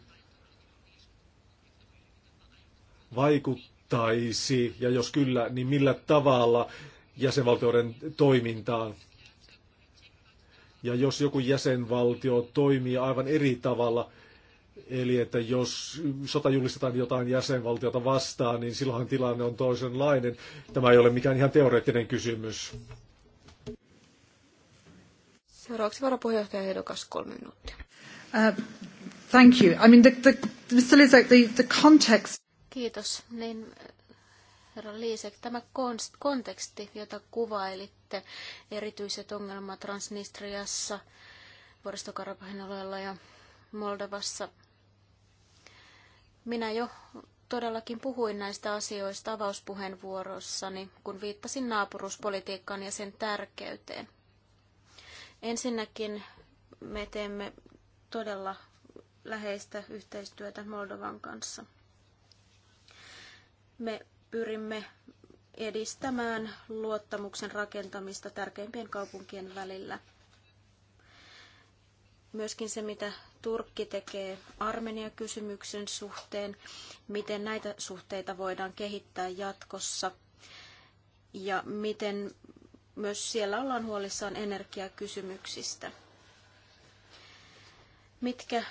vaikuttaisi, ja jos kyllä, niin millä tavalla jäsenvaltioiden toimintaan? Ja jos joku jäsenvaltio toimii aivan eri tavalla, Eli että jos sota julistetaan jotain jäsenvaltiota vastaan, niin silloinhan tilanne on toisenlainen. Tämä ei ole mikään ihan teoreettinen kysymys. Seuraavaksi varapuheenjohtaja kolme minuuttia. Uh, thank you. I mean, the, the, Mr. the, the context... Kiitos. Niin, herra Liisek, tämä konteksti, jota kuvailitte, erityiset ongelmat Transnistriassa, Vuoristokarapahin alueella ja Moldovassa. Minä jo todellakin puhuin näistä asioista avauspuheenvuorossani, kun viittasin naapuruspolitiikkaan ja sen tärkeyteen. Ensinnäkin me teemme todella läheistä yhteistyötä Moldovan kanssa. Me pyrimme edistämään luottamuksen rakentamista tärkeimpien kaupunkien välillä. Myöskin se, mitä Turkki tekee Armenia-kysymyksen suhteen, miten näitä suhteita voidaan kehittää jatkossa ja miten myös siellä ollaan huolissaan energiakysymyksistä. Mitkä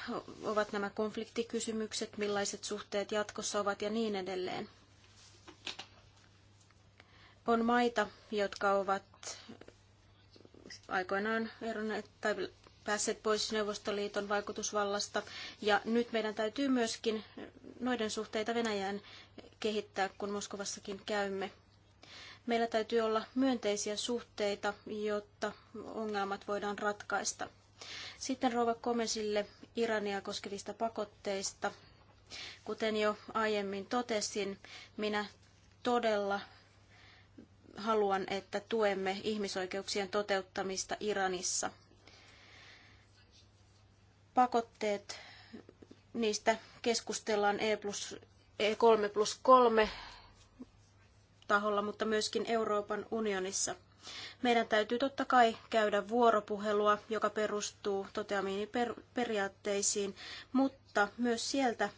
ovat nämä konfliktikysymykset, millaiset suhteet jatkossa ovat ja niin edelleen. On maita, jotka ovat aikoinaan eronneet tai päässeet pois Neuvostoliiton vaikutusvallasta. Ja nyt meidän täytyy myöskin noiden suhteita Venäjään kehittää, kun Moskovassakin käymme. Meillä täytyy olla myönteisiä suhteita, jotta ongelmat voidaan ratkaista. Sitten Rova Komesille Irania koskevista pakotteista. Kuten jo aiemmin totesin, minä todella haluan, että tuemme ihmisoikeuksien toteuttamista Iranissa. Pakotteet, niistä keskustellaan E E3 plus 3 e taholla, mutta myöskin Euroopan unionissa. Meidän täytyy totta kai käydä vuoropuhelua, joka perustuu toteamiini per- periaatteisiin, mutta myös sieltä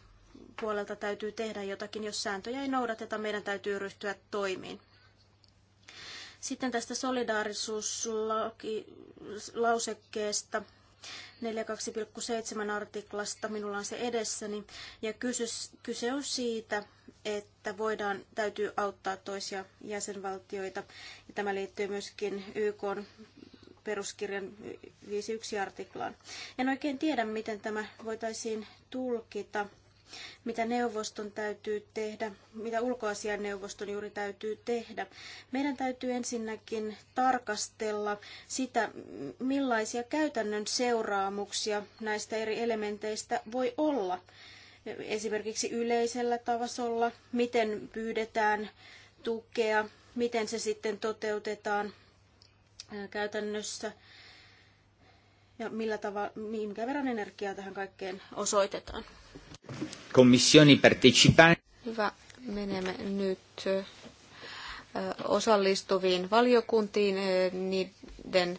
puolelta täytyy tehdä jotakin. Jos sääntöjä ei noudateta, meidän täytyy ryhtyä toimiin. Sitten tästä solidaarisuuslausekkeesta 42,7 artiklasta, minulla on se edessäni, ja kyse on siitä, että voidaan, täytyy auttaa toisia jäsenvaltioita, ja tämä liittyy myöskin YK peruskirjan 51 artiklaan. En oikein tiedä, miten tämä voitaisiin tulkita mitä neuvoston täytyy tehdä, mitä ulkoasianneuvoston juuri täytyy tehdä. Meidän täytyy ensinnäkin tarkastella sitä, millaisia käytännön seuraamuksia näistä eri elementeistä voi olla. Esimerkiksi yleisellä tasolla, miten pyydetään tukea, miten se sitten toteutetaan käytännössä ja millä tavalla, minkä verran energiaa tähän kaikkeen osoitetaan commissioni partecipanti. Hyvä, menemme nyt osallistuviin valiokuntiin, niiden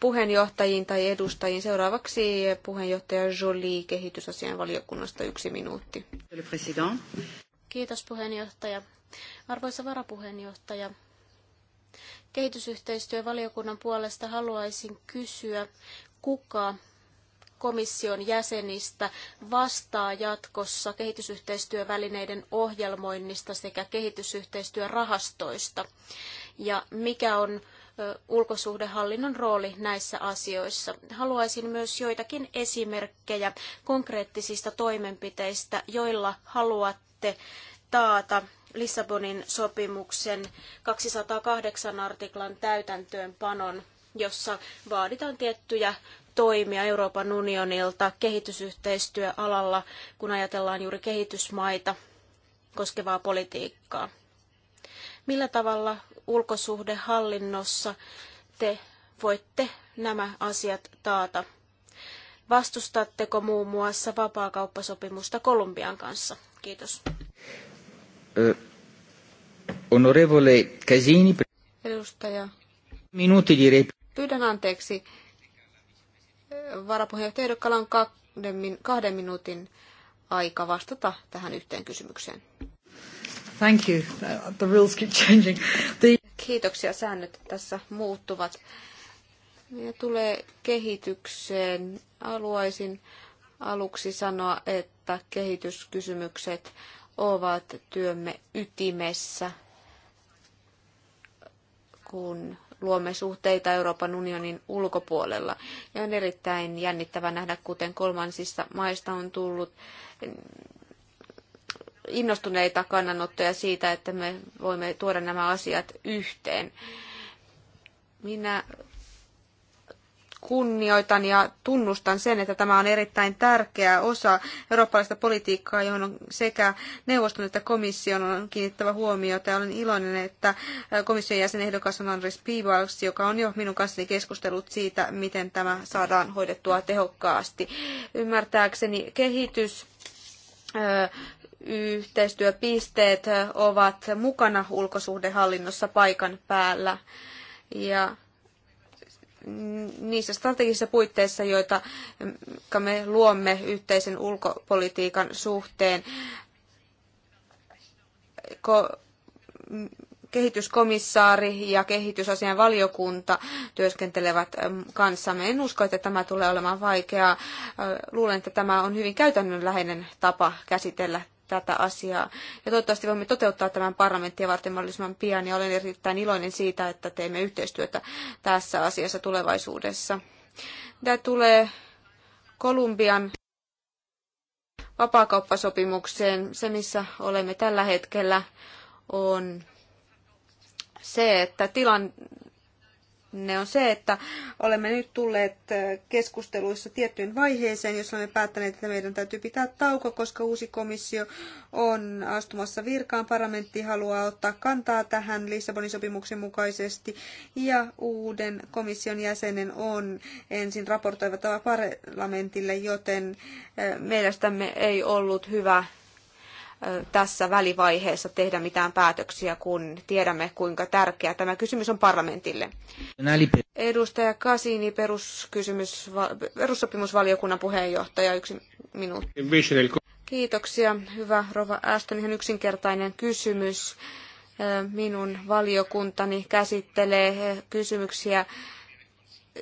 puheenjohtajiin tai edustajiin. Seuraavaksi puheenjohtaja Jolie kehitysasian valiokunnasta yksi minuutti. Kiitos puheenjohtaja. Arvoisa varapuheenjohtaja, kehitysyhteistyövaliokunnan puolesta haluaisin kysyä, kuka komission jäsenistä vastaa jatkossa kehitysyhteistyövälineiden ohjelmoinnista sekä kehitysyhteistyörahastoista ja mikä on ulkosuhdehallinnon rooli näissä asioissa. Haluaisin myös joitakin esimerkkejä konkreettisista toimenpiteistä, joilla haluatte taata Lissabonin sopimuksen 208 artiklan täytäntöönpanon jossa vaaditaan tiettyjä toimia Euroopan unionilta kehitysyhteistyöalalla, kun ajatellaan juuri kehitysmaita koskevaa politiikkaa. Millä tavalla ulkosuhdehallinnossa te voitte nämä asiat taata? Vastustatteko muun muassa vapaakauppasopimusta Kolumbian kanssa? Kiitos. onorevole Casini. Edustaja. Minuutti Pyydän anteeksi. varapuheenjohtajan kahden, kahden minuutin aika vastata tähän yhteen kysymykseen. Thank you. The rules keep changing. The... Kiitoksia. Säännöt tässä muuttuvat. Ja tulee kehitykseen. Haluaisin aluksi sanoa, että kehityskysymykset ovat työmme ytimessä, kun luomme suhteita Euroopan unionin ulkopuolella. Ja on erittäin jännittävä nähdä, kuten kolmansista maista on tullut innostuneita kannanottoja siitä, että me voimme tuoda nämä asiat yhteen. Minä kunnioitan ja tunnustan sen, että tämä on erittäin tärkeä osa eurooppalaista politiikkaa, johon on sekä neuvoston että komission on kiinnittävä huomiota. Ja olen iloinen, että komission jäsenehdokas on Andres Piebalgs, joka on jo minun kanssani keskustellut siitä, miten tämä saadaan hoidettua tehokkaasti. Ymmärtääkseni kehitys yhteistyöpisteet ovat mukana ulkosuhdehallinnossa paikan päällä. Ja niissä strategisissa puitteissa, joita me luomme yhteisen ulkopolitiikan suhteen. Ko- kehityskomissaari ja kehitysasian valiokunta työskentelevät kanssamme. En usko, että tämä tulee olemaan vaikeaa. Luulen, että tämä on hyvin käytännönläheinen tapa käsitellä tätä asiaa. Ja toivottavasti voimme toteuttaa tämän parlamenttia varten mahdollisimman pian ja olen erittäin iloinen siitä, että teemme yhteistyötä tässä asiassa tulevaisuudessa. Tämä tulee Kolumbian vapaakauppasopimukseen. Se, missä olemme tällä hetkellä, on se, että tilan, ne on se, että olemme nyt tulleet keskusteluissa tiettyyn vaiheeseen, jossa olemme päättäneet, että meidän täytyy pitää tauko, koska uusi komissio on astumassa virkaan. Parlamentti haluaa ottaa kantaa tähän Lissabonin sopimuksen mukaisesti ja uuden komission jäsenen on ensin raportoivatava parlamentille, joten mielestämme ei ollut hyvä tässä välivaiheessa tehdä mitään päätöksiä, kun tiedämme, kuinka tärkeä tämä kysymys on parlamentille. Edustaja Kasini, peruskysymys, perussopimusvaliokunnan puheenjohtaja, yksi minuutti. Kiitoksia, hyvä Rova Aston. Ihan yksinkertainen kysymys. Minun valiokuntani käsittelee kysymyksiä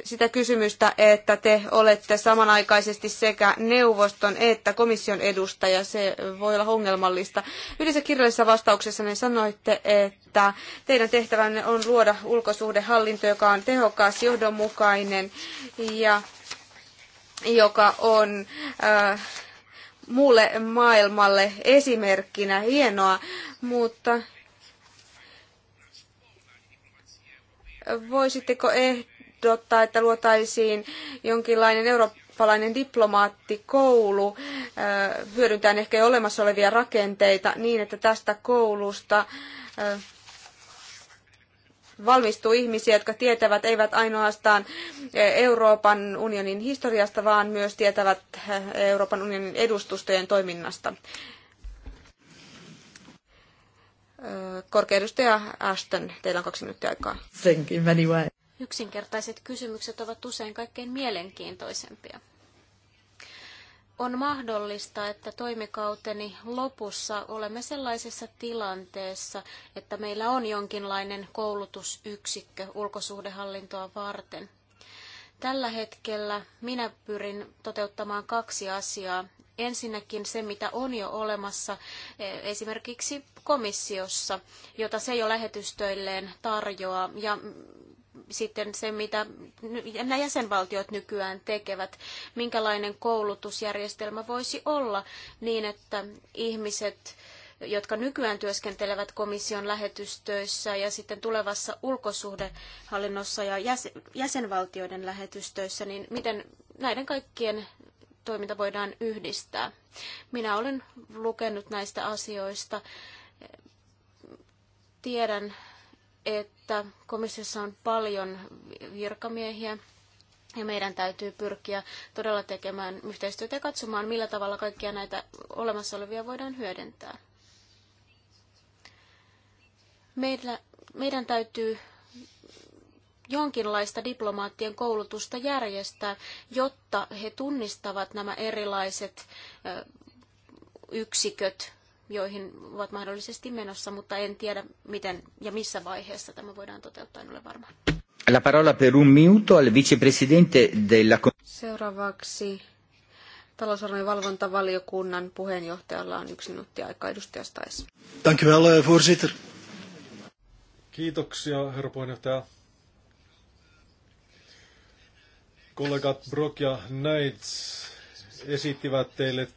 sitä kysymystä, että te olette samanaikaisesti sekä neuvoston että komission edustaja. Se voi olla ongelmallista. Yhdessä kirjallisessa vastauksessa ne sanoitte, että teidän tehtävänne on luoda ulkosuhdehallinto, joka on tehokas, johdonmukainen ja joka on äh, muulle maailmalle esimerkkinä hienoa, mutta voisitteko ehkä ehdottaa, että luotaisiin jonkinlainen eurooppalainen diplomaattikoulu, hyödyntäen ehkä jo olemassa olevia rakenteita niin, että tästä koulusta valmistuu ihmisiä, jotka tietävät eivät ainoastaan Euroopan unionin historiasta, vaan myös tietävät Euroopan unionin edustustojen toiminnasta. Korkeudustaja Ashton, teillä on kaksi minuuttia aikaa. Thank you, many ways. Yksinkertaiset kysymykset ovat usein kaikkein mielenkiintoisempia. On mahdollista, että toimikauteni lopussa olemme sellaisessa tilanteessa, että meillä on jonkinlainen koulutusyksikkö ulkosuhdehallintoa varten. Tällä hetkellä minä pyrin toteuttamaan kaksi asiaa. Ensinnäkin se, mitä on jo olemassa eh, esimerkiksi komissiossa, jota se jo lähetystöilleen tarjoaa ja sitten se, mitä nämä jäsenvaltiot nykyään tekevät, minkälainen koulutusjärjestelmä voisi olla niin, että ihmiset jotka nykyään työskentelevät komission lähetystöissä ja sitten tulevassa ulkosuhdehallinnossa ja jäsenvaltioiden lähetystöissä, niin miten näiden kaikkien toiminta voidaan yhdistää. Minä olen lukenut näistä asioista. Tiedän, että komissiossa on paljon virkamiehiä ja meidän täytyy pyrkiä todella tekemään yhteistyötä ja katsomaan, millä tavalla kaikkia näitä olemassa olevia voidaan hyödyntää. Meillä, meidän täytyy jonkinlaista diplomaattien koulutusta järjestää, jotta he tunnistavat nämä erilaiset yksiköt joihin ovat mahdollisesti menossa, mutta en tiedä miten ja missä vaiheessa tämä voidaan toteuttaa, en ole varma. La parola per un minuto al vicepresidente della... Seuraavaksi talousarvojen valvontavaliokunnan puheenjohtajalla on yksi minuutti aikaa edustaja Stais. Dank u eh, voorzitter. Kiitoksia, herra puheenjohtaja. Kollegat Brock ja Neitz esittivät teille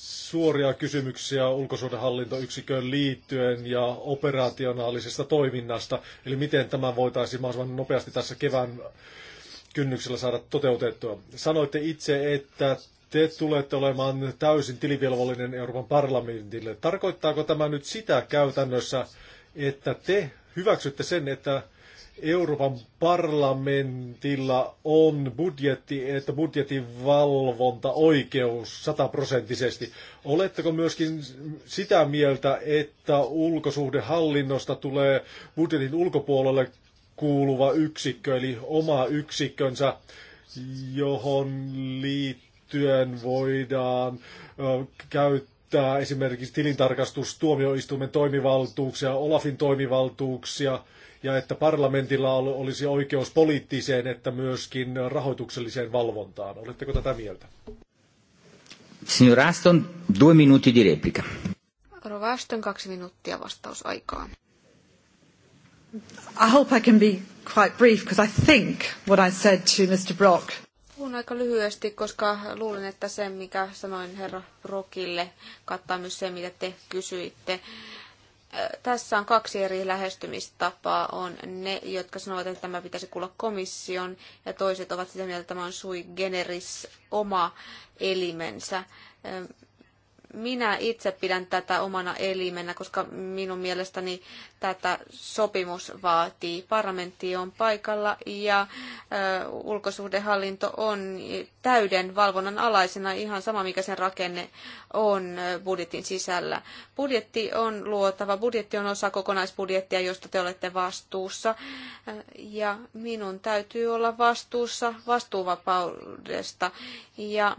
suoria kysymyksiä ulkosuhdehallintoyksikön liittyen ja operationaalisesta toiminnasta, eli miten tämä voitaisiin mahdollisimman nopeasti tässä kevään kynnyksellä saada toteutettua. Sanoitte itse, että te tulette olemaan täysin tilivelvollinen Euroopan parlamentille. Tarkoittaako tämä nyt sitä käytännössä, että te hyväksytte sen, että Euroopan parlamentilla on budjetti, että budjetin valvonta oikeus sataprosenttisesti. Oletteko myöskin sitä mieltä, että ulkosuhdehallinnosta tulee budjetin ulkopuolelle kuuluva yksikkö, eli oma yksikkönsä, johon liittyen voidaan käyttää esimerkiksi tilintarkastustuomioistuimen toimivaltuuksia, Olafin toimivaltuuksia – ja että parlamentilla olisi oikeus poliittiseen että myöskin rahoitukselliseen valvontaan. Oletteko tätä mieltä? Signor Aston, due minuti di replica. Rova Aston, kaksi minuuttia vastausaikaan. I hope I can be quite brief, because I think what I said to Mr. Brock. Puhun aika lyhyesti, koska luulen, että se, mikä sanoin herra Brockille, kattaa myös se, mitä te kysyitte tässä on kaksi eri lähestymistapaa. On ne, jotka sanovat, että tämä pitäisi kuulla komission, ja toiset ovat sitä mieltä, että tämä on sui generis oma elimensä minä itse pidän tätä omana elimenä, koska minun mielestäni tätä sopimus vaatii. Parlamentti on paikalla ja ulkosuhdehallinto on täyden valvonnan alaisena ihan sama, mikä sen rakenne on budjetin sisällä. Budjetti on luotava, budjetti on osa kokonaisbudjettia, josta te olette vastuussa ja minun täytyy olla vastuussa vastuuvapaudesta ja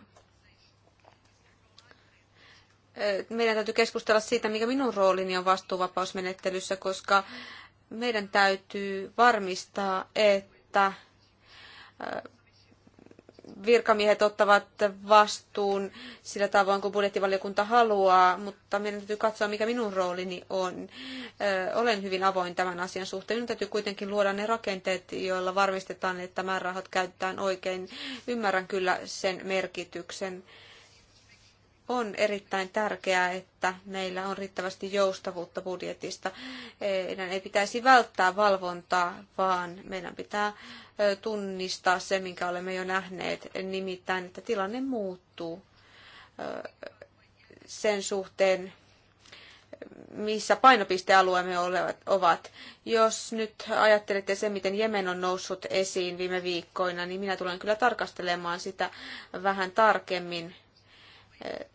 meidän täytyy keskustella siitä, mikä minun roolini on vastuuvapausmenettelyssä, koska meidän täytyy varmistaa, että virkamiehet ottavat vastuun sillä tavoin, kun budjettivaliokunta haluaa, mutta meidän täytyy katsoa, mikä minun roolini on. olen hyvin avoin tämän asian suhteen. Minun täytyy kuitenkin luoda ne rakenteet, joilla varmistetaan, että määrärahat käytetään oikein. Ymmärrän kyllä sen merkityksen on erittäin tärkeää, että meillä on riittävästi joustavuutta budjetista. Meidän ei pitäisi välttää valvontaa, vaan meidän pitää tunnistaa se, minkä olemme jo nähneet, nimittäin, että tilanne muuttuu sen suhteen, missä painopistealueemme ovat. Jos nyt ajattelette se, miten Jemen on noussut esiin viime viikkoina, niin minä tulen kyllä tarkastelemaan sitä vähän tarkemmin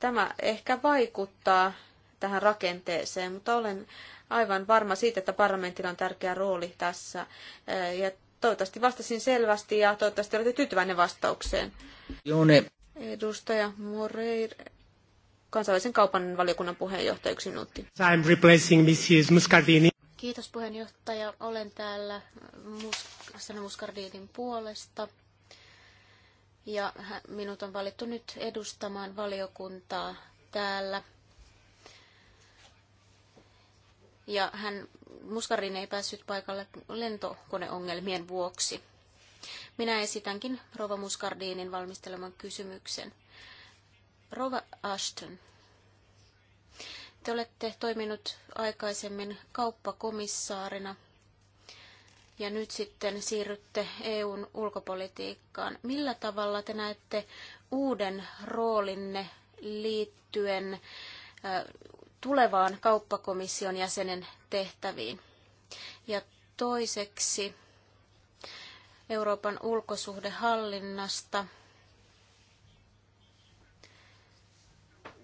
Tämä ehkä vaikuttaa tähän rakenteeseen, mutta olen aivan varma siitä, että parlamentilla on tärkeä rooli tässä. Ja toivottavasti vastasin selvästi ja toivottavasti olette tyytyväinen vastaukseen. Jone. Edustaja Moreira, kansainvälisen kaupan valiokunnan puheenjohtaja, yksi minuutti. I'm replacing Mrs. Muscardini. Kiitos puheenjohtaja. Olen täällä Mus- Muscardinin puolesta ja minut on valittu nyt edustamaan valiokuntaa täällä. Ja hän Muskarin ei päässyt paikalle lentokoneongelmien vuoksi. Minä esitänkin Rova Muskardinin valmisteleman kysymyksen. Rova Ashton, te olette toiminut aikaisemmin kauppakomissaarina – ja nyt sitten siirrytte EUn ulkopolitiikkaan. Millä tavalla te näette uuden roolinne liittyen tulevaan kauppakomission jäsenen tehtäviin? Ja toiseksi Euroopan ulkosuhdehallinnasta.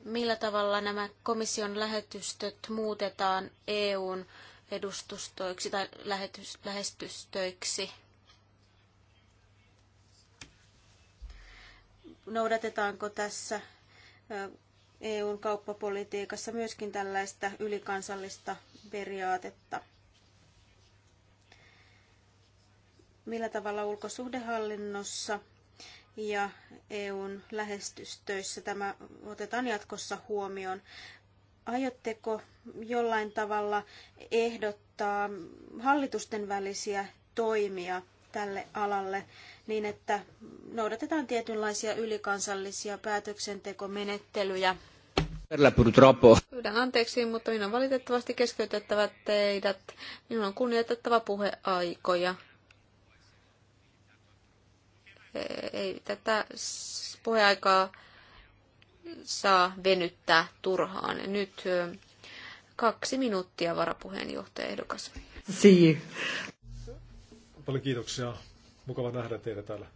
Millä tavalla nämä komission lähetystöt muutetaan EUn edustustoiksi tai lähetys, lähestystöiksi. Noudatetaanko tässä EUn kauppapolitiikassa myöskin tällaista ylikansallista periaatetta? Millä tavalla ulkosuhdehallinnossa ja EUn lähestystöissä tämä otetaan jatkossa huomioon. Aiotteko jollain tavalla ehdottaa hallitusten välisiä toimia tälle alalle niin, että noudatetaan tietynlaisia ylikansallisia päätöksentekomenettelyjä? Pyydän anteeksi, mutta minun on valitettavasti keskeytettävä teidät. Minun on kunnioitettava puheaikoja. Ei tätä puheaikaa saa venyttää turhaan. Nyt kaksi minuuttia varapuheenjohtaja ehdokas. See Paljon kiitoksia. Mukava nähdä teitä täällä.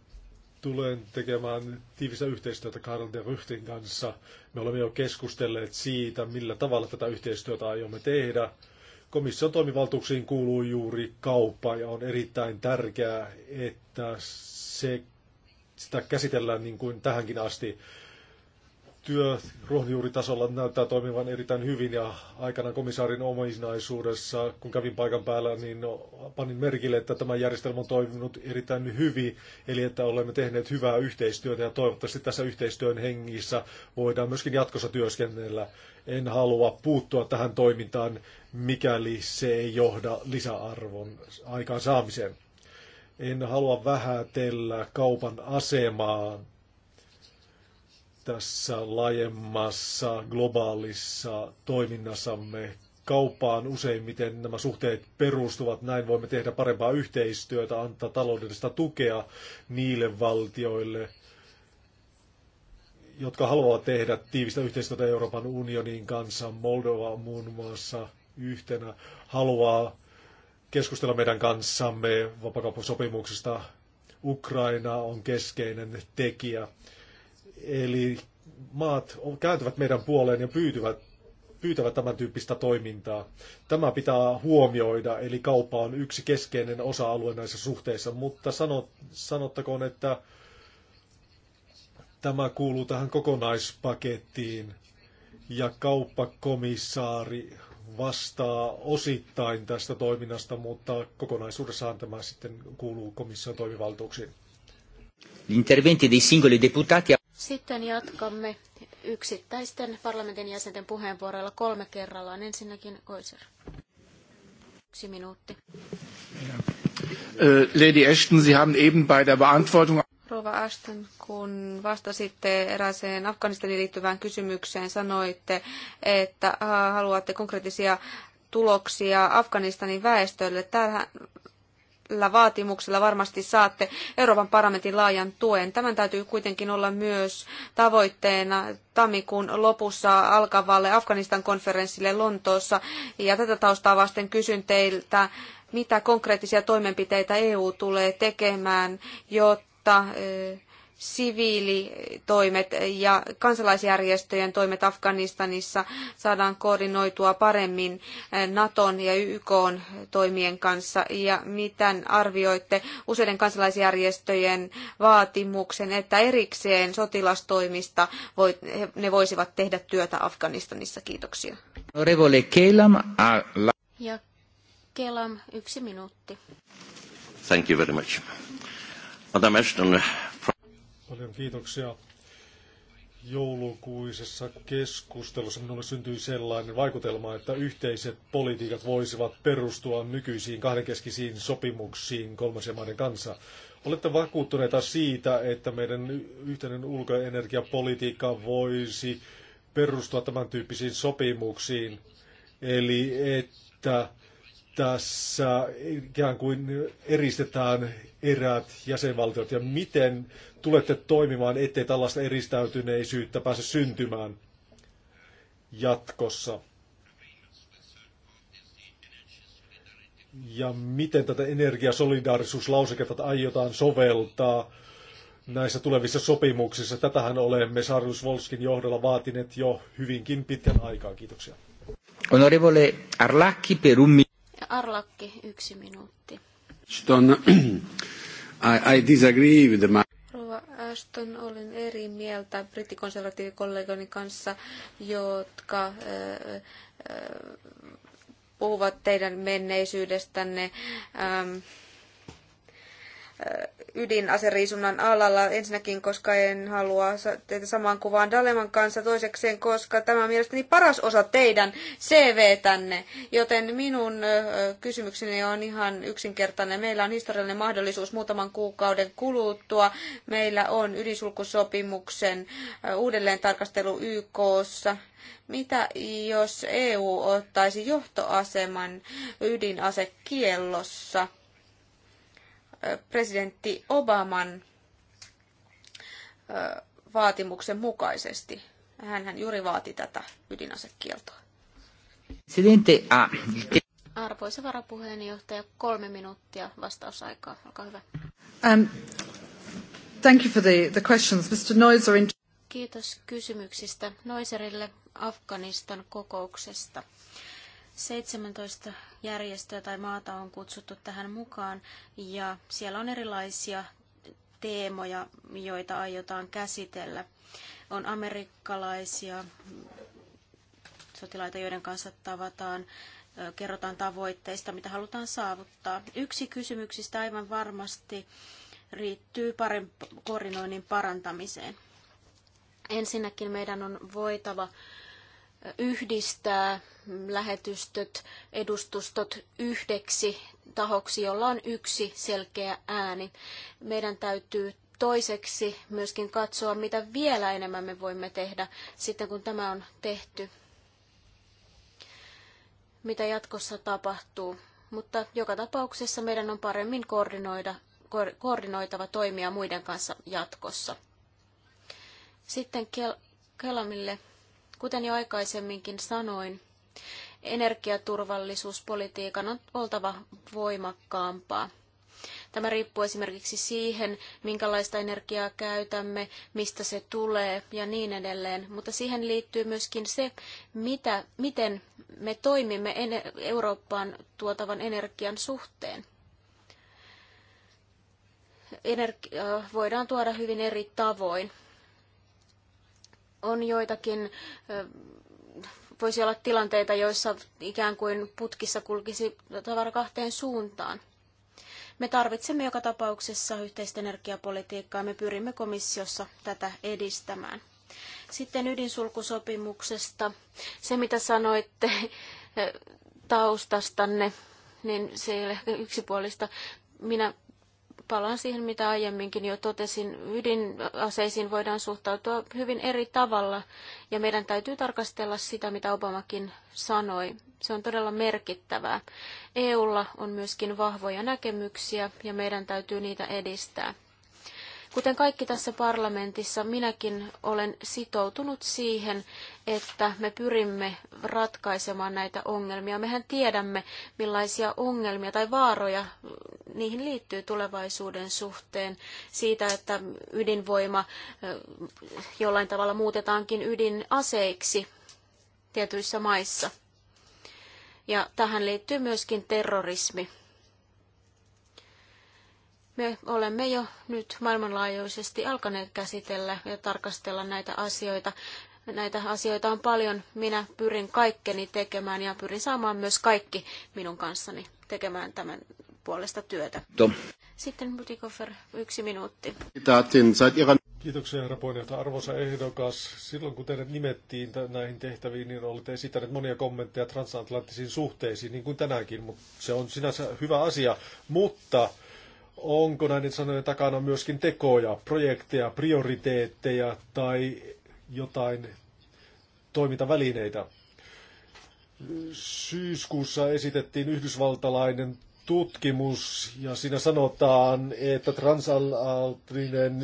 Tulen tekemään tiivistä yhteistyötä Karl de Ryhtin kanssa. Me olemme jo keskustelleet siitä, millä tavalla tätä yhteistyötä aiomme tehdä. Komission toimivaltuuksiin kuuluu juuri kauppa ja on erittäin tärkeää, että se, sitä käsitellään niin kuin tähänkin asti työ ruohonjuuritasolla näyttää toimivan erittäin hyvin ja aikana komissaarin omaisuudessa, kun kävin paikan päällä, niin no, panin merkille, että tämä järjestelmä on toiminut erittäin hyvin, eli että olemme tehneet hyvää yhteistyötä ja toivottavasti tässä yhteistyön hengissä voidaan myöskin jatkossa työskennellä. En halua puuttua tähän toimintaan, mikäli se ei johda lisäarvon aikaansaamiseen. En halua vähätellä kaupan asemaan tässä laajemmassa globaalissa toiminnassamme kaupaan useimmiten nämä suhteet perustuvat. Näin voimme tehdä parempaa yhteistyötä, antaa taloudellista tukea niille valtioille, jotka haluavat tehdä tiivistä yhteistyötä Euroopan unionin kanssa. Moldova muun muassa yhtenä haluaa keskustella meidän kanssamme vapakauppasopimuksesta. Ukraina on keskeinen tekijä. Eli maat kääntyvät meidän puoleen ja pyytyvät, pyytävät tämän tyyppistä toimintaa. Tämä pitää huomioida, eli kauppa on yksi keskeinen osa-alue näissä suhteissa, mutta sanot, sanottakoon, että tämä kuuluu tähän kokonaispakettiin ja kauppakomissaari vastaa osittain tästä toiminnasta, mutta kokonaisuudessaan tämä sitten kuuluu komission toimivaltuuksiin. interventi dei singoli deputati sitten jatkamme yksittäisten parlamentin jäsenten puheenvuoroilla kolme kerrallaan. Ensinnäkin Koiser. Yksi minuutti. Lady Ashton, Sie haben eben bei der Beantwortung Rova Ashton, kun vastasitte erääseen Afganistaniin liittyvään kysymykseen, sanoitte, että haluatte konkreettisia tuloksia Afganistanin väestölle. Tähän vaatimuksella varmasti saatte Euroopan parlamentin laajan tuen. Tämän täytyy kuitenkin olla myös tavoitteena tammikuun lopussa alkavalle Afganistan-konferenssille Lontoossa. Ja tätä taustaa vasten kysyn teiltä, mitä konkreettisia toimenpiteitä EU tulee tekemään, jotta jotta eh, siviilitoimet ja kansalaisjärjestöjen toimet Afganistanissa saadaan koordinoitua paremmin eh, Naton ja YK toimien kanssa ja miten arvioitte useiden kansalaisjärjestöjen vaatimuksen, että erikseen sotilastoimista ne voisivat tehdä työtä Afganistanissa? Kiitoksia. Ja Kelam, yksi minuutti. Thank you very much. Madam Ashton, Paljon kiitoksia. Joulukuisessa keskustelussa minulle syntyi sellainen vaikutelma, että yhteiset politiikat voisivat perustua nykyisiin kahdenkeskisiin sopimuksiin kolmansien maiden kanssa. Olette vakuuttuneita siitä, että meidän yhteinen ulko- ja voisi perustua tämän tyyppisiin sopimuksiin, eli että tässä ikään kuin eristetään eräät jäsenvaltiot ja miten tulette toimimaan, ettei tällaista eristäytyneisyyttä pääse syntymään jatkossa? Ja miten tätä energiasolidaarisuuslauseketta aiotaan soveltaa näissä tulevissa sopimuksissa? Tätähän olemme Sarjus Volskin johdolla vaatineet jo hyvinkin pitkän aikaa. Kiitoksia. Onorevole Arlacchi per un Arlakki, yksi minuutti. I, I disagree with the... Rova Ashton, olen eri mieltä brittikonservatiivikollegoni kanssa, jotka äh, äh, puhuvat teidän menneisyydestänne. Ähm, ydinaseriisunnan alalla. Ensinnäkin, koska en halua teitä samaan kuvaan Daleman kanssa. Toisekseen, koska tämä on mielestäni paras osa teidän CV-tänne. Joten minun kysymykseni on ihan yksinkertainen. Meillä on historiallinen mahdollisuus muutaman kuukauden kuluttua. Meillä on ydinsulkusopimuksen uudelleen tarkastelu YKssa. Mitä jos EU ottaisi johtoaseman ydinasekiellossa? presidentti Obaman vaatimuksen mukaisesti. Hänhän juuri vaati tätä ydinasekieltoa. Ah, Arvoisa varapuheenjohtaja, kolme minuuttia vastausaikaa. Olkaa hyvä. Um, thank you for the, the questions. Mr. Noiser... Kiitos kysymyksistä Noiserille Afganistan kokouksesta. 17 järjestöä tai maata on kutsuttu tähän mukaan ja siellä on erilaisia teemoja, joita aiotaan käsitellä. On amerikkalaisia sotilaita, joiden kanssa tavataan, kerrotaan tavoitteista, mitä halutaan saavuttaa. Yksi kysymyksistä aivan varmasti riittyy parempi koordinoinnin parantamiseen. Ensinnäkin meidän on voitava yhdistää lähetystöt, edustustot yhdeksi tahoksi, jolla on yksi selkeä ääni. Meidän täytyy toiseksi myöskin katsoa, mitä vielä enemmän me voimme tehdä sitten, kun tämä on tehty. Mitä jatkossa tapahtuu. Mutta joka tapauksessa meidän on paremmin koordinoida, koordinoitava toimia muiden kanssa jatkossa. Sitten Kel- Kelamille Kuten jo aikaisemminkin sanoin, energiaturvallisuuspolitiikan on oltava voimakkaampaa. Tämä riippuu esimerkiksi siihen, minkälaista energiaa käytämme, mistä se tulee ja niin edelleen. Mutta siihen liittyy myöskin se, mitä, miten me toimimme Eurooppaan tuotavan energian suhteen. Energia äh, voidaan tuoda hyvin eri tavoin on joitakin, voisi olla tilanteita, joissa ikään kuin putkissa kulkisi tavara kahteen suuntaan. Me tarvitsemme joka tapauksessa yhteistä energiapolitiikkaa ja me pyrimme komissiossa tätä edistämään. Sitten ydinsulkusopimuksesta. Se, mitä sanoitte taustastanne, niin se ei ole yksipuolista. Minä palaan siihen, mitä aiemminkin jo totesin. Ydinaseisiin voidaan suhtautua hyvin eri tavalla ja meidän täytyy tarkastella sitä, mitä Obamakin sanoi. Se on todella merkittävää. EUlla on myöskin vahvoja näkemyksiä ja meidän täytyy niitä edistää. Kuten kaikki tässä parlamentissa, minäkin olen sitoutunut siihen, että me pyrimme ratkaisemaan näitä ongelmia. Mehän tiedämme, millaisia ongelmia tai vaaroja niihin liittyy tulevaisuuden suhteen siitä, että ydinvoima eh, jollain tavalla muutetaankin ydinaseiksi tietyissä maissa. Ja tähän liittyy myöskin terrorismi. Me olemme jo nyt maailmanlaajuisesti alkaneet käsitellä ja tarkastella näitä asioita. Näitä asioita on paljon. Minä pyrin kaikkeni tekemään ja pyrin saamaan myös kaikki minun kanssani tekemään tämän puolesta työtä. Tom. Sitten Butikofer, yksi minuutti. Kiitoksia herra puheenjohtaja. Arvoisa ehdokas, silloin kun teidät nimettiin näihin tehtäviin, niin olette esittäneet monia kommentteja transatlanttisiin suhteisiin, niin kuin tänäänkin, mutta se on sinänsä hyvä asia. Mutta onko näiden sanojen takana myöskin tekoja, projekteja, prioriteetteja tai jotain toimintavälineitä. Syyskuussa esitettiin yhdysvaltalainen tutkimus ja siinä sanotaan, että transalaltinen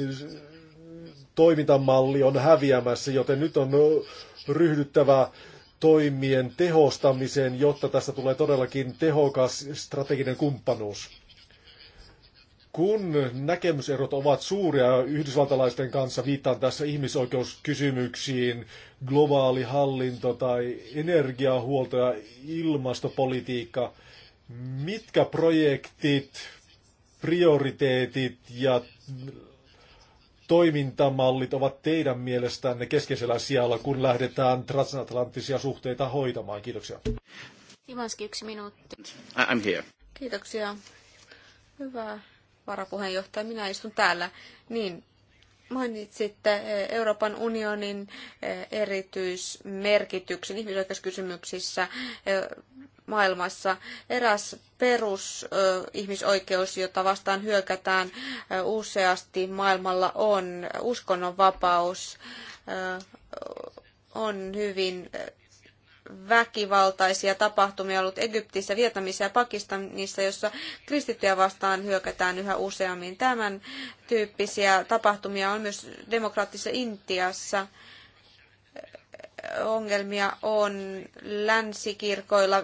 toimintamalli on häviämässä, joten nyt on ryhdyttävä toimien tehostamiseen, jotta tästä tulee todellakin tehokas strateginen kumppanuus. Kun näkemyserot ovat suuria yhdysvaltalaisten kanssa, viittaan tässä ihmisoikeuskysymyksiin, globaali hallinto tai energiahuolto ja ilmastopolitiikka, mitkä projektit, prioriteetit ja toimintamallit ovat teidän mielestänne keskeisellä sijalla, kun lähdetään transatlanttisia suhteita hoitamaan? Kiitoksia. Ivanski, yksi minuutti. I'm here. Kiitoksia. Hyvä varapuheenjohtaja, minä istun täällä, niin mainitsitte eh, Euroopan unionin eh, erityismerkityksen ihmisoikeuskysymyksissä eh, maailmassa. Eräs perusihmisoikeus, jota vastaan hyökätään useasti maailmalla, on uskonnonvapaus. On hyvin väkivaltaisia tapahtumia ollut Egyptissä, Vietnamissa ja Pakistanissa, jossa kristittyjä vastaan hyökätään yhä useammin. Tämän tyyppisiä tapahtumia on myös demokraattisessa Intiassa. Ongelmia on länsikirkoilla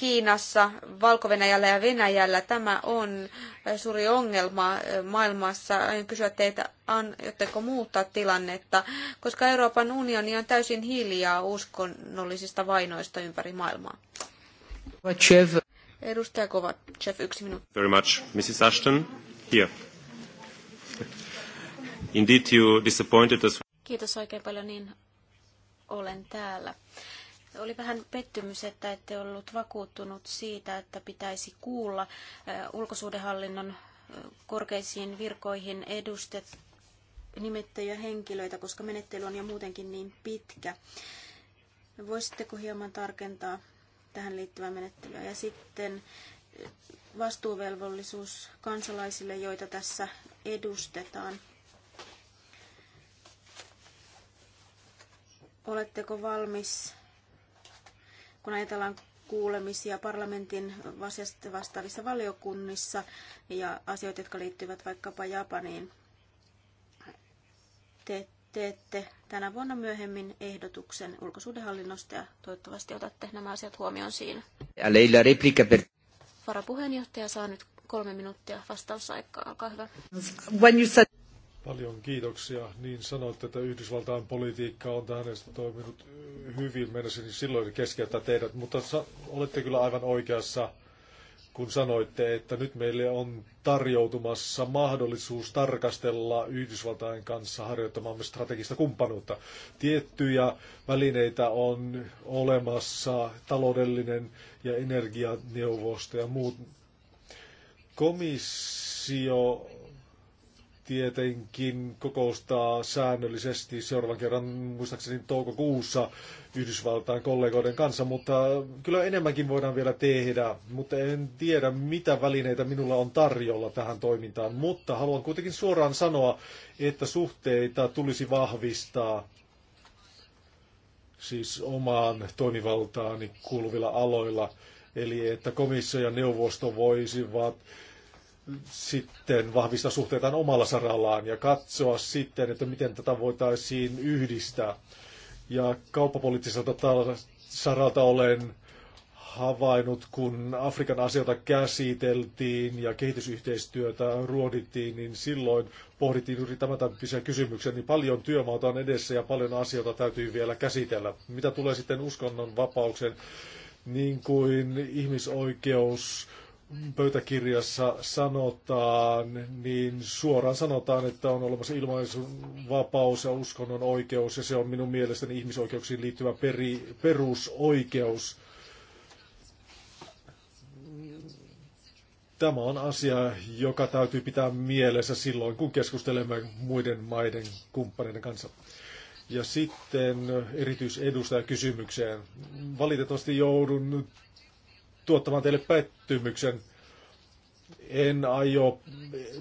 Kiinassa, valko ja Venäjällä. Tämä on äh, suuri ongelma äh, maailmassa. Aion kysyä teitä, aiotteko muuttaa tilannetta, koska Euroopan unioni on täysin hiljaa uskonnollisista vainoista ympäri maailmaa. Kovacev. Edustaja Kovacev, yksi minuutti. Very much. Mrs. Ashton, here. Indeed you disappointed us. Kiitos oikein paljon, niin olen täällä. Oli vähän pettymys, että ette ollut vakuuttunut siitä, että pitäisi kuulla ulkosuudenhallinnon korkeisiin virkoihin edustet nimettäjä henkilöitä, koska menettely on jo muutenkin niin pitkä. Voisitteko hieman tarkentaa tähän liittyvää menettelyä? Ja sitten vastuuvelvollisuus kansalaisille, joita tässä edustetaan. Oletteko valmis kun ajatellaan kuulemisia parlamentin vastaavissa valiokunnissa ja asioita, jotka liittyvät vaikkapa Japaniin. Te teette tänä vuonna myöhemmin ehdotuksen ulkosuudenhallinnosta ja toivottavasti otatte nämä asiat huomioon siinä. Varapuheenjohtaja saa nyt kolme minuuttia vastausaikaa. Olkaa hyvä. When you said... Paljon kiitoksia. Niin sanoitte, että Yhdysvaltain politiikka on tähän toiminut hyvin. Mennäisin silloin keskeyttää teidät, mutta olette kyllä aivan oikeassa, kun sanoitte, että nyt meille on tarjoutumassa mahdollisuus tarkastella Yhdysvaltain kanssa harjoittamamme strategista kumppanuutta. Tiettyjä välineitä on olemassa, taloudellinen ja energianeuvosto ja muut. Komissio tietenkin kokoustaa säännöllisesti seuraavan kerran muistaakseni toukokuussa Yhdysvaltain kollegoiden kanssa, mutta kyllä enemmänkin voidaan vielä tehdä, mutta en tiedä mitä välineitä minulla on tarjolla tähän toimintaan, mutta haluan kuitenkin suoraan sanoa, että suhteita tulisi vahvistaa siis omaan toimivaltaani kuuluvilla aloilla, eli että komissio ja neuvosto voisivat sitten vahvistaa suhteitaan omalla sarallaan ja katsoa sitten, että miten tätä voitaisiin yhdistää. Ja kauppapoliittiselta saralta olen havainnut, kun Afrikan asioita käsiteltiin ja kehitysyhteistyötä ruodittiin, niin silloin pohdittiin juuri tämän tämmöisiä kysymyksiä, niin paljon työmaata on edessä ja paljon asioita täytyy vielä käsitellä. Mitä tulee sitten uskonnon vapauksen, niin kuin ihmisoikeus, pöytäkirjassa sanotaan, niin suoraan sanotaan, että on olemassa ilmaisun vapaus ja uskonnon oikeus, ja se on minun mielestäni ihmisoikeuksiin liittyvä peri, perusoikeus. Tämä on asia, joka täytyy pitää mielessä silloin, kun keskustelemme muiden maiden kumppaneiden kanssa. Ja sitten erityisedustajakysymykseen. Valitettavasti joudun tuottamaan teille pettymyksen. En aio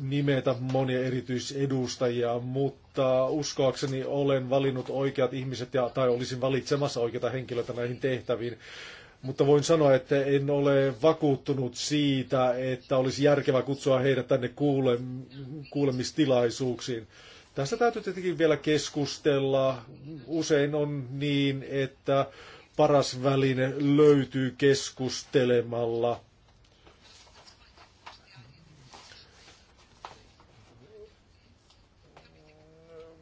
nimetä monia erityisedustajia, mutta uskoakseni olen valinnut oikeat ihmiset ja, tai olisin valitsemassa oikeita henkilöitä näihin tehtäviin. Mutta voin sanoa, että en ole vakuuttunut siitä, että olisi järkevää kutsua heidät tänne kuule, kuulemistilaisuuksiin. Tässä täytyy tietenkin vielä keskustella. Usein on niin, että paras väline löytyy keskustelemalla.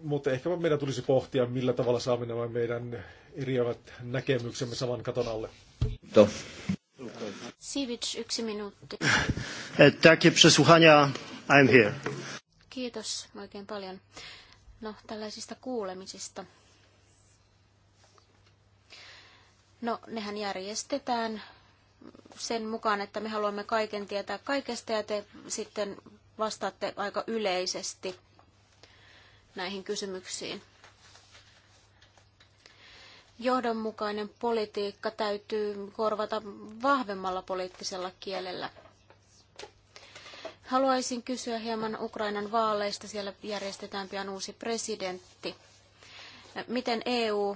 Mutta ehkä meidän tulisi pohtia, millä tavalla saamme nämä meidän eriävät näkemyksemme saman katon alle. To. Sivic, yksi minuutti. E, takie przesłuchania, I'm here. Kiitos oikein paljon. No, tällaisista kuulemisista. No, nehän järjestetään sen mukaan, että me haluamme kaiken tietää kaikesta ja te sitten vastaatte aika yleisesti näihin kysymyksiin. Johdonmukainen politiikka täytyy korvata vahvemmalla poliittisella kielellä. Haluaisin kysyä hieman Ukrainan vaaleista. Siellä järjestetään pian uusi presidentti. Miten EU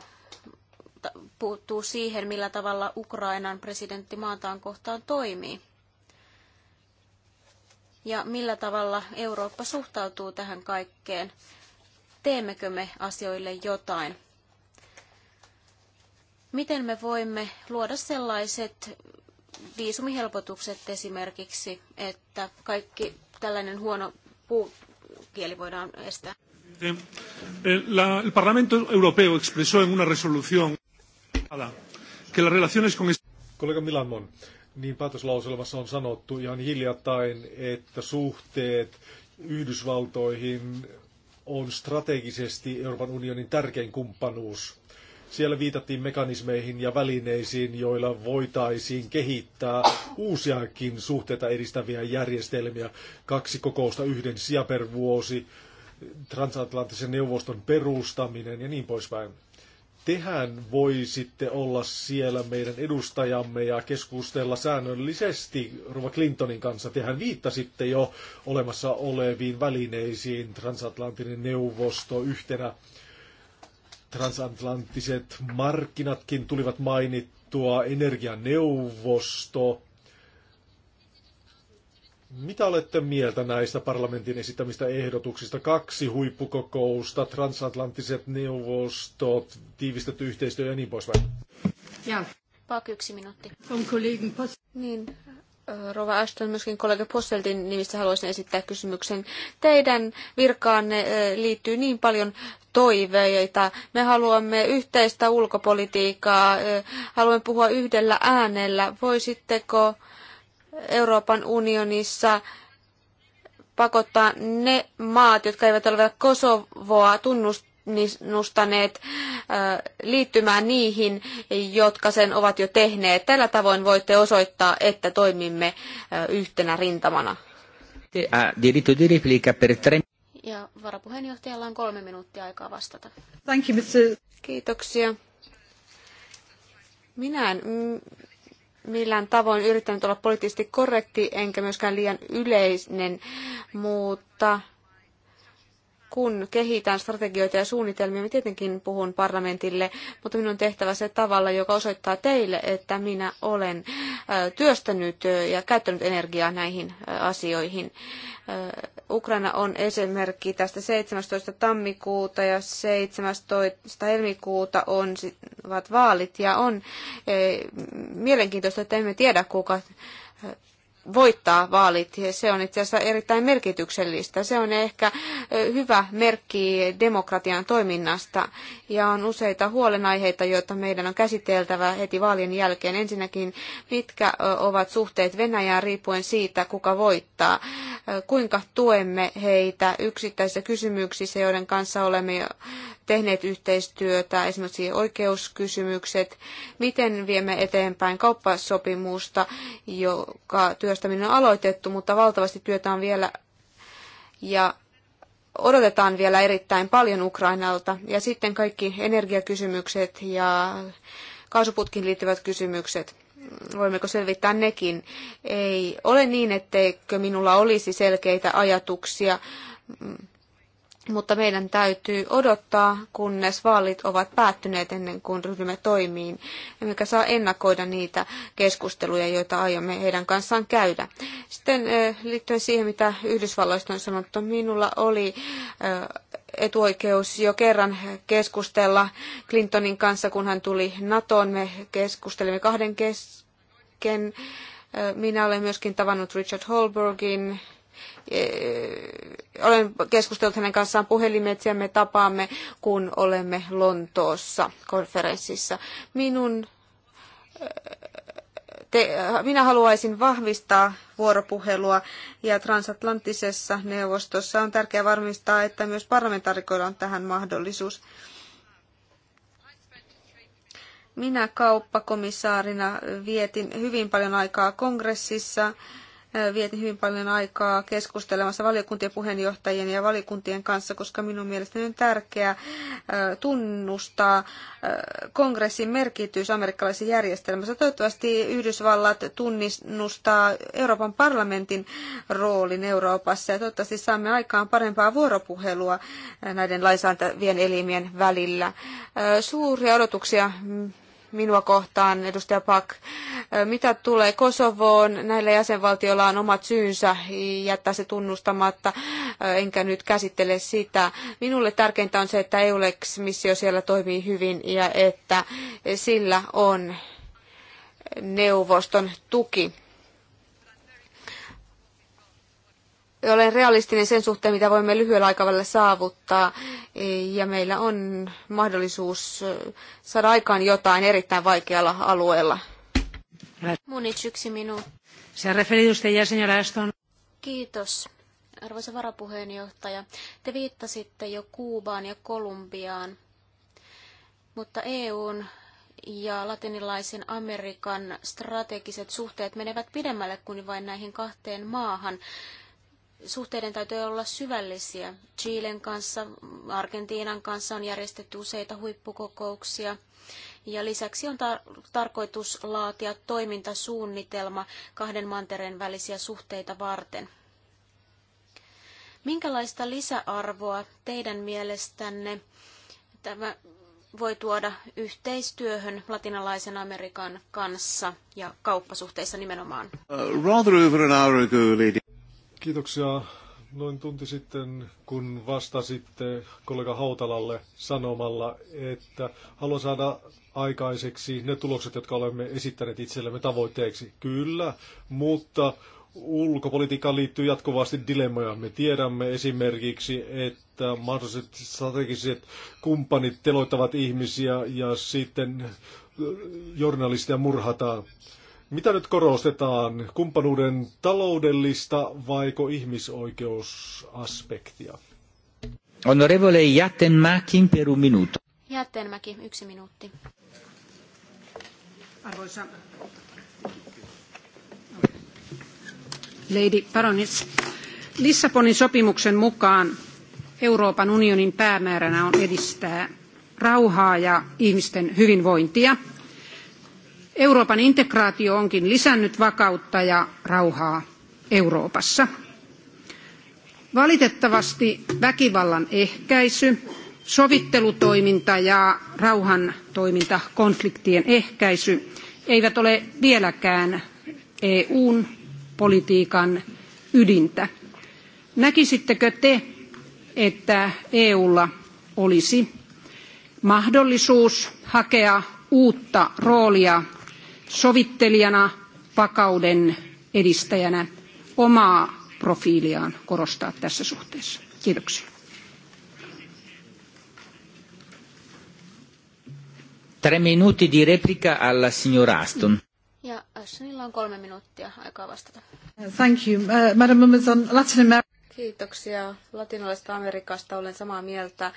puuttuu siihen, millä tavalla Ukrainan presidentti maataan kohtaan toimii ja millä tavalla Eurooppa suhtautuu tähän kaikkeen. Teemmekö me asioille jotain? Miten me voimme luoda sellaiset viisumihelpotukset esimerkiksi, että kaikki tällainen huono puukieli voidaan estää? La, el Parlamento Europeo expresó en una resolución Kollega Milamon, niin päätöslauselmassa on sanottu ihan hiljattain, että suhteet Yhdysvaltoihin on strategisesti Euroopan unionin tärkein kumppanuus. Siellä viitattiin mekanismeihin ja välineisiin, joilla voitaisiin kehittää uusiakin suhteita edistäviä järjestelmiä. Kaksi kokousta yhden sija per vuosi, transatlanttisen neuvoston perustaminen ja niin poispäin tehän voisitte olla siellä meidän edustajamme ja keskustella säännöllisesti Rova Clintonin kanssa. Tehän viittasitte jo olemassa oleviin välineisiin, transatlanttinen neuvosto yhtenä. Transatlanttiset markkinatkin tulivat mainittua, energianeuvosto, mitä olette mieltä näistä parlamentin esittämistä ehdotuksista? Kaksi huippukokousta, transatlanttiset neuvostot, tiivistetty yhteistyö ja niin poispäin. Ja. Pak yksi minuutti. On kollegen Niin, Rova Ashton, myöskin kollega Posseltin nimissä haluaisin esittää kysymyksen. Teidän virkaanne liittyy niin paljon toiveita. Me haluamme yhteistä ulkopolitiikkaa, haluamme puhua yhdellä äänellä. Voisitteko Euroopan unionissa pakottaa ne maat, jotka eivät ole vielä Kosovoa tunnustaneet liittymään niihin, jotka sen ovat jo tehneet. Tällä tavoin voitte osoittaa, että toimimme yhtenä rintamana. Ja varapuheenjohtajalla on kolme minuuttia aikaa vastata. Thank you, Mr. Kiitoksia. Minä en millään tavoin yrittänyt olla poliittisesti korrekti enkä myöskään liian yleinen, mutta kun kehitän strategioita ja suunnitelmia, minä tietenkin puhun parlamentille, mutta minun tehtävä se tavalla, joka osoittaa teille, että minä olen työstänyt ja käyttänyt energiaa näihin asioihin. Ukraina on esimerkki tästä 17. tammikuuta ja 17. helmikuuta on, ovat vaalit ja on mielenkiintoista, että emme tiedä kuka voittaa vaalit. Se on itse asiassa erittäin merkityksellistä. Se on ehkä hyvä merkki demokratian toiminnasta. Ja on useita huolenaiheita, joita meidän on käsiteltävä heti vaalien jälkeen. Ensinnäkin, mitkä ovat suhteet Venäjään riippuen siitä, kuka voittaa. Kuinka tuemme heitä yksittäisissä kysymyksissä, joiden kanssa olemme tehneet yhteistyötä, esimerkiksi oikeuskysymykset, miten viemme eteenpäin kauppasopimusta, joka työstäminen on aloitettu, mutta valtavasti työtä on vielä ja odotetaan vielä erittäin paljon Ukrainalta. Ja sitten kaikki energiakysymykset ja kaasuputkiin liittyvät kysymykset. Voimmeko selvittää nekin? Ei ole niin, etteikö minulla olisi selkeitä ajatuksia, mutta meidän täytyy odottaa, kunnes vaalit ovat päättyneet ennen kuin ryhdymme toimiin, emmekä saa ennakoida niitä keskusteluja, joita aiomme heidän kanssaan käydä. Sitten liittyen siihen, mitä Yhdysvalloista on sanottu, minulla oli etuoikeus jo kerran keskustella Clintonin kanssa, kun hän tuli NATOon. Me keskustelimme kahden kesken. Minä olen myöskin tavannut Richard Holbergin, olen keskustellut hänen kanssaan puhelimeitse ja me tapaamme, kun olemme Lontoossa konferenssissa. Minun te, äh, minä haluaisin vahvistaa vuoropuhelua ja transatlanttisessa neuvostossa on tärkeää varmistaa, että myös parlamentaarikoilla on tähän mahdollisuus. Minä kauppakomissaarina vietin hyvin paljon aikaa kongressissa vietin hyvin paljon aikaa keskustelemassa valiokuntien puheenjohtajien ja valiokuntien kanssa, koska minun mielestäni on tärkeää tunnustaa kongressin merkitys amerikkalaisessa järjestelmässä. Toivottavasti Yhdysvallat tunnustaa Euroopan parlamentin roolin Euroopassa ja toivottavasti saamme aikaan parempaa vuoropuhelua näiden lainsäätävien elimien välillä. Suuria odotuksia mm, minua kohtaan, edustaja Pak. Mitä tulee Kosovoon, näillä jäsenvaltioilla on omat syynsä jättää se tunnustamatta, enkä nyt käsittele sitä. Minulle tärkeintä on se, että EULEX-missio siellä toimii hyvin ja että sillä on neuvoston tuki olen realistinen sen suhteen, mitä voimme lyhyellä aikavälillä saavuttaa, ja meillä on mahdollisuus eh, saada aikaan jotain erittäin vaikealla alueella. Munich, yksi minuutti. Se Kiitos. Arvoisa varapuheenjohtaja, te viittasitte jo Kuubaan ja Kolumbiaan, mutta EUn ja latinilaisen Amerikan strategiset suhteet menevät pidemmälle kuin vain näihin kahteen maahan suhteiden täytyy olla syvällisiä. Chilen kanssa, Argentiinan kanssa on järjestetty useita huippukokouksia. Ja lisäksi on tar- tarkoitus laatia toimintasuunnitelma kahden mantereen välisiä suhteita varten. Minkälaista lisäarvoa teidän mielestänne tämä voi tuoda yhteistyöhön latinalaisen Amerikan kanssa ja kauppasuhteissa nimenomaan? Uh, rather over an hour ago, lady Kiitoksia. Noin tunti sitten, kun vastasitte kollega Hautalalle sanomalla, että haluan saada aikaiseksi ne tulokset, jotka olemme esittäneet itsellemme tavoitteeksi. Kyllä, mutta ulkopolitiikkaan liittyy jatkuvasti dilemmoja. Me tiedämme esimerkiksi, että mahdolliset strategiset kumppanit teloittavat ihmisiä ja sitten journalistia murhataan. Mitä nyt korostetaan? Kumppanuuden taloudellista vaiko ihmisoikeusaspektia? Onorevole Jättenmäkin per un minuto. Jättenmäki, yksi minuutti. Arvoisa Lady Baroness, Lissabonin sopimuksen mukaan Euroopan unionin päämääränä on edistää rauhaa ja ihmisten hyvinvointia – Euroopan integraatio onkin lisännyt vakautta ja rauhaa Euroopassa. Valitettavasti väkivallan ehkäisy, sovittelutoiminta ja rauhan toiminta konfliktien ehkäisy eivät ole vieläkään EUn politiikan ydintä. Näkisittekö te, että EUlla olisi mahdollisuus hakea uutta roolia sovittelijana, vakauden edistäjänä omaa profiiliaan korostaa tässä suhteessa. Kiitoksia. Tre minuti di replica alla signora Aston. Ja Ashtonilla on kolme minuuttia aikaa vastata. Thank you. Uh, Madam Latin America... Kiitoksia. Latinalaisesta Amerikasta olen samaa mieltä.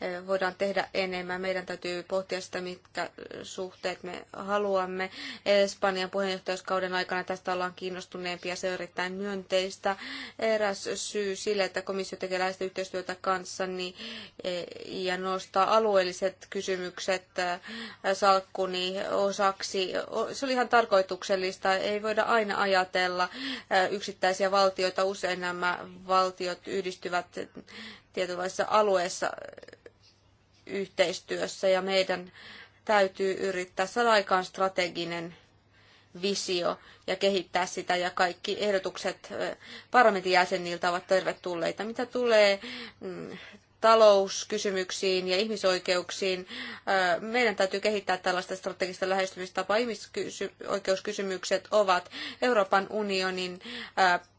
Eh, voidaan tehdä enemmän. Meidän täytyy pohtia sitä, mitkä suhteet me haluamme. Espanjan puheenjohtajuuskauden aikana tästä ollaan kiinnostuneempia. Se on erittäin myönteistä. Eräs syy sille, että komissio tekee läheistä yhteistyötä kanssa niin, eh, ja nostaa alueelliset kysymykset eh, salkkuni osaksi. Se oli ihan tarkoituksellista. Ei voida aina ajatella yksittäisiä valtioita. Usein nämä valtioita valtiot yhdistyvät tietynlaisessa alueessa yhteistyössä ja meidän täytyy yrittää saada aikaan strateginen visio ja kehittää sitä ja kaikki ehdotukset parlamentin jäseniltä ovat tervetulleita. Mitä tulee mm, talouskysymyksiin ja ihmisoikeuksiin. Meidän täytyy kehittää tällaista strategista lähestymistapaa. Ihmisoikeuskysymykset ovat Euroopan unionin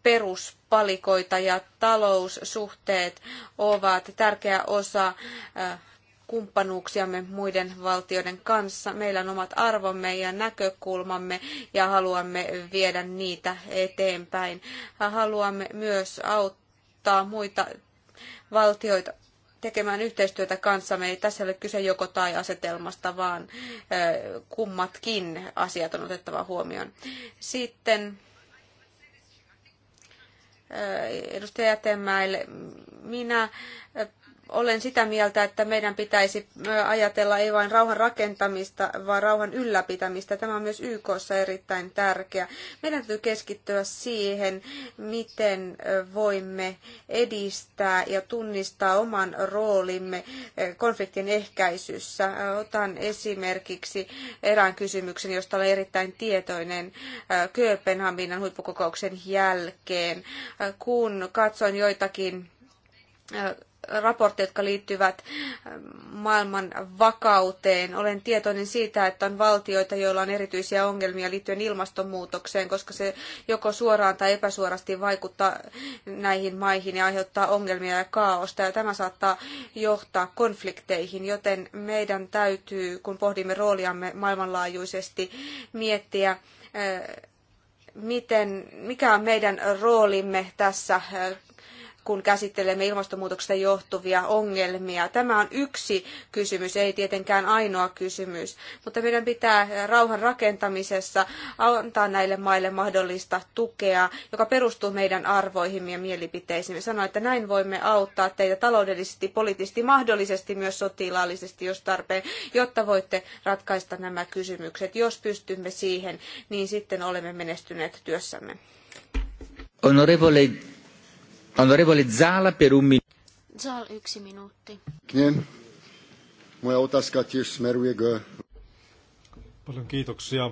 peruspalikoita ja taloussuhteet ovat tärkeä osa kumppanuuksiamme muiden valtioiden kanssa. Meillä on omat arvomme ja näkökulmamme ja haluamme viedä niitä eteenpäin. Haluamme myös auttaa muita valtioita tekemään yhteistyötä kanssamme. Ei tässä ole kyse joko tai asetelmasta, vaan kummatkin asiat on otettava huomioon. Sitten edustaja Jätemäelle. Minä olen sitä mieltä, että meidän pitäisi ajatella ei vain rauhan rakentamista, vaan rauhan ylläpitämistä. Tämä on myös YKssa erittäin tärkeä. Meidän täytyy keskittyä siihen, miten voimme edistää ja tunnistaa oman roolimme konfliktin ehkäisyssä. Otan esimerkiksi erään kysymyksen, josta olen erittäin tietoinen Kööpenhaminan huippukokouksen jälkeen. Kun katsoin joitakin raportteja, jotka liittyvät ähm, maailman vakauteen. Olen tietoinen siitä, että on valtioita, joilla on erityisiä ongelmia liittyen ilmastonmuutokseen, koska se joko suoraan tai epäsuorasti vaikuttaa näihin maihin ja aiheuttaa ongelmia ja kaaosta. Ja tämä saattaa johtaa konflikteihin, joten meidän täytyy, kun pohdimme rooliamme maailmanlaajuisesti, miettiä äh, miten, mikä on meidän roolimme tässä äh, kun käsittelemme ilmastonmuutoksesta johtuvia ongelmia. Tämä on yksi kysymys, ei tietenkään ainoa kysymys, mutta meidän pitää rauhan rakentamisessa antaa näille maille mahdollista tukea, joka perustuu meidän arvoihimme ja mielipiteisiimme. Sanoa, että näin voimme auttaa teitä taloudellisesti, poliittisesti, mahdollisesti myös sotilaallisesti, jos tarpeen, jotta voitte ratkaista nämä kysymykset. Jos pystymme siihen, niin sitten olemme menestyneet työssämme. Honorevole Onorevole Zala per un minuutti. Zal yksi minuutti. Moja Paljon kiitoksia.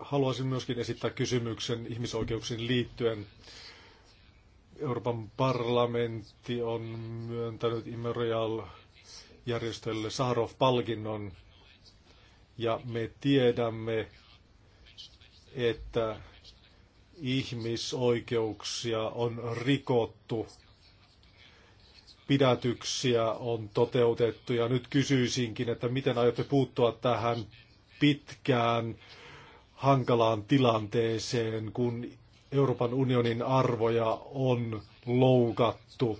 Haluaisin myöskin esittää kysymyksen ihmisoikeuksiin liittyen. Euroopan parlamentti on myöntänyt Imerial-järjestölle Saharov-palkinnon ja me tiedämme, että ihmisoikeuksia on rikottu, pidätyksiä on toteutettu ja nyt kysyisinkin, että miten aiotte puuttua tähän pitkään hankalaan tilanteeseen, kun Euroopan unionin arvoja on loukattu.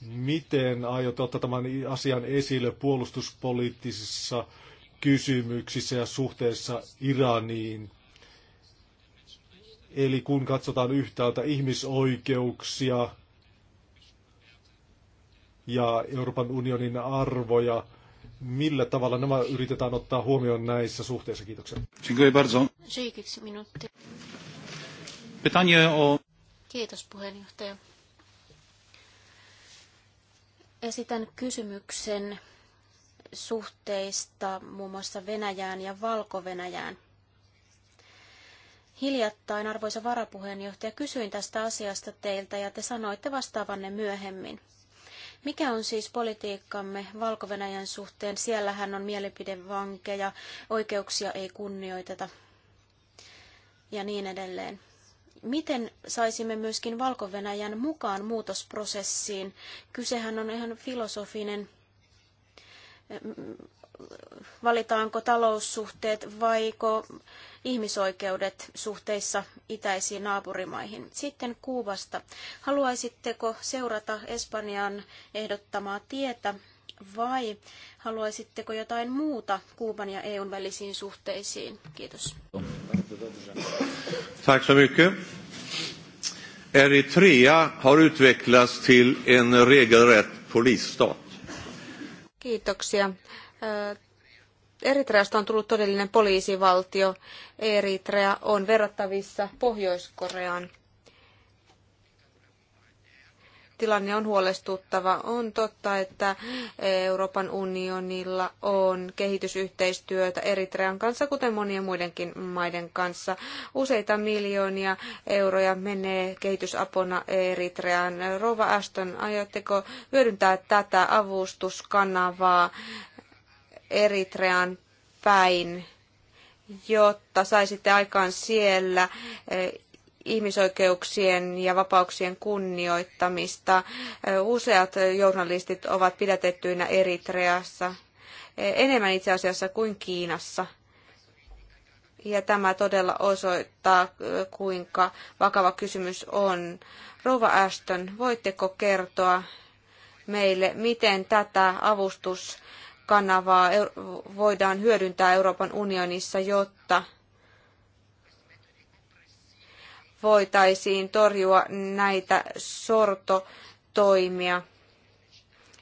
Miten aiot ottaa tämän asian esille puolustuspoliittisissa kysymyksissä ja suhteessa Iraniin? Eli kun katsotaan yhtäältä ihmisoikeuksia ja Euroopan unionin arvoja, millä tavalla nämä yritetään ottaa huomioon näissä suhteissa? Kiitoksia. Dziękuję bardzo. Pytanie o... Kiitos puheenjohtaja. Esitän kysymyksen suhteista muun muassa Venäjään ja Valko-Venäjään. Hiljattain, arvoisa varapuheenjohtaja, kysyin tästä asiasta teiltä ja te sanoitte vastaavanne myöhemmin. Mikä on siis politiikkamme valko suhteen? Siellähän on mielipidevankeja, oikeuksia ei kunnioiteta ja niin edelleen. Miten saisimme myöskin valko mukaan muutosprosessiin? Kysehän on ihan filosofinen mm, valitaanko taloussuhteet vaiko ihmisoikeudet suhteissa itäisiin naapurimaihin. Sitten Kuubasta. Haluaisitteko seurata Espanjan ehdottamaa tietä vai haluaisitteko jotain muuta Kuuban ja EUn välisiin suhteisiin? Kiitos. Tack så mycket. Eritrea har utvecklats till en regelrätt polisstat. Kiitoksia. Eritreasta on tullut todellinen poliisivaltio. Eritrea on verrattavissa Pohjois-Koreaan. Tilanne on huolestuttava. On totta, että Euroopan unionilla on kehitysyhteistyötä Eritrean kanssa, kuten monien muidenkin maiden kanssa. Useita miljoonia euroja menee kehitysapona Eritreaan. Rova Ashton, aiotteko hyödyntää tätä avustuskanavaa Eritrean päin, jotta saisitte aikaan siellä eh, ihmisoikeuksien ja vapauksien kunnioittamista. Eh, useat journalistit ovat pidätettyinä Eritreassa, eh, enemmän itse asiassa kuin Kiinassa. Ja tämä todella osoittaa, kuinka vakava kysymys on. Rova Ashton, voitteko kertoa meille, miten tätä avustus kanavaa voidaan hyödyntää Euroopan unionissa, jotta voitaisiin torjua näitä sortotoimia,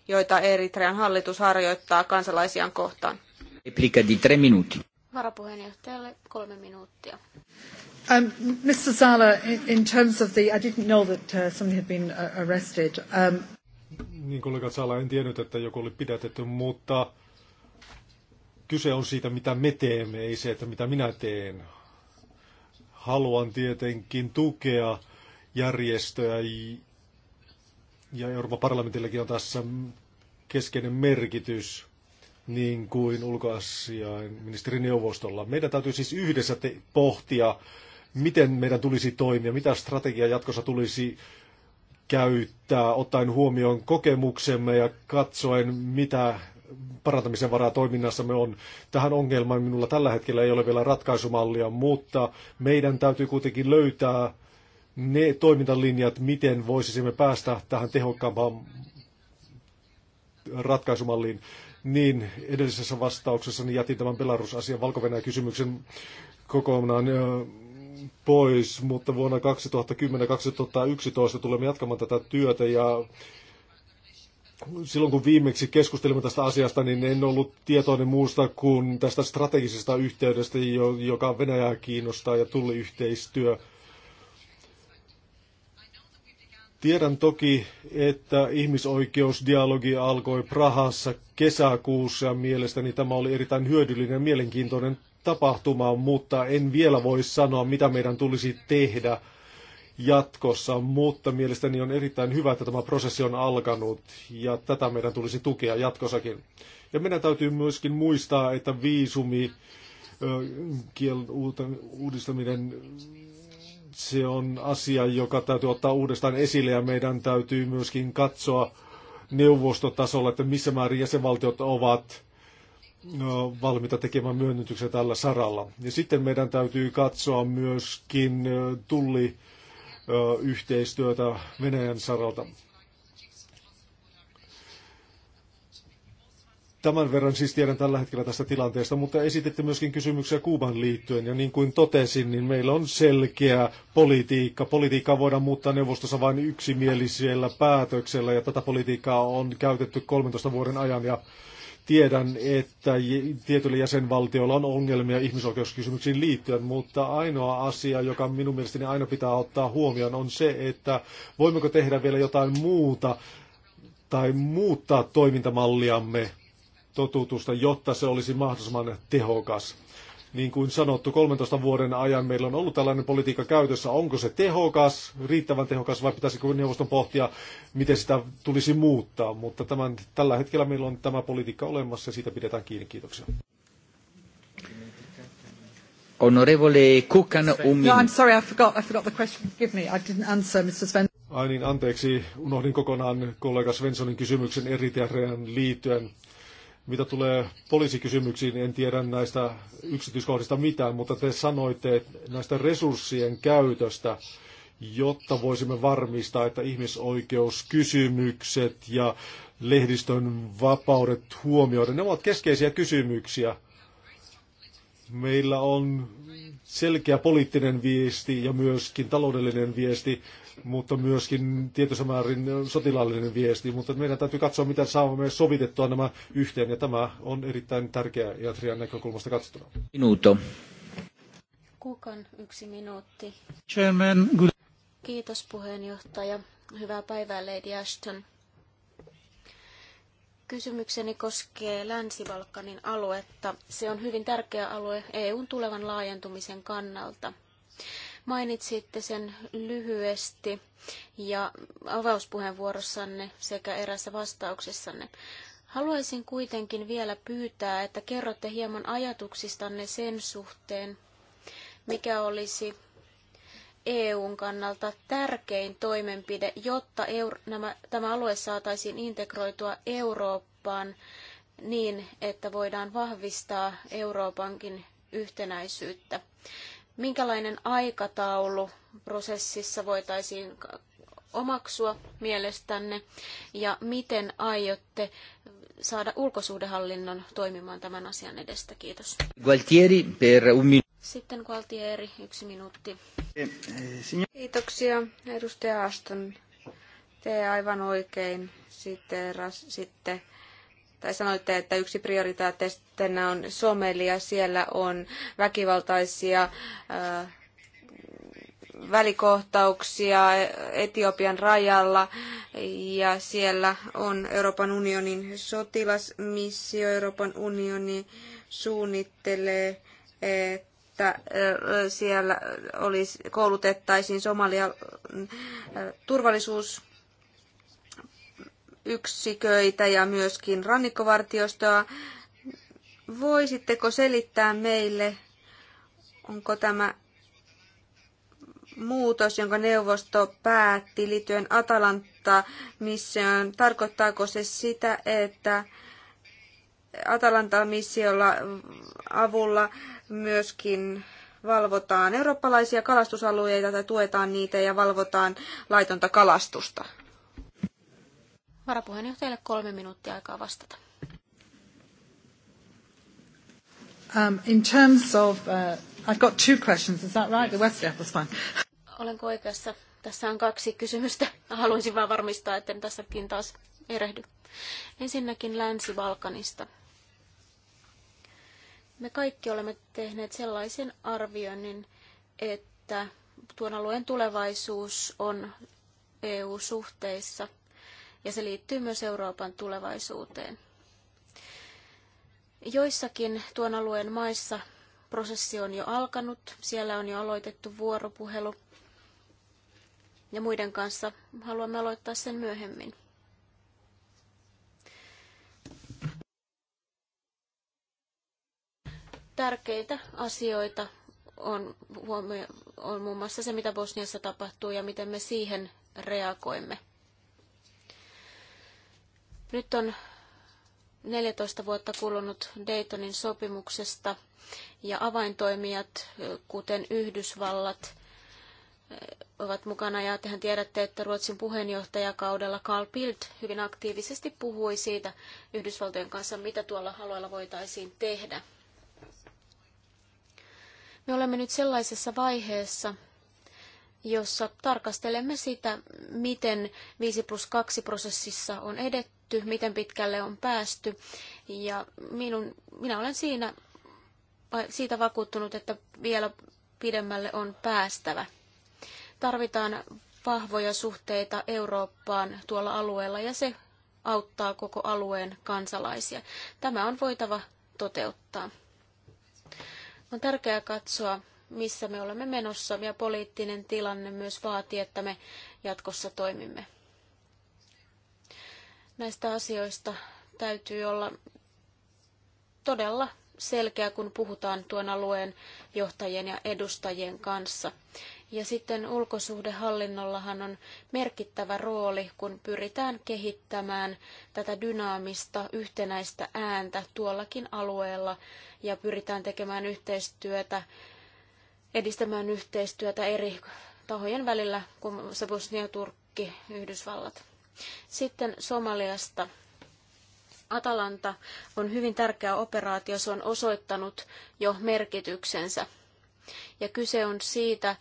joita Eritrean hallitus harjoittaa kansalaisiaan kohtaan. Replika di tre minuutti. Varapuheenjohtajalle kolme minuuttia. Um, Mr. Sala, in terms of the, I didn't know that uh, somebody had been uh, arrested. Um, niin kollega Sala, en tiennyt, että joku oli pidätetty, mutta kyse on siitä, mitä me teemme, ei se, että mitä minä teen. Haluan tietenkin tukea järjestöä ja Euroopan parlamentillakin on tässä keskeinen merkitys, niin kuin ulkoasiain ministerineuvostolla. Meidän täytyy siis yhdessä pohtia, miten meidän tulisi toimia, mitä strategiaa jatkossa tulisi käyttää, ottaen huomioon kokemuksemme ja katsoen, mitä parantamisen varaa toiminnassamme on. Tähän ongelmaan minulla tällä hetkellä ei ole vielä ratkaisumallia, mutta meidän täytyy kuitenkin löytää ne toimintalinjat, miten voisimme päästä tähän tehokkaampaan ratkaisumalliin. Niin edellisessä vastauksessani jätin tämän Belarus-asian valko kysymyksen kokonaan pois, mutta vuonna 2010-2011 tulemme jatkamaan tätä työtä ja silloin kun viimeksi keskustelimme tästä asiasta, niin en ollut tietoinen muusta kuin tästä strategisesta yhteydestä, joka Venäjää kiinnostaa ja tuli yhteistyö. Tiedän toki, että ihmisoikeusdialogi alkoi Prahassa kesäkuussa ja mielestäni tämä oli erittäin hyödyllinen ja mielenkiintoinen tapahtumaan, mutta en vielä voi sanoa, mitä meidän tulisi tehdä jatkossa, mutta mielestäni on erittäin hyvä, että tämä prosessi on alkanut ja tätä meidän tulisi tukea jatkossakin. Ja meidän täytyy myöskin muistaa, että viisumi kielen uudistaminen se on asia, joka täytyy ottaa uudestaan esille ja meidän täytyy myöskin katsoa neuvostotasolla, että missä määrin jäsenvaltiot ovat No, valmiita tekemään myönnytyksiä tällä saralla. Ja sitten meidän täytyy katsoa myöskin tulli yhteistyötä Venäjän saralta. Tämän verran siis tiedän tällä hetkellä tästä tilanteesta, mutta esititte myöskin kysymyksiä Kuuban liittyen. Ja niin kuin totesin, niin meillä on selkeä politiikka. Politiikkaa voidaan muuttaa neuvostossa vain yksimielisellä päätöksellä, ja tätä politiikkaa on käytetty 13 vuoden ajan. Ja Tiedän, että tietyillä jäsenvaltioilla on ongelmia ihmisoikeuskysymyksiin liittyen, mutta ainoa asia, joka minun mielestäni aina pitää ottaa huomioon, on se, että voimmeko tehdä vielä jotain muuta tai muuttaa toimintamalliamme totutusta, jotta se olisi mahdollisimman tehokas. Niin kuin sanottu, 13 vuoden ajan meillä on ollut tällainen politiikka käytössä. Onko se tehokas, riittävän tehokas vai pitäisikö neuvoston pohtia, miten sitä tulisi muuttaa? Mutta tämän, tällä hetkellä meillä on tämä politiikka olemassa ja siitä pidetään kiinni. Kiitoksia. Honorevole Kukan, No, I'm sorry, I forgot, I forgot the question. Forgive me, I didn't answer, Mr. Sven. Ai niin, anteeksi, unohdin kokonaan kollega Svenssonin kysymyksen eritereään liittyen. Mitä tulee poliisikysymyksiin, en tiedä näistä yksityiskohdista mitään, mutta te sanoitte näistä resurssien käytöstä, jotta voisimme varmistaa, että ihmisoikeuskysymykset ja lehdistön vapaudet huomioiden, ne ovat keskeisiä kysymyksiä. Meillä on selkeä poliittinen viesti ja myöskin taloudellinen viesti, mutta myöskin tietyssä määrin sotilaallinen viesti, mutta meidän täytyy katsoa, miten saamme sovitettua nämä yhteen, ja tämä on erittäin tärkeä Iatrian näkökulmasta katsottuna. Minuutto. Kukan yksi minuutti. Chairman, good. Kiitos puheenjohtaja. Hyvää päivää, Lady Ashton. Kysymykseni koskee Länsi-Balkanin aluetta. Se on hyvin tärkeä alue EUn tulevan laajentumisen kannalta. Mainitsitte sen lyhyesti ja avauspuheenvuorossanne sekä erässä vastauksessanne. Haluaisin kuitenkin vielä pyytää, että kerrotte hieman ajatuksistanne sen suhteen, mikä olisi EUn kannalta tärkein toimenpide, jotta euro, nämä, tämä alue saataisiin integroitua Eurooppaan niin, että voidaan vahvistaa Euroopankin yhtenäisyyttä. Minkälainen aikataulu prosessissa voitaisiin omaksua mielestänne ja miten aiotte saada ulkosuhdehallinnon toimimaan tämän asian edestä? Kiitos. Gualtieri per un Sitten Gualtieri, yksi minuutti. Eh, eh, Kiitoksia, edustaja Aston. Te aivan oikein siteerasitte tai sanoitte, että yksi prioriteetteina on someli ja siellä on väkivaltaisia äh, välikohtauksia Etiopian rajalla ja siellä on Euroopan unionin sotilasmissio. Euroopan unioni suunnittelee, että että äh, siellä olisi, koulutettaisiin Somalian äh, turvallisuus yksiköitä ja myöskin rannikkovartiostoa. Voisitteko selittää meille, onko tämä muutos, jonka neuvosto päätti liittyen Atalanta-missioon, tarkoittaako se sitä, että Atalanta-missiolla avulla myöskin valvotaan eurooppalaisia kalastusalueita tai tuetaan niitä ja valvotaan laitonta kalastusta? Varapuheenjohtajalle kolme minuuttia aikaa vastata. Um, in terms of, uh, I've got two questions, is that right? The Wesley, was fine. Olenko oikeassa? Tässä on kaksi kysymystä. Haluaisin vain varmistaa, että tässäkin taas erehdy. Ensinnäkin Länsi-Balkanista. Me kaikki olemme tehneet sellaisen arvioinnin, että tuon alueen tulevaisuus on EU-suhteissa – ja se liittyy myös Euroopan tulevaisuuteen. Joissakin tuon alueen maissa prosessi on jo alkanut, siellä on jo aloitettu vuoropuhelu ja muiden kanssa haluamme aloittaa sen myöhemmin. Tärkeitä asioita on, on muun muassa se, mitä Bosniassa tapahtuu ja miten me siihen reagoimme. Nyt on 14 vuotta kulunut Daytonin sopimuksesta ja avaintoimijat, kuten Yhdysvallat, ovat mukana ja tehän tiedätte, että Ruotsin puheenjohtajakaudella Carl Bildt hyvin aktiivisesti puhui siitä Yhdysvaltojen kanssa, mitä tuolla alueella voitaisiin tehdä. Me olemme nyt sellaisessa vaiheessa, jossa tarkastelemme sitä, miten 5 plus 2 prosessissa on edetty edetty, miten pitkälle on päästy. Ja minun, minä olen siinä, siitä vakuuttunut, että vielä pidemmälle on päästävä. Tarvitaan vahvoja suhteita Eurooppaan tuolla alueella ja se auttaa koko alueen kansalaisia. Tämä on voitava toteuttaa. On tärkeää katsoa, missä me olemme menossa ja poliittinen tilanne myös vaatii, että me jatkossa toimimme. Näistä asioista täytyy olla todella selkeä, kun puhutaan tuon alueen johtajien ja edustajien kanssa. Ja sitten ulkosuhdehallinnollahan on merkittävä rooli, kun pyritään kehittämään tätä dynaamista yhtenäistä ääntä tuollakin alueella ja pyritään tekemään yhteistyötä, edistämään yhteistyötä eri tahojen välillä, kun se Bosnia, Turkki, Yhdysvallat. Sitten Somaliasta. Atalanta on hyvin tärkeä operaatio, se on osoittanut jo merkityksensä. Ja kyse on siitä,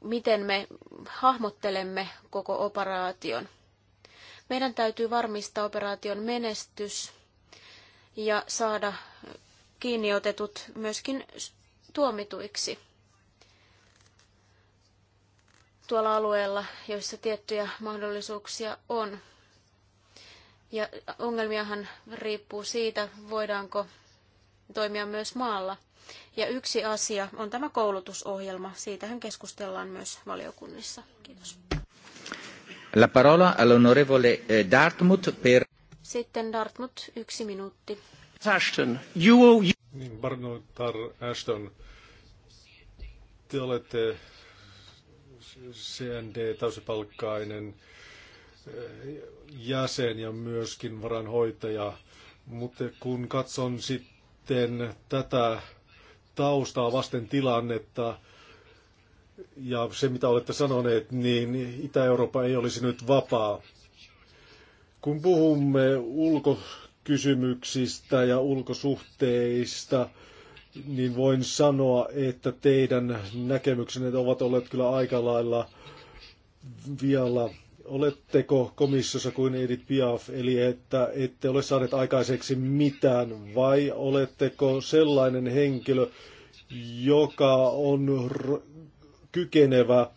miten me hahmottelemme koko operaation. Meidän täytyy varmistaa operaation menestys ja saada kiinniotetut myöskin tuomituiksi tuolla alueella, joissa tiettyjä mahdollisuuksia on. Ja ongelmiahan riippuu siitä, voidaanko toimia myös maalla. Ja yksi asia on tämä koulutusohjelma. Siitähän keskustellaan myös valiokunnissa. Kiitos. La parola all'onorevole eh, Dartmouth per... Sitten Dartmouth, yksi minuutti. Ashton, you... Niin, Barnotar Ashton, te olette CND täysipalkkainen eh, jäsen ja myöskin varanhoitaja. Mutta kun katson sitten tätä taustaa vasten tilannetta ja se mitä olette sanoneet, niin Itä-Eurooppa ei olisi nyt vapaa. Kun puhumme ulkokysymyksistä ja ulkosuhteista, niin voin sanoa, että teidän näkemyksenne ovat olleet kyllä aika lailla vielä. Oletteko komissiossa kuin Edith Piaf, eli että ette ole saaneet aikaiseksi mitään, vai oletteko sellainen henkilö, joka on kykenevä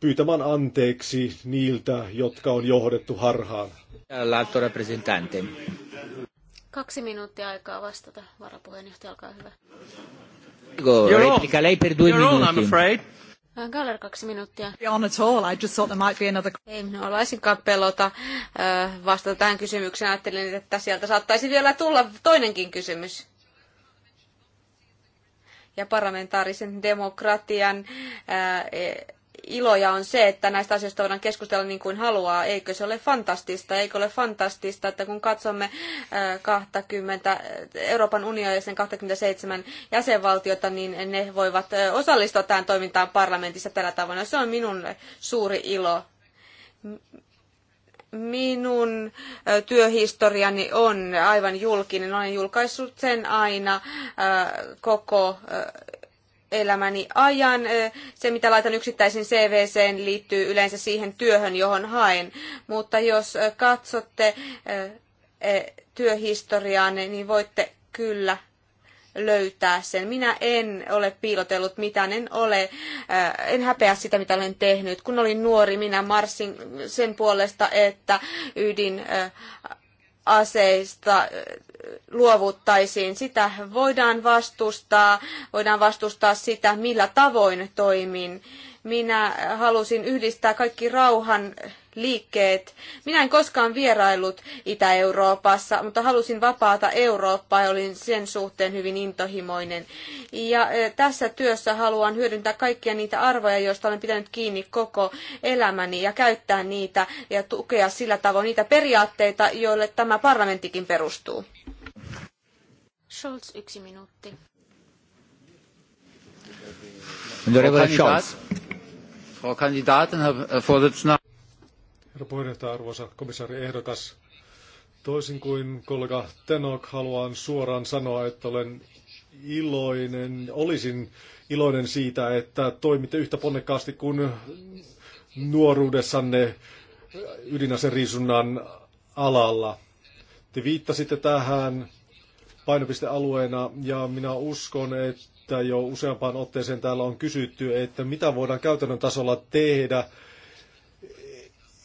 pyytämään anteeksi niiltä, jotka on johdettu harhaan? Lato representante. Kaksi minuuttia aikaa vastata. Varapuheenjohtaja, alkaa hyvä. Replika per due minuutin. Äh, Galler kaksi minuuttia. On at all. I just thought there might be another... Ei minua laisinkaan pelota äh, vastata tähän kysymykseen. Ajattelin, että sieltä saattaisi vielä tulla toinenkin kysymys. Ja parlamentaarisen demokratian äh, iloja on se, että näistä asioista voidaan keskustella niin kuin haluaa. Eikö se ole fantastista? Eikö ole fantastista, että kun katsomme 20, äh, Euroopan unionin ja sen 27 jäsenvaltiota, niin ne voivat äh, osallistua tähän toimintaan parlamentissa tällä tavalla. Se on minun suuri ilo minun äh, työhistoriani on aivan julkinen. Olen julkaissut sen aina koko elämäni ajan. Se, mitä laitan yksittäisen CVC, liittyy yleensä siihen työhön, johon haen. Mutta jos katsotte e, työhistoriaa, niin voitte kyllä löytää sen. Minä en ole piilotellut mitään, en, ole, en häpeä sitä, mitä olen tehnyt. Kun olin nuori, minä marssin sen puolesta, että ydin aseista luovuttaisiin. Sitä voidaan vastustaa, voidaan vastustaa sitä, millä tavoin toimin. Minä halusin yhdistää kaikki rauhan liikkeet. Minä en koskaan vierailut Itä-Euroopassa, mutta halusin vapaata Eurooppaa ja olin sen suhteen hyvin intohimoinen. Ja e, tässä työssä haluan hyödyntää kaikkia niitä arvoja, joista olen pitänyt kiinni koko elämäni ja käyttää niitä ja tukea sillä tavoin niitä periaatteita, joille tämä parlamenttikin perustuu. Scholz, yksi minuutti. Frau Kandidatin, Herr äh, Vorsitzender. Herra puheenjohtaja, arvoisa komissaari ehdokas, toisin kuin kollega Tenok, haluan suoraan sanoa, että olen iloinen, olisin iloinen siitä, että toimitte yhtä ponnekkaasti kuin nuoruudessanne ydinaseriisunnan alalla. Te viittasitte tähän painopistealueena ja minä uskon, että jo useampaan otteeseen täällä on kysytty, että mitä voidaan käytännön tasolla tehdä,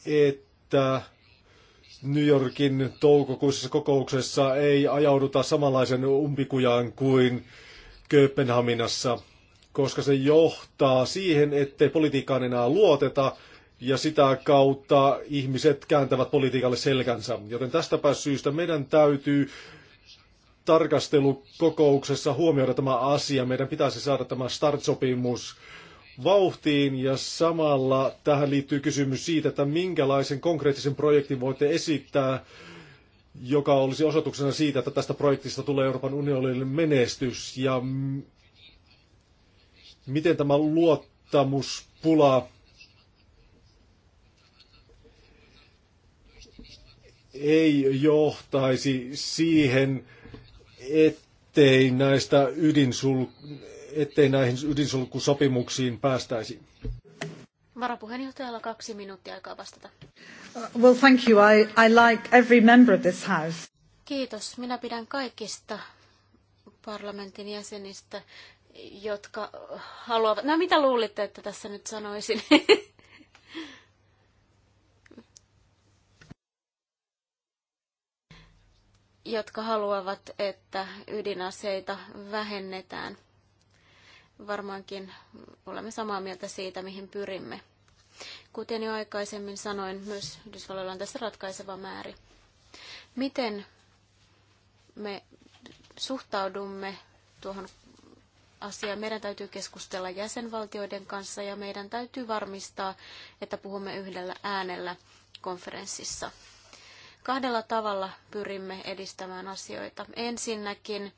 että New Yorkin toukokuisessa kokouksessa ei ajauduta samanlaisen umpikujaan kuin Kööpenhaminassa, koska se johtaa siihen, ettei politiikkaan enää luoteta ja sitä kautta ihmiset kääntävät politiikalle selkänsä. Joten tästäpä syystä meidän täytyy tarkastelukokouksessa huomioida tämä asia. Meidän pitäisi saada tämä start-sopimus vauhtiin ja samalla tähän liittyy kysymys siitä, että minkälaisen konkreettisen projektin voitte esittää, joka olisi osoituksena siitä, että tästä projektista tulee Euroopan unionille menestys ja miten tämä luottamuspula ei johtaisi siihen, ettei näistä ydinsul- ettei näihin ydinsulkusopimuksiin päästäisi? Varapuheenjohtajalla kaksi minuuttia aikaa vastata. Uh, well, thank you. I, I like every member of this house. Kiitos. Minä pidän kaikista parlamentin jäsenistä, jotka haluavat... No mitä luulitte, että tässä nyt sanoisin? jotka haluavat, että ydinaseita vähennetään – varmaankin olemme samaa mieltä siitä, mihin pyrimme. Kuten jo aikaisemmin sanoin, myös Yhdysvalloilla on tässä ratkaiseva määrä. Miten me suhtaudumme tuohon asiaan? Meidän täytyy keskustella jäsenvaltioiden kanssa ja meidän täytyy varmistaa, että puhumme yhdellä äänellä konferenssissa. Kahdella tavalla pyrimme edistämään asioita. Ensinnäkin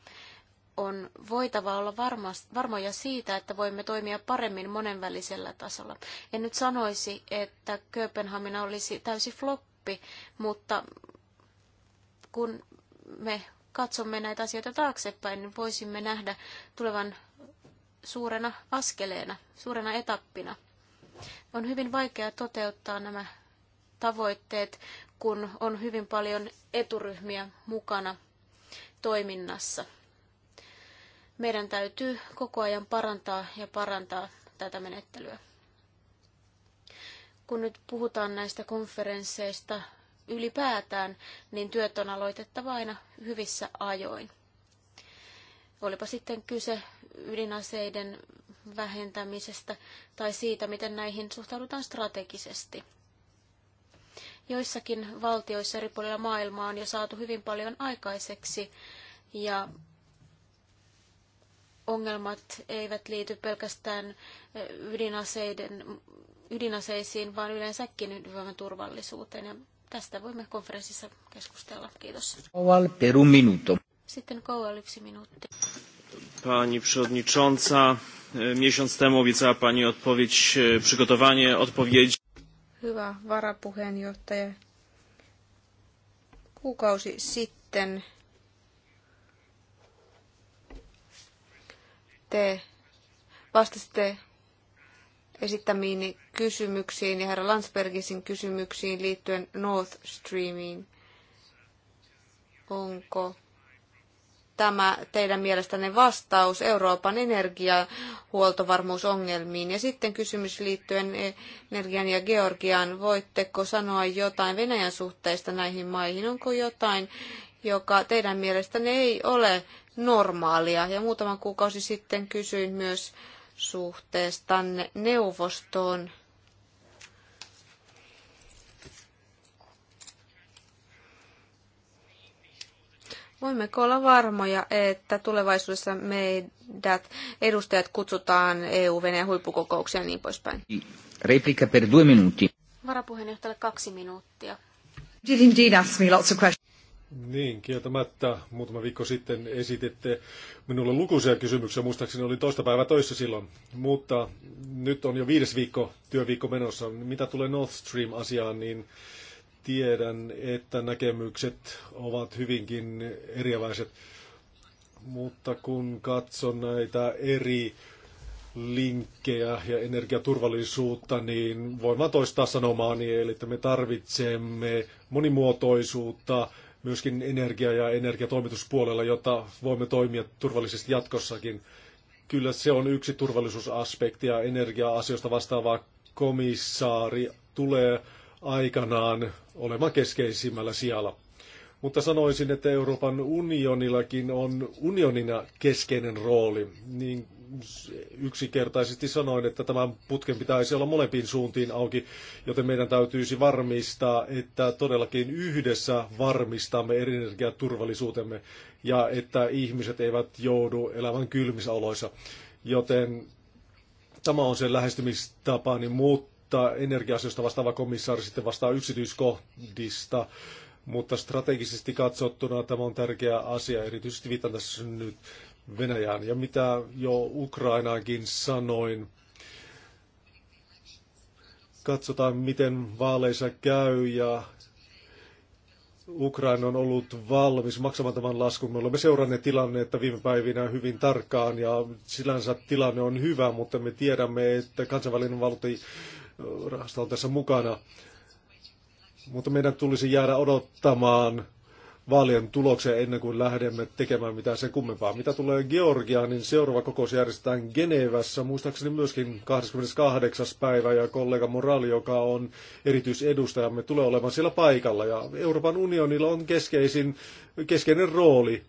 on voitava olla varmas, varmoja siitä, että voimme toimia paremmin monenvälisellä tasolla. En nyt sanoisi, että Kööpenhamina olisi täysi floppi, mutta kun me katsomme näitä asioita taaksepäin, niin voisimme nähdä tulevan suurena askeleena, suurena etappina. On hyvin vaikea toteuttaa nämä tavoitteet, kun on hyvin paljon eturyhmiä mukana toiminnassa meidän täytyy koko ajan parantaa ja parantaa tätä menettelyä. Kun nyt puhutaan näistä konferensseista ylipäätään, niin työt on aloitettava aina hyvissä ajoin. Olipa sitten kyse ydinaseiden vähentämisestä tai siitä, miten näihin suhtaudutaan strategisesti. Joissakin valtioissa eri puolilla maailmaa on jo saatu hyvin paljon aikaiseksi ja ongelmat eivät liity pelkästään eh, ydinaseiden, ydinaseisiin, vaan yleensäkin ydinvoiman turvallisuuteen. Ja tästä voimme konferenssissa keskustella. Kiitos. Kowal peru minuto. Sitten Kowal yksi minuutti. Pani przewodnicząca, e, miesiąc temu obiecała pani odpowiedź, e, przygotowanie odpowiedzi. Hyvä varapuheenjohtaja. Kuukausi sitten te vastasitte esittämiini kysymyksiin ja herra Landsbergisin kysymyksiin liittyen North Streamiin. Onko tämä teidän mielestänne vastaus Euroopan energiahuoltovarmuusongelmiin? Ja sitten kysymys liittyen energian ja Georgian Voitteko sanoa jotain Venäjän suhteista näihin maihin? Onko jotain, joka teidän mielestänne ei ole normaalia. Ja muutaman kuukausi sitten kysyin myös suhteestanne neuvostoon. Voimmeko olla varmoja, että tulevaisuudessa meidät edustajat kutsutaan EU-Venäjän huippukokouksia ja niin poispäin? Replika per due minuutti. Varapuheenjohtajalle kaksi minuuttia. Did indeed ask me lots of questions. Niin, kieltämättä. Muutama viikko sitten esititte minulle lukuisia kysymyksiä. Muistaakseni oli toista päivää töissä silloin. Mutta nyt on jo viides viikko, työviikko menossa. Mitä tulee Nord Stream-asiaan, niin tiedän, että näkemykset ovat hyvinkin erilaiset. Mutta kun katson näitä eri linkkejä ja energiaturvallisuutta, niin voin vaan toistaa sanomaani, eli että me tarvitsemme monimuotoisuutta, myöskin energia- ja energiatoimituspuolella, jotta voimme toimia turvallisesti jatkossakin. Kyllä se on yksi turvallisuusaspekti ja energia-asioista vastaava komissaari tulee aikanaan olemaan keskeisimmällä sijalla. Mutta sanoisin, että Euroopan unionillakin on unionina keskeinen rooli, niin yksinkertaisesti sanoin, että tämän putken pitäisi olla molempiin suuntiin auki, joten meidän täytyisi varmistaa, että todellakin yhdessä varmistamme energiaturvallisuutemme ja että ihmiset eivät joudu elämän kylmissä oloissa. Joten tämä on se lähestymistapani, mutta energia vastaava komissaari sitten vastaa yksityiskohdista mutta strategisesti katsottuna tämä on tärkeä asia. Erityisesti viitan tässä nyt Venäjään. Ja mitä jo Ukrainaankin sanoin, katsotaan miten vaaleissa käy ja Ukraina on ollut valmis maksamaan tämän laskun. Me olemme seuranneet tilannetta viime päivinä hyvin tarkkaan ja sillänsä tilanne on hyvä, mutta me tiedämme, että kansainvälinen valuuttarahasto on tässä mukana. Mutta meidän tulisi jäädä odottamaan vaalien tulokseen ennen kuin lähdemme tekemään mitään sen kummempaa. Mitä tulee Georgiaan, niin seuraava kokous järjestetään Genevässä, muistaakseni myöskin 28. päivä, ja kollega Morali, joka on erityisedustajamme, tulee olemaan siellä paikalla. Ja Euroopan unionilla on keskeisin, keskeinen rooli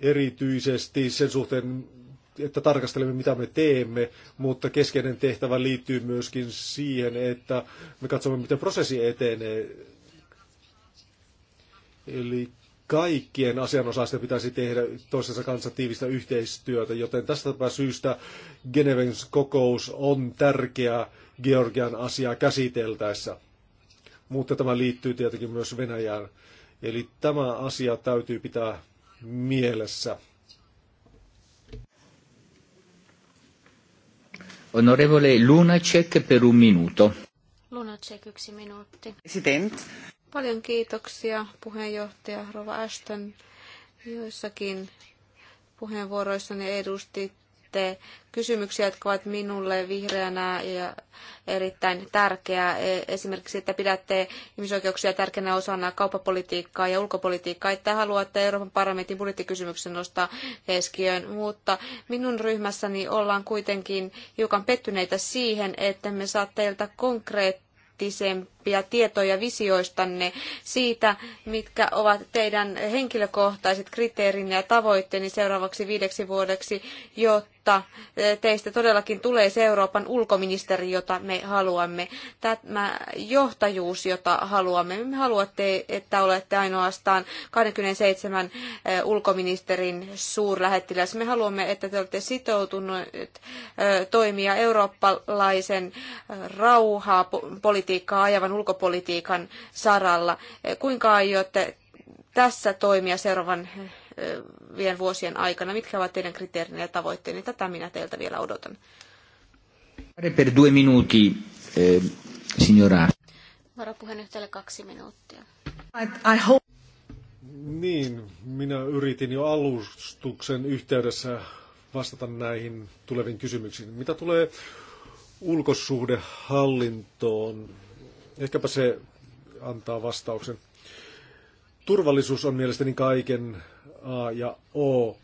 erityisesti sen suhteen, että tarkastelemme, mitä me teemme, mutta keskeinen tehtävä liittyy myöskin siihen, että me katsomme, miten prosessi etenee Eli kaikkien asianosaisten pitäisi tehdä toisessa kanssa tiivistä yhteistyötä, joten tästä syystä Geneven kokous on tärkeä Georgian asiaa käsiteltäessä. Mutta tämä liittyy tietenkin myös Venäjään. Eli tämä asia täytyy pitää mielessä. Onorevole Lunacek per un minuto. Lunacek yksi minuutti. President. Paljon kiitoksia puheenjohtaja Rova Ashton. Joissakin puheenvuoroissanne edustitte kysymyksiä, jotka ovat minulle vihreänä ja erittäin tärkeää. E, esimerkiksi, että pidätte ihmisoikeuksia tärkeänä osana kauppapolitiikkaa ja ulkopolitiikkaa, että haluatte Euroopan parlamentin budjettikysymyksen nostaa keskiöön. Mutta minun ryhmässäni ollaan kuitenkin hiukan pettyneitä siihen, että me saa teiltä konkreettisia konkreettisempia tietoja visioistanne siitä, mitkä ovat teidän henkilökohtaiset kriteerinne ja tavoitteenne seuraavaksi viideksi vuodeksi, jotta mutta eh, teistä todellakin tulee se Euroopan ulkoministeri, jota me haluamme. Tämä johtajuus, jota haluamme. Me haluatte, että olette ainoastaan 27 eh, ulkoministerin suurlähettiläs. Me haluamme, että te olette sitoutuneet eh, toimia eurooppalaisen rauhaa politiikkaa ajavan ulkopolitiikan saralla. Kuinka aiotte tässä toimia seuraavan vielä vuosien aikana? Mitkä ovat teidän kriteerinne ja tavoitteenne? Tätä minä teiltä vielä odotan. Per due minuti, eh, signora. Varapuheenjohtajalle kaksi minuuttia. I, I hope... Niin, minä yritin jo alustuksen yhteydessä vastata näihin tuleviin kysymyksiin. Mitä tulee ulkosuhdehallintoon, ehkäpä se antaa vastauksen. Turvallisuus on mielestäni kaiken A ja O.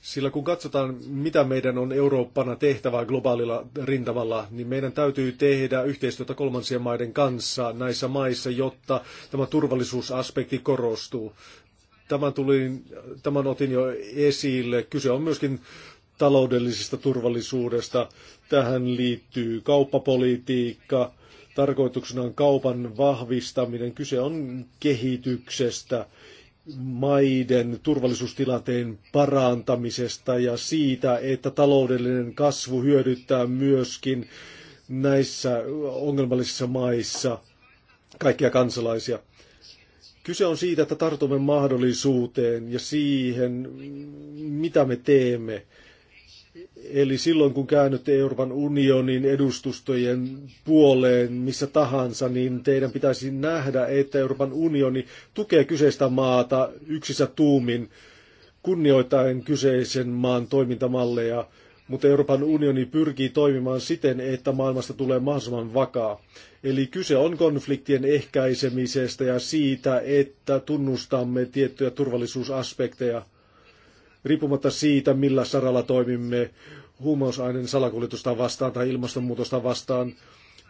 Sillä kun katsotaan, mitä meidän on Eurooppana tehtävä globaalilla rintavalla, niin meidän täytyy tehdä yhteistyötä kolmansien maiden kanssa näissä maissa, jotta tämä turvallisuusaspekti korostuu. Tämän, tuli tämän otin jo esille. Kyse on myöskin taloudellisesta turvallisuudesta. Tähän liittyy kauppapolitiikka. Tarkoituksena on kaupan vahvistaminen. Kyse on kehityksestä maiden turvallisuustilanteen parantamisesta ja siitä, että taloudellinen kasvu hyödyttää myöskin näissä ongelmallisissa maissa kaikkia kansalaisia. Kyse on siitä, että tartumme mahdollisuuteen ja siihen, mitä me teemme. Eli silloin kun käännytte Euroopan unionin edustustojen puoleen missä tahansa, niin teidän pitäisi nähdä, että Euroopan unioni tukee kyseistä maata yksissä tuumin kunnioittaen kyseisen maan toimintamalleja, mutta Euroopan unioni pyrkii toimimaan siten, että maailmasta tulee mahdollisimman vakaa. Eli kyse on konfliktien ehkäisemisestä ja siitä, että tunnustamme tiettyjä turvallisuusaspekteja riippumatta siitä, millä saralla toimimme, huumausaineen salakuljetusta vastaan tai ilmastonmuutosta vastaan.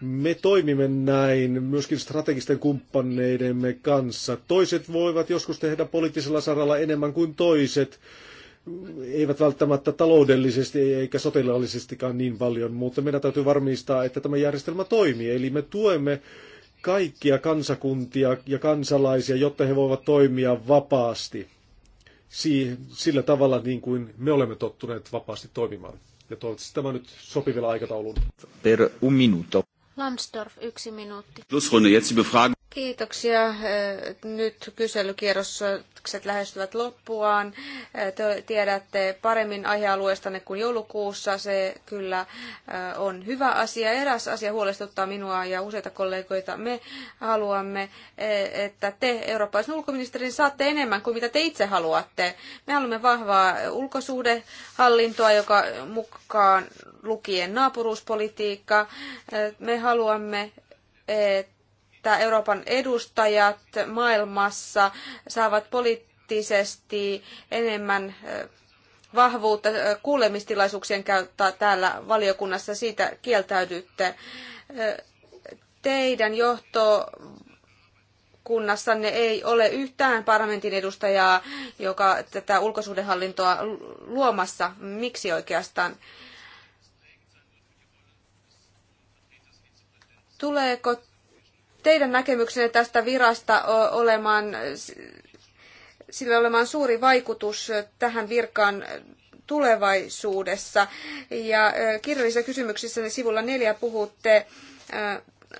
Me toimimme näin myöskin strategisten kumppaneidemme kanssa. Toiset voivat joskus tehdä poliittisella saralla enemmän kuin toiset, eivät välttämättä taloudellisesti eikä sotilaallisestikaan niin paljon, mutta meidän täytyy varmistaa, että tämä järjestelmä toimii. Eli me tuemme kaikkia kansakuntia ja kansalaisia, jotta he voivat toimia vapaasti sillä tavalla, niin kuin me olemme tottuneet vapaasti toimimaan. Ja toivottavasti tämä nyt sopivilla aikataulun. Per un minuto. Lansdorf, yksi minuutti. Kiitoksia. Äh, nyt kyselykierrokset lähestyvät loppuaan. Äh, te tiedätte paremmin aihealueestanne kuin joulukuussa. Se kyllä äh, on hyvä asia. Eräs asia huolestuttaa minua ja useita kollegoita. Me haluamme, että te eurooppalaisen ulkoministerin saatte enemmän kuin mitä te itse haluatte. Me haluamme vahvaa ulkosuhdehallintoa, joka mukaan lukien naapuruuspolitiikka. Me haluamme, että Euroopan edustajat maailmassa saavat poliittisesti enemmän eh, vahvuutta eh, kuulemistilaisuuksien käyttää täällä valiokunnassa. Siitä kieltäydytte. Eh, teidän johto kunnassanne ei ole yhtään parlamentin edustajaa, joka tätä ulkosuhdehallintoa luomassa. Miksi oikeastaan? Tuleeko teidän näkemyksenne tästä virasta olemaan, sillä olemaan suuri vaikutus tähän virkaan tulevaisuudessa? Ja kirjallisissa kysymyksissä sivulla neljä puhutte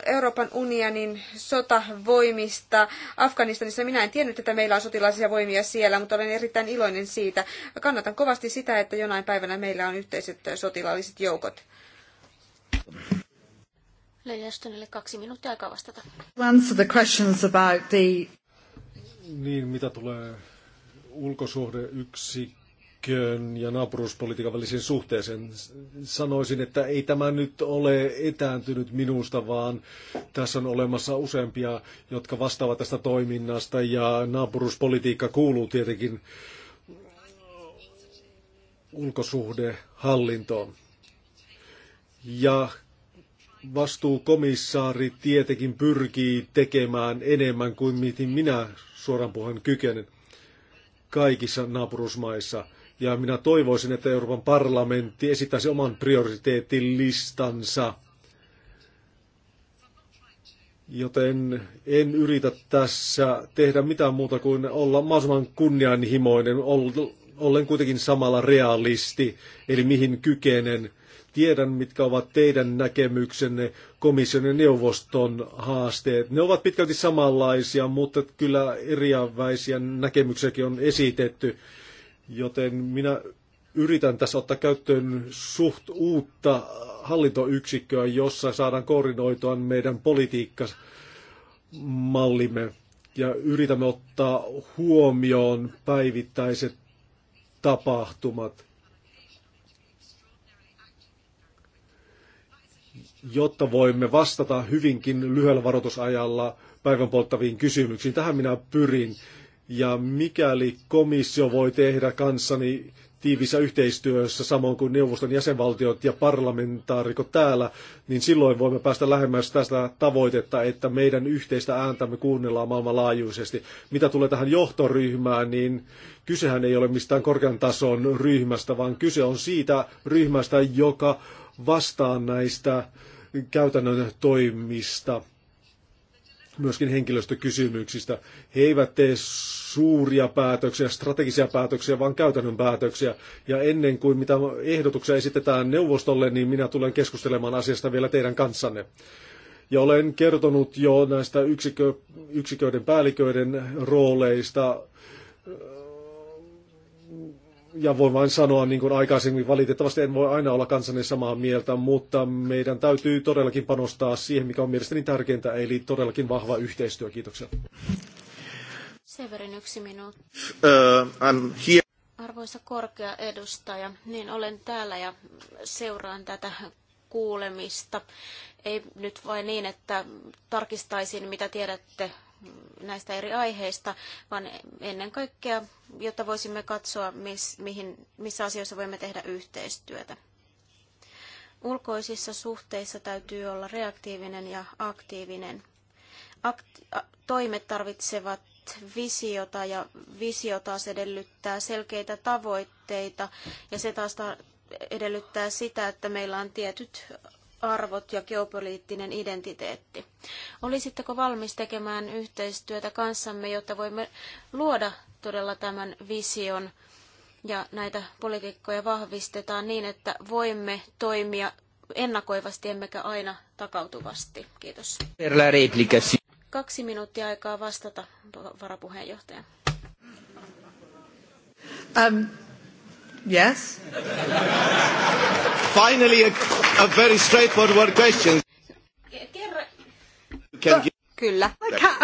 Euroopan unionin sotavoimista Afganistanissa. Minä en tiennyt, että meillä on sotilaisia voimia siellä, mutta olen erittäin iloinen siitä. Kannatan kovasti sitä, että jonain päivänä meillä on yhteiset sotilaalliset joukot. Leijastonille kaksi minuuttia aikaa vastata. Answer the questions about the... Niin, mitä tulee ulkosuhdeyksikön ja naapuruuspolitiikan väliseen suhteeseen, sanoisin, että ei tämä nyt ole etääntynyt minusta, vaan tässä on olemassa useampia, jotka vastaavat tästä toiminnasta ja naapuruuspolitiikka kuuluu tietenkin ulkosuhdehallintoon. Ja vastuukomissaari tietenkin pyrkii tekemään enemmän kuin mitin minä suoran puheen kykenen kaikissa naapurusmaissa. Ja minä toivoisin, että Euroopan parlamentti esittäisi oman prioriteettilistansa. Joten en yritä tässä tehdä mitään muuta kuin olla mahdollisimman kunnianhimoinen, ollen kuitenkin samalla realisti, eli mihin kykenen – Tiedän, mitkä ovat teidän näkemyksenne komission ja neuvoston haasteet. Ne ovat pitkälti samanlaisia, mutta kyllä eriäväisiä näkemyksiäkin on esitetty, joten minä yritän tässä ottaa käyttöön suht uutta hallintoyksikköä, jossa saadaan koordinoitua meidän politiikkamallimme ja yritämme ottaa huomioon päivittäiset tapahtumat. jotta voimme vastata hyvinkin lyhyellä varoitusajalla päivän polttaviin kysymyksiin. Tähän minä pyrin. Ja mikäli komissio voi tehdä kanssani tiivissä yhteistyössä, samoin kuin neuvoston jäsenvaltiot ja parlamentaarikot täällä, niin silloin voimme päästä lähemmäs tästä tavoitetta, että meidän yhteistä ääntämme kuunnellaan maailmanlaajuisesti. Mitä tulee tähän johtoryhmään, niin kysehän ei ole mistään korkean tason ryhmästä, vaan kyse on siitä ryhmästä, joka vastaa näistä käytännön toimista, myöskin henkilöstökysymyksistä. He eivät tee suuria päätöksiä, strategisia päätöksiä, vaan käytännön päätöksiä. Ja ennen kuin mitä ehdotuksia esitetään neuvostolle, niin minä tulen keskustelemaan asiasta vielä teidän kanssanne. Ja olen kertonut jo näistä yksikö, yksiköiden päälliköiden rooleista ja voin vain sanoa, niin kuin aikaisemmin, valitettavasti en voi aina olla kansanne samaa mieltä, mutta meidän täytyy todellakin panostaa siihen, mikä on mielestäni tärkeintä, eli todellakin vahva yhteistyö. Kiitoksia. Severin yksi minuutti. Uh, Arvoisa korkea edustaja, niin olen täällä ja seuraan tätä kuulemista. Ei nyt vain niin, että tarkistaisin, mitä tiedätte näistä eri aiheista, vaan ennen kaikkea, jotta voisimme katsoa, miss, mihin, missä asioissa voimme tehdä yhteistyötä. Ulkoisissa suhteissa täytyy olla reaktiivinen ja aktiivinen. toimet tarvitsevat visiota ja visio taas edellyttää selkeitä tavoitteita ja se taas edellyttää sitä, että meillä on tietyt arvot ja geopoliittinen identiteetti. Olisitteko valmis tekemään yhteistyötä kanssamme, jotta voimme luoda todella tämän vision ja näitä politiikkoja vahvistetaan niin, että voimme toimia ennakoivasti emmekä aina takautuvasti. Kiitos. Kaksi minuuttia aikaa vastata, varapuheenjohtaja. Um, yes. Finally, a, a very straightforward question. Kyllä.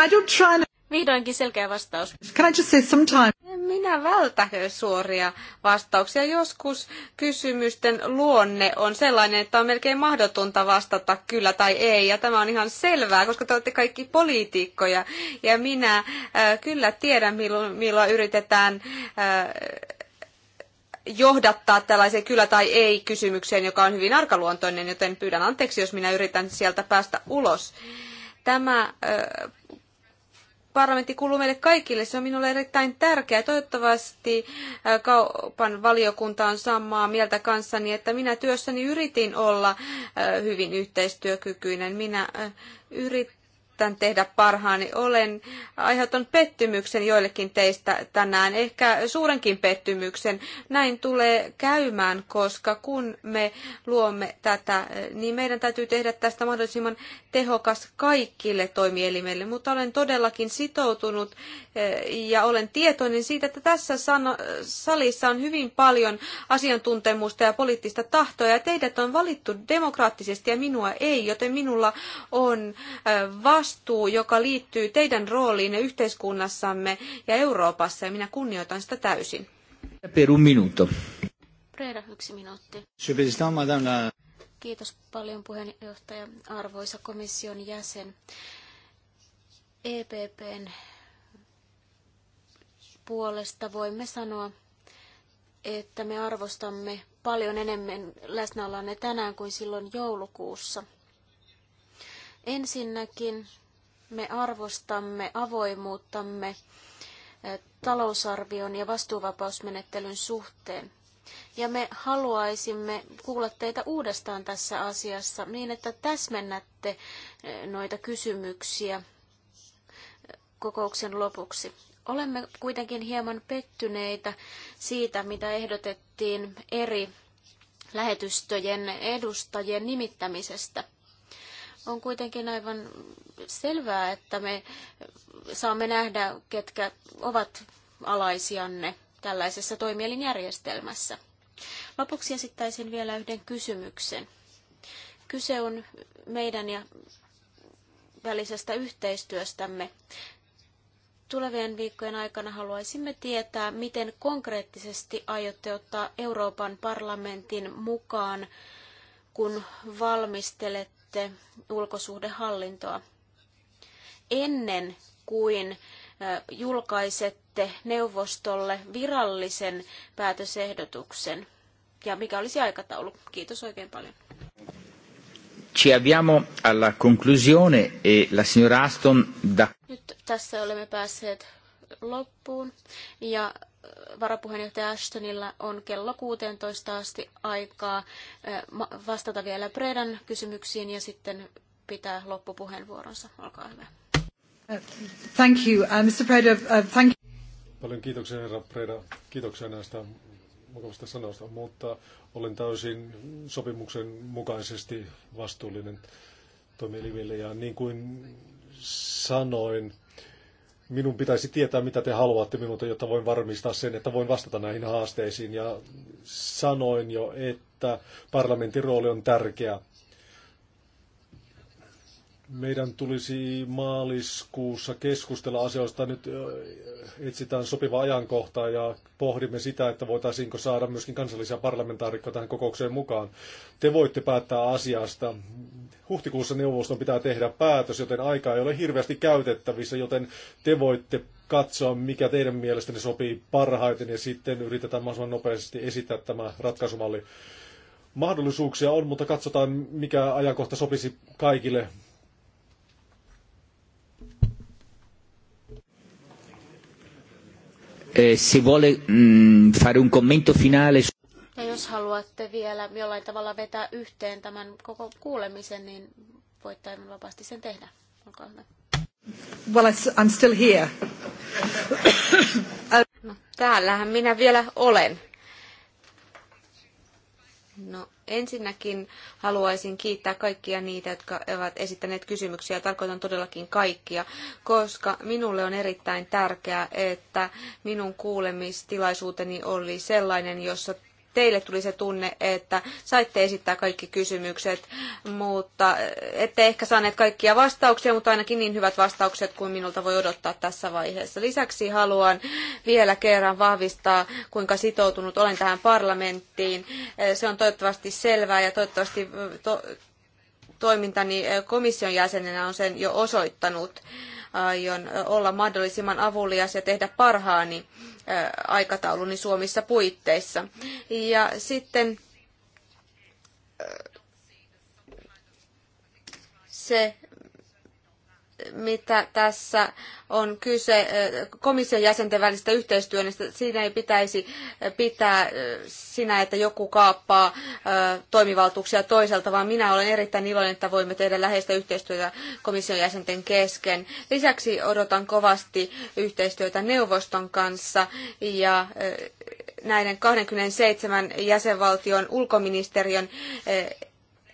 I don't try Vihdoinkin selkeä vastaus. Can I just say sometime? Minä vältähden suoria vastauksia. Joskus kysymysten luonne on sellainen, että on melkein mahdotonta vastata kyllä tai ei. Ja tämä on ihan selvää, koska te olette kaikki poliitikkoja. Ja minä äh, kyllä tiedän, milloin, milloin yritetään äh, johdattaa tällaiseen kyllä tai ei kysymykseen, joka on hyvin arkaluontoinen, joten pyydän anteeksi, jos minä yritän sieltä päästä ulos. Tämä parlamentti kuuluu meille kaikille. Se on minulle erittäin tärkeää. Toivottavasti kaupan valiokunta on samaa mieltä kanssani, että minä työssäni yritin olla hyvin yhteistyökykyinen. Minä yritin yritän tehdä parhaani. Olen aiheuttanut pettymyksen joillekin teistä tänään, ehkä suurenkin pettymyksen. Näin tulee käymään, koska kun me luomme tätä, niin meidän täytyy tehdä tästä mahdollisimman tehokas kaikille toimielimille. Mutta olen todellakin sitoutunut eh, ja olen tietoinen siitä, että tässä salissa on hyvin paljon asiantuntemusta ja poliittista tahtoa, ja teidät on valittu demokraattisesti ja minua ei, joten minulla on vastuu eh, vastuu, joka liittyy teidän rooliinne yhteiskunnassamme ja Euroopassa, ja minä kunnioitan sitä täysin. Per un minuto. Preda, yksi minuutti. Kiitos paljon puheenjohtaja, arvoisa komission jäsen. EPPn puolesta voimme sanoa, että me arvostamme paljon enemmän läsnäolanne tänään kuin silloin joulukuussa – Ensinnäkin me arvostamme avoimuuttamme eh, talousarvion ja vastuuvapausmenettelyn suhteen. Ja me haluaisimme kuulla teitä uudestaan tässä asiassa niin, että täsmennätte eh, noita kysymyksiä eh, kokouksen lopuksi. Olemme kuitenkin hieman pettyneitä siitä, mitä ehdotettiin eri lähetystöjen edustajien nimittämisestä. On kuitenkin aivan selvää, että me saamme nähdä, ketkä ovat alaisianne tällaisessa toimielinjärjestelmässä. Lopuksi esittäisin vielä yhden kysymyksen. Kyse on meidän ja välisestä yhteistyöstämme. Tulevien viikkojen aikana haluaisimme tietää, miten konkreettisesti aiotte ottaa Euroopan parlamentin mukaan, kun valmistelette sitten ulkosuhdehallintoa. Ennen kuin julkaisette neuvostolle virallisen päätösehdotuksen? Ja mikä olisi aikataulu? Kiitos oikein paljon. Ci abbiamo alla conclusione e la signora Aston da... Nyt tässä olemme päässeet loppuun ja varapuheenjohtaja Ashtonilla on kello 16 asti aikaa eh, vastata vielä Predan kysymyksiin ja sitten pitää loppupuheenvuoronsa. Olkaa hyvä. Thank you, uh, Mr. Preda. Uh, thank you. Paljon kiitoksia, herra Preda. Kiitoksia näistä mukavista sanoista, mutta olen täysin sopimuksen mukaisesti vastuullinen toimielimille ja niin kuin sanoin, minun pitäisi tietää, mitä te haluatte minulta, jotta voin varmistaa sen, että voin vastata näihin haasteisiin. Ja sanoin jo, että parlamentin rooli on tärkeä meidän tulisi maaliskuussa keskustella asioista. Nyt etsitään sopiva ajankohta ja pohdimme sitä, että voitaisiinko saada myöskin kansallisia parlamentaarikkoja tähän kokoukseen mukaan. Te voitte päättää asiasta. Huhtikuussa neuvoston pitää tehdä päätös, joten aikaa ei ole hirveästi käytettävissä, joten te voitte katsoa, mikä teidän mielestänne sopii parhaiten ja sitten yritetään mahdollisimman nopeasti esittää tämä ratkaisumalli. Mahdollisuuksia on, mutta katsotaan, mikä ajankohta sopisi kaikille Eh, se vuole mm, fare un commento finale. Ja jos haluatte vielä jollain tavalla vetää yhteen tämän koko kuulemisen, niin voitte aivan vapaasti sen tehdä. Olkaa hyvä. Well, I'm still here. no, täällähän minä vielä olen. No, Ensinnäkin haluaisin kiittää kaikkia niitä, jotka ovat esittäneet kysymyksiä. Tarkoitan todellakin kaikkia, koska minulle on erittäin tärkeää, että minun kuulemistilaisuuteni oli sellainen, jossa teille tuli se tunne, että saitte esittää kaikki kysymykset, mutta ette ehkä saaneet kaikkia vastauksia, mutta ainakin niin hyvät vastaukset kuin minulta voi odottaa tässä vaiheessa. Lisäksi haluan vielä kerran vahvistaa, kuinka sitoutunut olen tähän parlamenttiin. Se on toivottavasti selvää ja toivottavasti eh, to- toimintani eh, komission jäsenenä on sen jo osoittanut. Aion olla mahdollisimman avulias ja tehdä parhaani aikatauluni Suomissa puitteissa. Ja sitten se mitä tässä on kyse komission jäsenten välistä yhteistyöstä, siinä ei pitäisi pitää sinä, että joku kaappaa toimivaltuuksia toiselta, vaan minä olen erittäin iloinen, että voimme tehdä läheistä yhteistyötä komission jäsenten kesken. Lisäksi odotan kovasti yhteistyötä neuvoston kanssa ja näiden 27 jäsenvaltion ulkoministeriön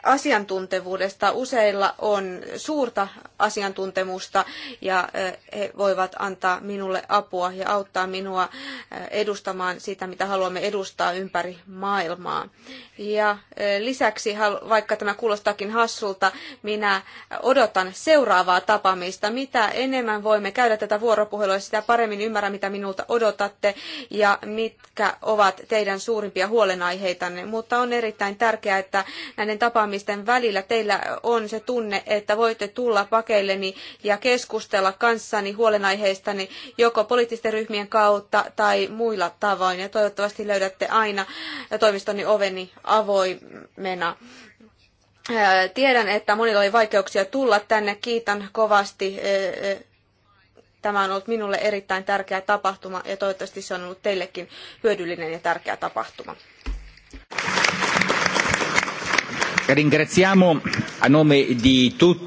asiantuntevuudesta. Useilla on suurta asiantuntemusta ja he voivat antaa minulle apua ja auttaa minua edustamaan sitä, mitä haluamme edustaa ympäri maailmaa. Ja lisäksi, vaikka tämä kuulostaakin hassulta, minä odotan seuraavaa tapaamista. Mitä enemmän voimme käydä tätä vuoropuhelua, sitä paremmin ymmärrän, mitä minulta odotatte ja mitkä ovat teidän suurimpia huolenaiheitanne. Mutta on erittäin tärkeää, että näiden tapaamisten ihmisten välillä teillä on se tunne, että voitte tulla pakeilleni ja keskustella kanssani huolenaiheistani joko poliittisten ryhmien kautta tai muilla tavoin. Ja toivottavasti löydätte aina toimistoni oveni avoimena. Tiedän, että monilla oli vaikeuksia tulla tänne. Kiitän kovasti tämä on ollut minulle erittäin tärkeä tapahtuma ja toivottavasti se on ollut teillekin hyödyllinen ja tärkeä tapahtuma. Ringraziamo a nome di tutti